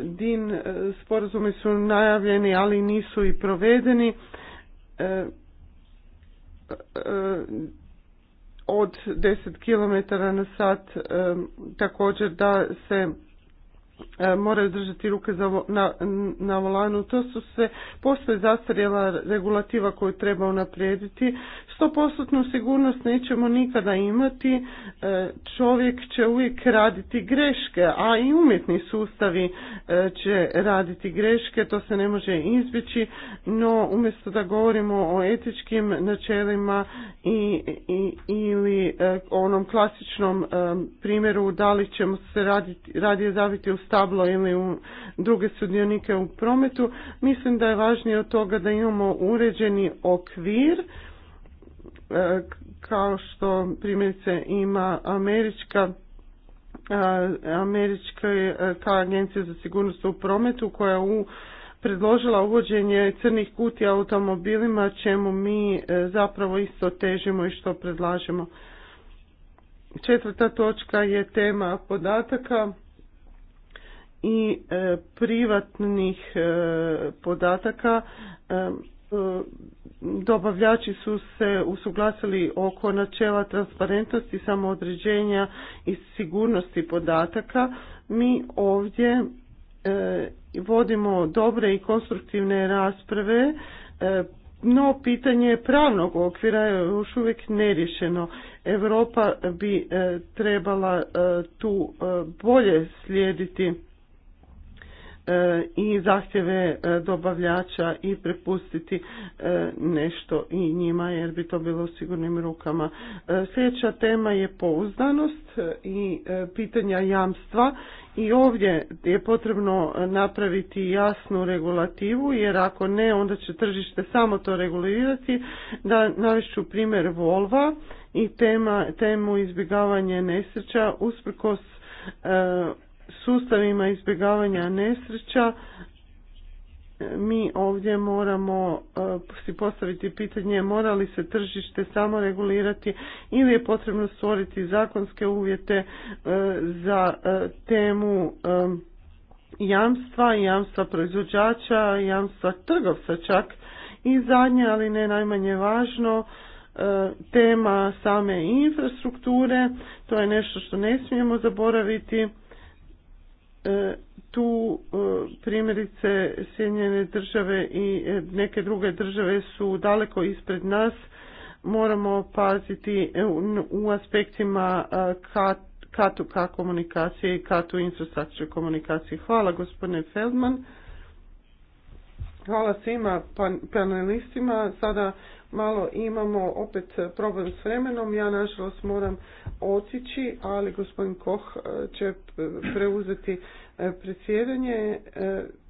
DIN sporazumi su najavljeni, ali nisu i provedeni od 10 km na sat e, također da se e, moraju držati ruke za, na, volanu. To su sve, postoje zastarjela regulativa koju treba unaprijediti. 100% sigurnost nećemo nikada imati, e, čovjek će uvijek raditi greške, a i umjetni sustavi e, će raditi greške, to se ne može izbjeći, no umjesto da govorimo o etičkim načelima i, i ili e, onom klasičnom primjeru da li ćemo se raditi, radije zaviti u stablo ili u druge sudionike u prometu, mislim da je važnije od toga da imamo uređeni okvir E, kao što primjerice ima američka e, američka e, ta agencija za sigurnost u prometu koja u predložila uvođenje crnih kutija automobilima čemu mi zapravo isto težimo i što predlažemo. Četvrta točka je tema podataka i privatnih podataka dobavljači su se usuglasili oko načela transparentnosti, samoodređenja i sigurnosti podataka. Mi ovdje e, vodimo dobre i konstruktivne rasprave, e, no pitanje pravnog okvira je još uvijek neriješeno. Europa bi e, trebala tu bolje slijediti E, i zahtjeve e, dobavljača i prepustiti e, nešto i njima jer bi to bilo u sigurnim rukama. Sljedeća tema je pouzdanost i pitanja jamstva i ovdje je potrebno napraviti jasnu regulativu jer ako ne onda će tržište samo to regulirati. Da navišću primjer Volva i tema, temu izbjegavanje nesreća usprkos sustavima izbjegavanja nesreća mi ovdje moramo e, si postaviti pitanje mora li se tržište samo regulirati ili je potrebno stvoriti zakonske uvjete e, za e, temu jamstva, jamstva proizvođača, jamstva trgovca čak i zadnje, ali ne najmanje važno, tema same infrastrukture, to je nešto što ne smijemo zaboraviti E, tu e, primjerice Sjedinjene države i e, neke druge države su daleko ispred nas. Moramo paziti u aspektima katu ka komunikacije i katu 2 komunikacije. Hvala gospodine Feldman. Hvala svima panelistima. Sada malo imamo opet problem s vremenom. Ja nažalost moram otići, ali gospodin Koh e, će e, preuzeti e, predsjedanje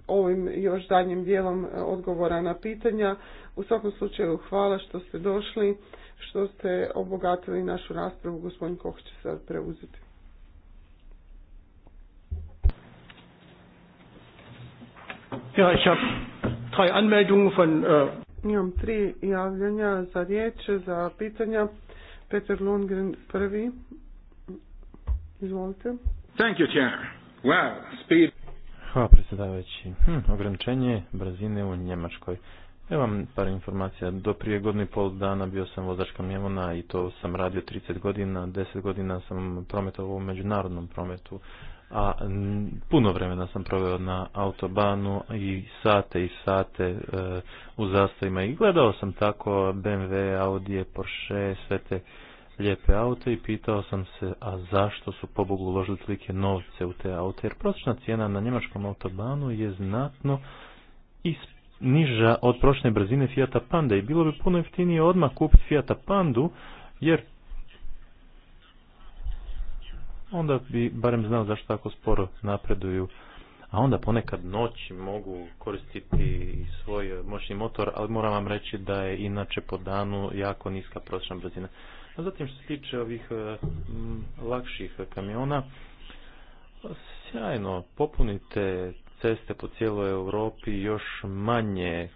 ovim još daljnjim dijelom odgovora na pitanja. U svakom slučaju hvala što ste došli, što ste obogatili našu raspravu. Gospodin Koh će sad preuzeti. Ja, ich habe Anmeldungen von äh, imam tri javljanja za riječ, za pitanja. Peter Lundgren prvi. Izvolite. Thank you, Chair. speed. Hvala predsjedavajući. Hm, ograničenje brzine u Njemačkoj. Evo vam par informacija. Do prije godinu i pol dana bio sam vozač mjemona i to sam radio 30 godina. 10 godina sam prometovao u međunarodnom prometu a puno vremena sam proveo na autobanu i sate i sate e, u zastavima i gledao sam tako BMW, Audi, Porsche, sve te lijepe auto i pitao sam se a zašto su pobogu uložili slike novce u te aute jer prosječna cijena na njemačkom autobanu je znatno niža od prošle brzine Fiata Panda i bilo bi puno jeftinije odmah kupiti Fiat Pandu jer onda bi barem znao zašto tako sporo napreduju. A onda ponekad noći mogu koristiti svoj moćni motor, ali moram vam reći da je inače po danu jako niska prosječna brzina. A zatim što se tiče ovih e, lakših kamiona, sjajno, popunite ceste po cijeloj Europi još manje,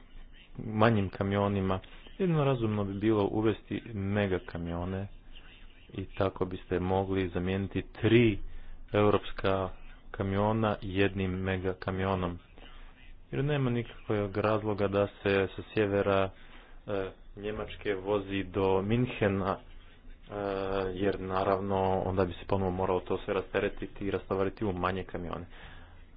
manjim kamionima. Jedno razumno bi bilo uvesti mega kamione i tako biste mogli zamijeniti tri europska kamiona jednim mega kamionom. Jer nema nikakvog razloga da se sa sjevera e, Njemačke vozi do Minhena, e, jer naravno onda bi se ponovo moralo to sve rasteretiti i rastavariti u manje kamione.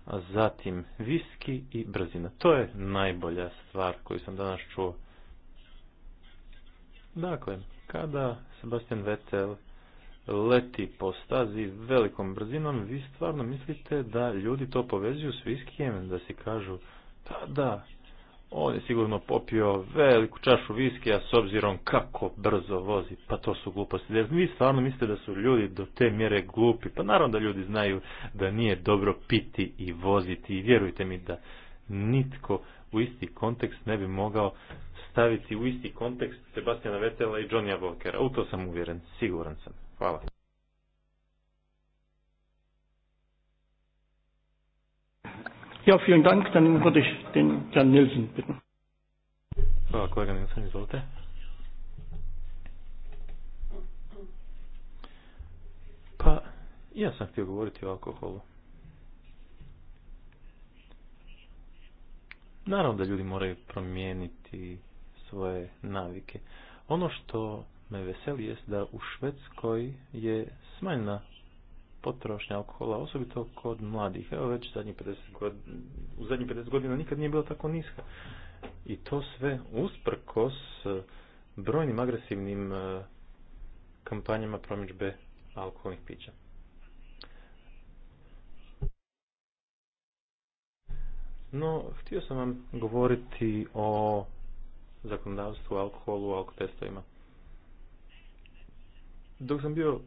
A zatim viski i brzina. To je najbolja stvar koju sam danas čuo. Dakle, kada Sebastian Vettel leti po stazi velikom brzinom, vi stvarno mislite da ljudi to povezuju s viskijem, da si kažu, da, da, on je sigurno popio veliku čašu viskija s obzirom kako brzo vozi, pa to su gluposti. Jer vi stvarno mislite da su ljudi do te mjere glupi, pa naravno da ljudi znaju da nije dobro piti i voziti i vjerujte mi da nitko u isti kontekst ne bi mogao staviti u isti kontekst Sebastiana Vettela i Johnnya Walkera. U to sam uvjeren, siguran sam. Hvala. Ja, vielen Dank, dann würde ich den Herrn Nielsen bitten. Hvala, kolega Nielsen, izvolite. Pa, ja sam htio govoriti o alkoholu. Naravno da ljudi moraju promijeniti svoje navike. Ono što me veseli jest da u Švedskoj je smanjena potrošnja alkohola, osobito kod mladih. Evo već zadnjih 50 godina, u zadnjih 50 godina nikad nije bila tako niska. I to sve usprkos eh, brojnim agresivnim eh, kampanjama promičbe alkoholnih pića. No, htio sam vam govoriti o zakonodavstvu, alkoholu, alkotestovima. Dok sam bio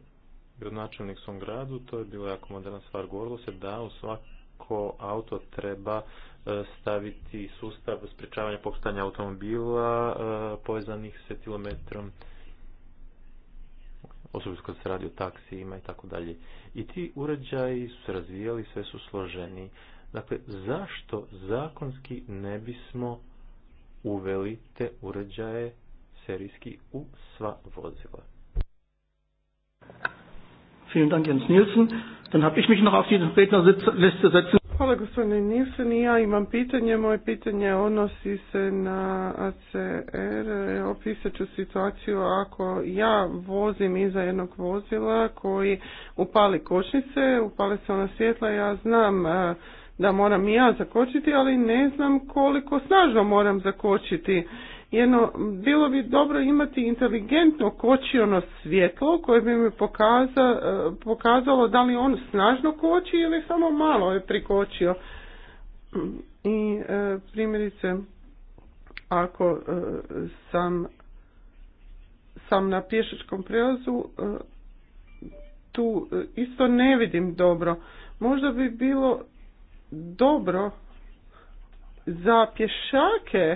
gradonačelnik svom gradu, to je bila jako moderna stvar. Govorilo se da u svako auto treba e, staviti sustav sprečavanja popstanja automobila e, povezanih s kilometrom osobito kad se radi o taksijima i tako dalje. I ti uređaji su se razvijali, sve su složeni. Dakle, zašto zakonski ne bismo uveli te uređaje serijski u sva vozila. Vielen Dank, Jens Hvala gospodine Nilsen i ja imam pitanje. Moje pitanje odnosi se na ACR. Opisat ću situaciju ako ja vozim iza jednog vozila koji upali kočnice, upale se ona svjetla, ja znam eh, da moram i ja zakočiti, ali ne znam koliko snažno moram zakočiti. Jedno, bilo bi dobro imati inteligentno kočiono svjetlo koje bi mi e, pokazalo da li on snažno koči ili samo malo je prikočio. I e, primjerice, ako e, sam, sam na pješačkom prelazu, tu isto ne vidim dobro. Možda bi bilo dobro za pješake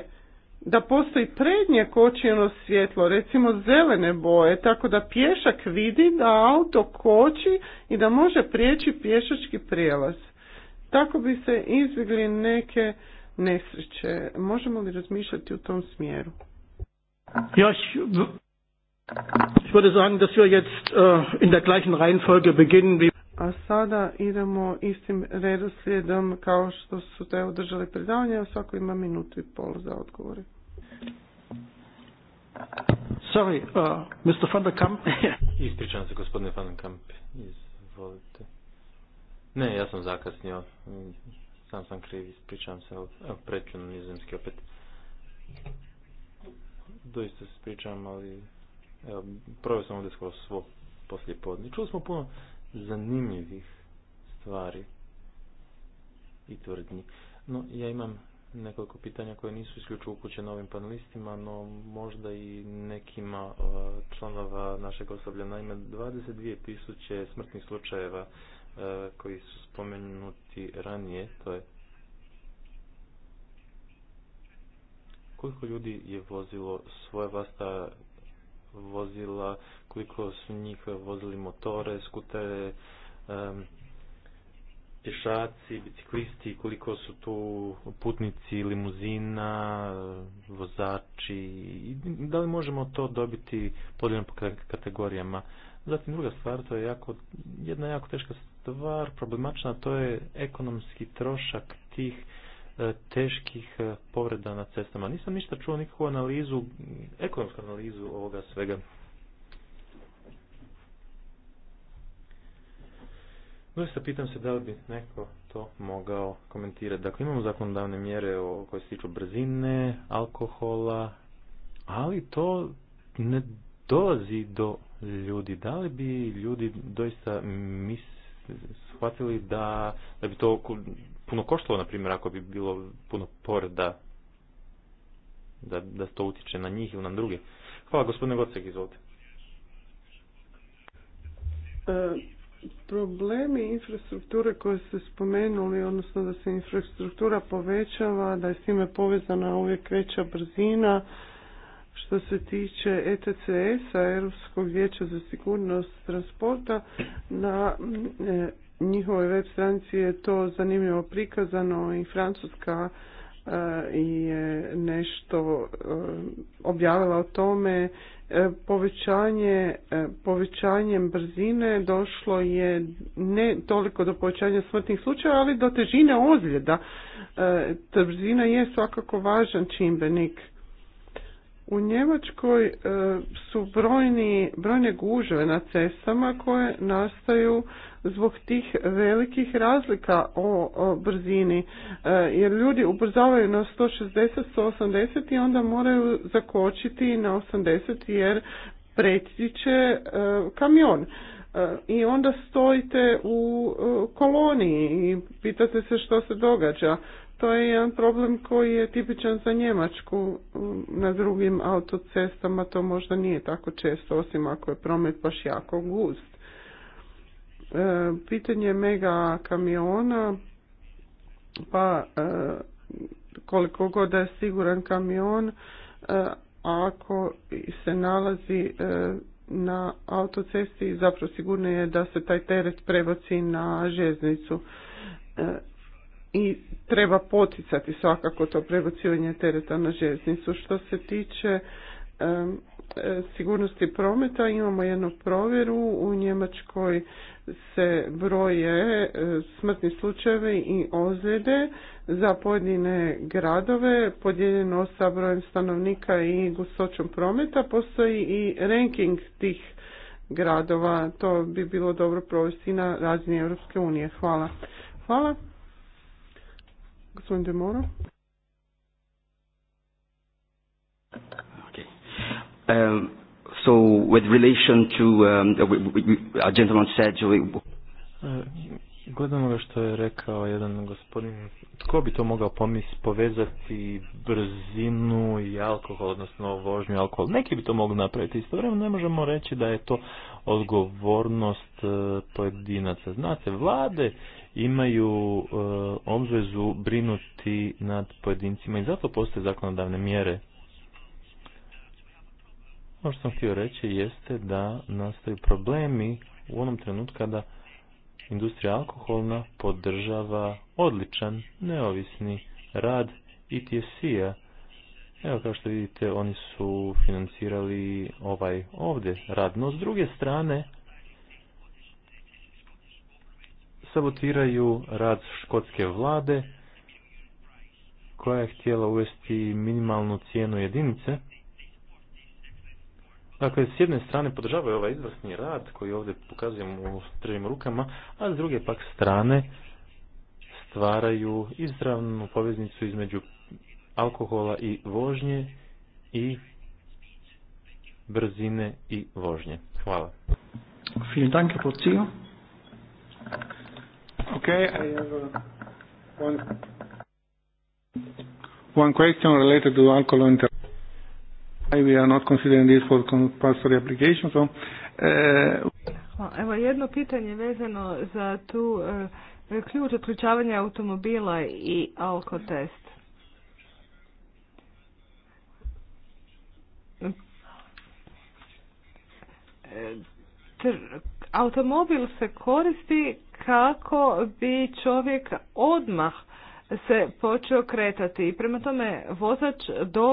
da postoji prednje kočijeno svjetlo, recimo zelene boje, tako da pješak vidi da auto koči i da može prijeći pješački prijelaz. Tako bi se izbjegli neke nesreće. Možemo li razmišljati u tom smjeru? Ja, ich würde sagen, dass wir jetzt äh, in der gleichen Reihenfolge beginnen a sada idemo istim redoslijedom kao što su te održali predavanje, a svako ima minutu i pol za odgovore. Sorry, uh, Mr. Van der Kamp. Ispričavam se, gospodine Van der Kamp. Izvolite. Ne, ja sam zakasnio. Sam sam kriv, ispričavam se. preću na opet. Doista se ispričavam, ali evo, provio sam ovdje skoro svo poslije podne. Čuli smo puno zanimljivih stvari i tvrdnji. No, ja imam nekoliko pitanja koje nisu isključivo upućene ovim panelistima, no možda i nekima e, članova našeg osoblja. Naime, 22 tisuće smrtnih slučajeva e, koji su spomenuti ranije, to je koliko ljudi je vozilo svoje vlasta vozila, koliko su njih vozili motore, skutere, pješaci, biciklisti, koliko su tu putnici, limuzina, vozači, i da li možemo to dobiti podijeljeno po kategorijama. Zatim druga stvar, to je jako, jedna jako teška stvar, problematična, to je ekonomski trošak tih E, teških e, povreda na cestama. Nisam ništa čuo nikakvu analizu, ekonomsku analizu ovoga svega. Doista pitam se da li bi neko to mogao komentirati. Dakle, imamo zakonodavne mjere o koje se tiču brzine, alkohola, ali to ne dolazi do ljudi. Da li bi ljudi doista mis shvatili da, da bi to puno koštalo, na primjer, ako bi bilo puno por da, da to utječe na njih ili na druge. Hvala, gospodine Gocek, izvolite. E, problemi infrastrukture koje ste spomenuli, odnosno da se infrastruktura povećava, da je s time povezana uvijek veća brzina, što se tiče ETCS-a, Europskog vijeća za sigurnost transporta, na e, njihovoj web stranici je to zanimljivo prikazano i Francuska e, je nešto e, objavila o tome e, povećanje, povećanjem brzine došlo je ne toliko do povećanja smrtnih slučajeva, ali do težine ozljeda. Ta brzina je svakako važan čimbenik. U Njemačkoj su brojni, brojne gužve na cestama koje nastaju zbog tih velikih razlika o, brzini, e, jer ljudi ubrzavaju na 160, 180 i onda moraju zakočiti na 80 jer pretiče e, kamion e, i onda stojite u koloniji i pitate se što se događa. To je jedan problem koji je tipičan za Njemačku. Na drugim autocestama to možda nije tako često, osim ako je promet baš jako gust. E, pitanje mega kamiona, pa e, koliko god da je siguran kamion, e, ako se nalazi na autocesti, zapravo sigurno je da se taj teret prebaci na željeznicu i treba poticati svakako to prebacivanje tereta na željeznicu. Što se tiče E, sigurnosti prometa imamo jednu provjeru u Njemačkoj se broje e, smrtni slučajevi i ozljede za pojedine gradove podijeljeno sa brojem stanovnika i gustoćom prometa postoji i ranking tih gradova to bi bilo dobro provesti na razini Europske unije hvala hvala gospodin moro Um, so with relation to um, uh, gentleman said so e, Gledamo ga što je rekao jedan gospodin, tko bi to mogao pomis povezati brzinu i alkohol, odnosno vožnju alkohol. Neki bi to mogli napraviti. Istovremeno ne možemo reći da je to odgovornost e, pojedinaca. Znate, vlade imaju e, obvezu brinuti nad pojedincima i zato postoje zakonodavne mjere ono što sam htio reći jeste da nastaju problemi u onom trenutku kada industrija alkoholna podržava odličan, neovisni rad ETSC-a. Evo kao što vidite oni su financirali ovaj ovdje rad, no s druge strane sabotiraju rad škotske vlade koja je htjela uvesti minimalnu cijenu jedinice Dakle, s jedne strane podržavaju ovaj izvrsni rad koji ovdje pokazujemo u držim rukama, a s druge pak strane stvaraju izravnu poveznicu između alkohola i vožnje i brzine i vožnje. Hvala. Vielen Dank, Okay, uh, one, one question related to alcohol and We are not considering this for compulsory application, so... Uh, Evo jedno pitanje vezano za tu uh, ključ otključavanja automobila i alkotest. E, test. automobil se koristi kako bi čovjek odmah se počeo kretati i prema tome vozač do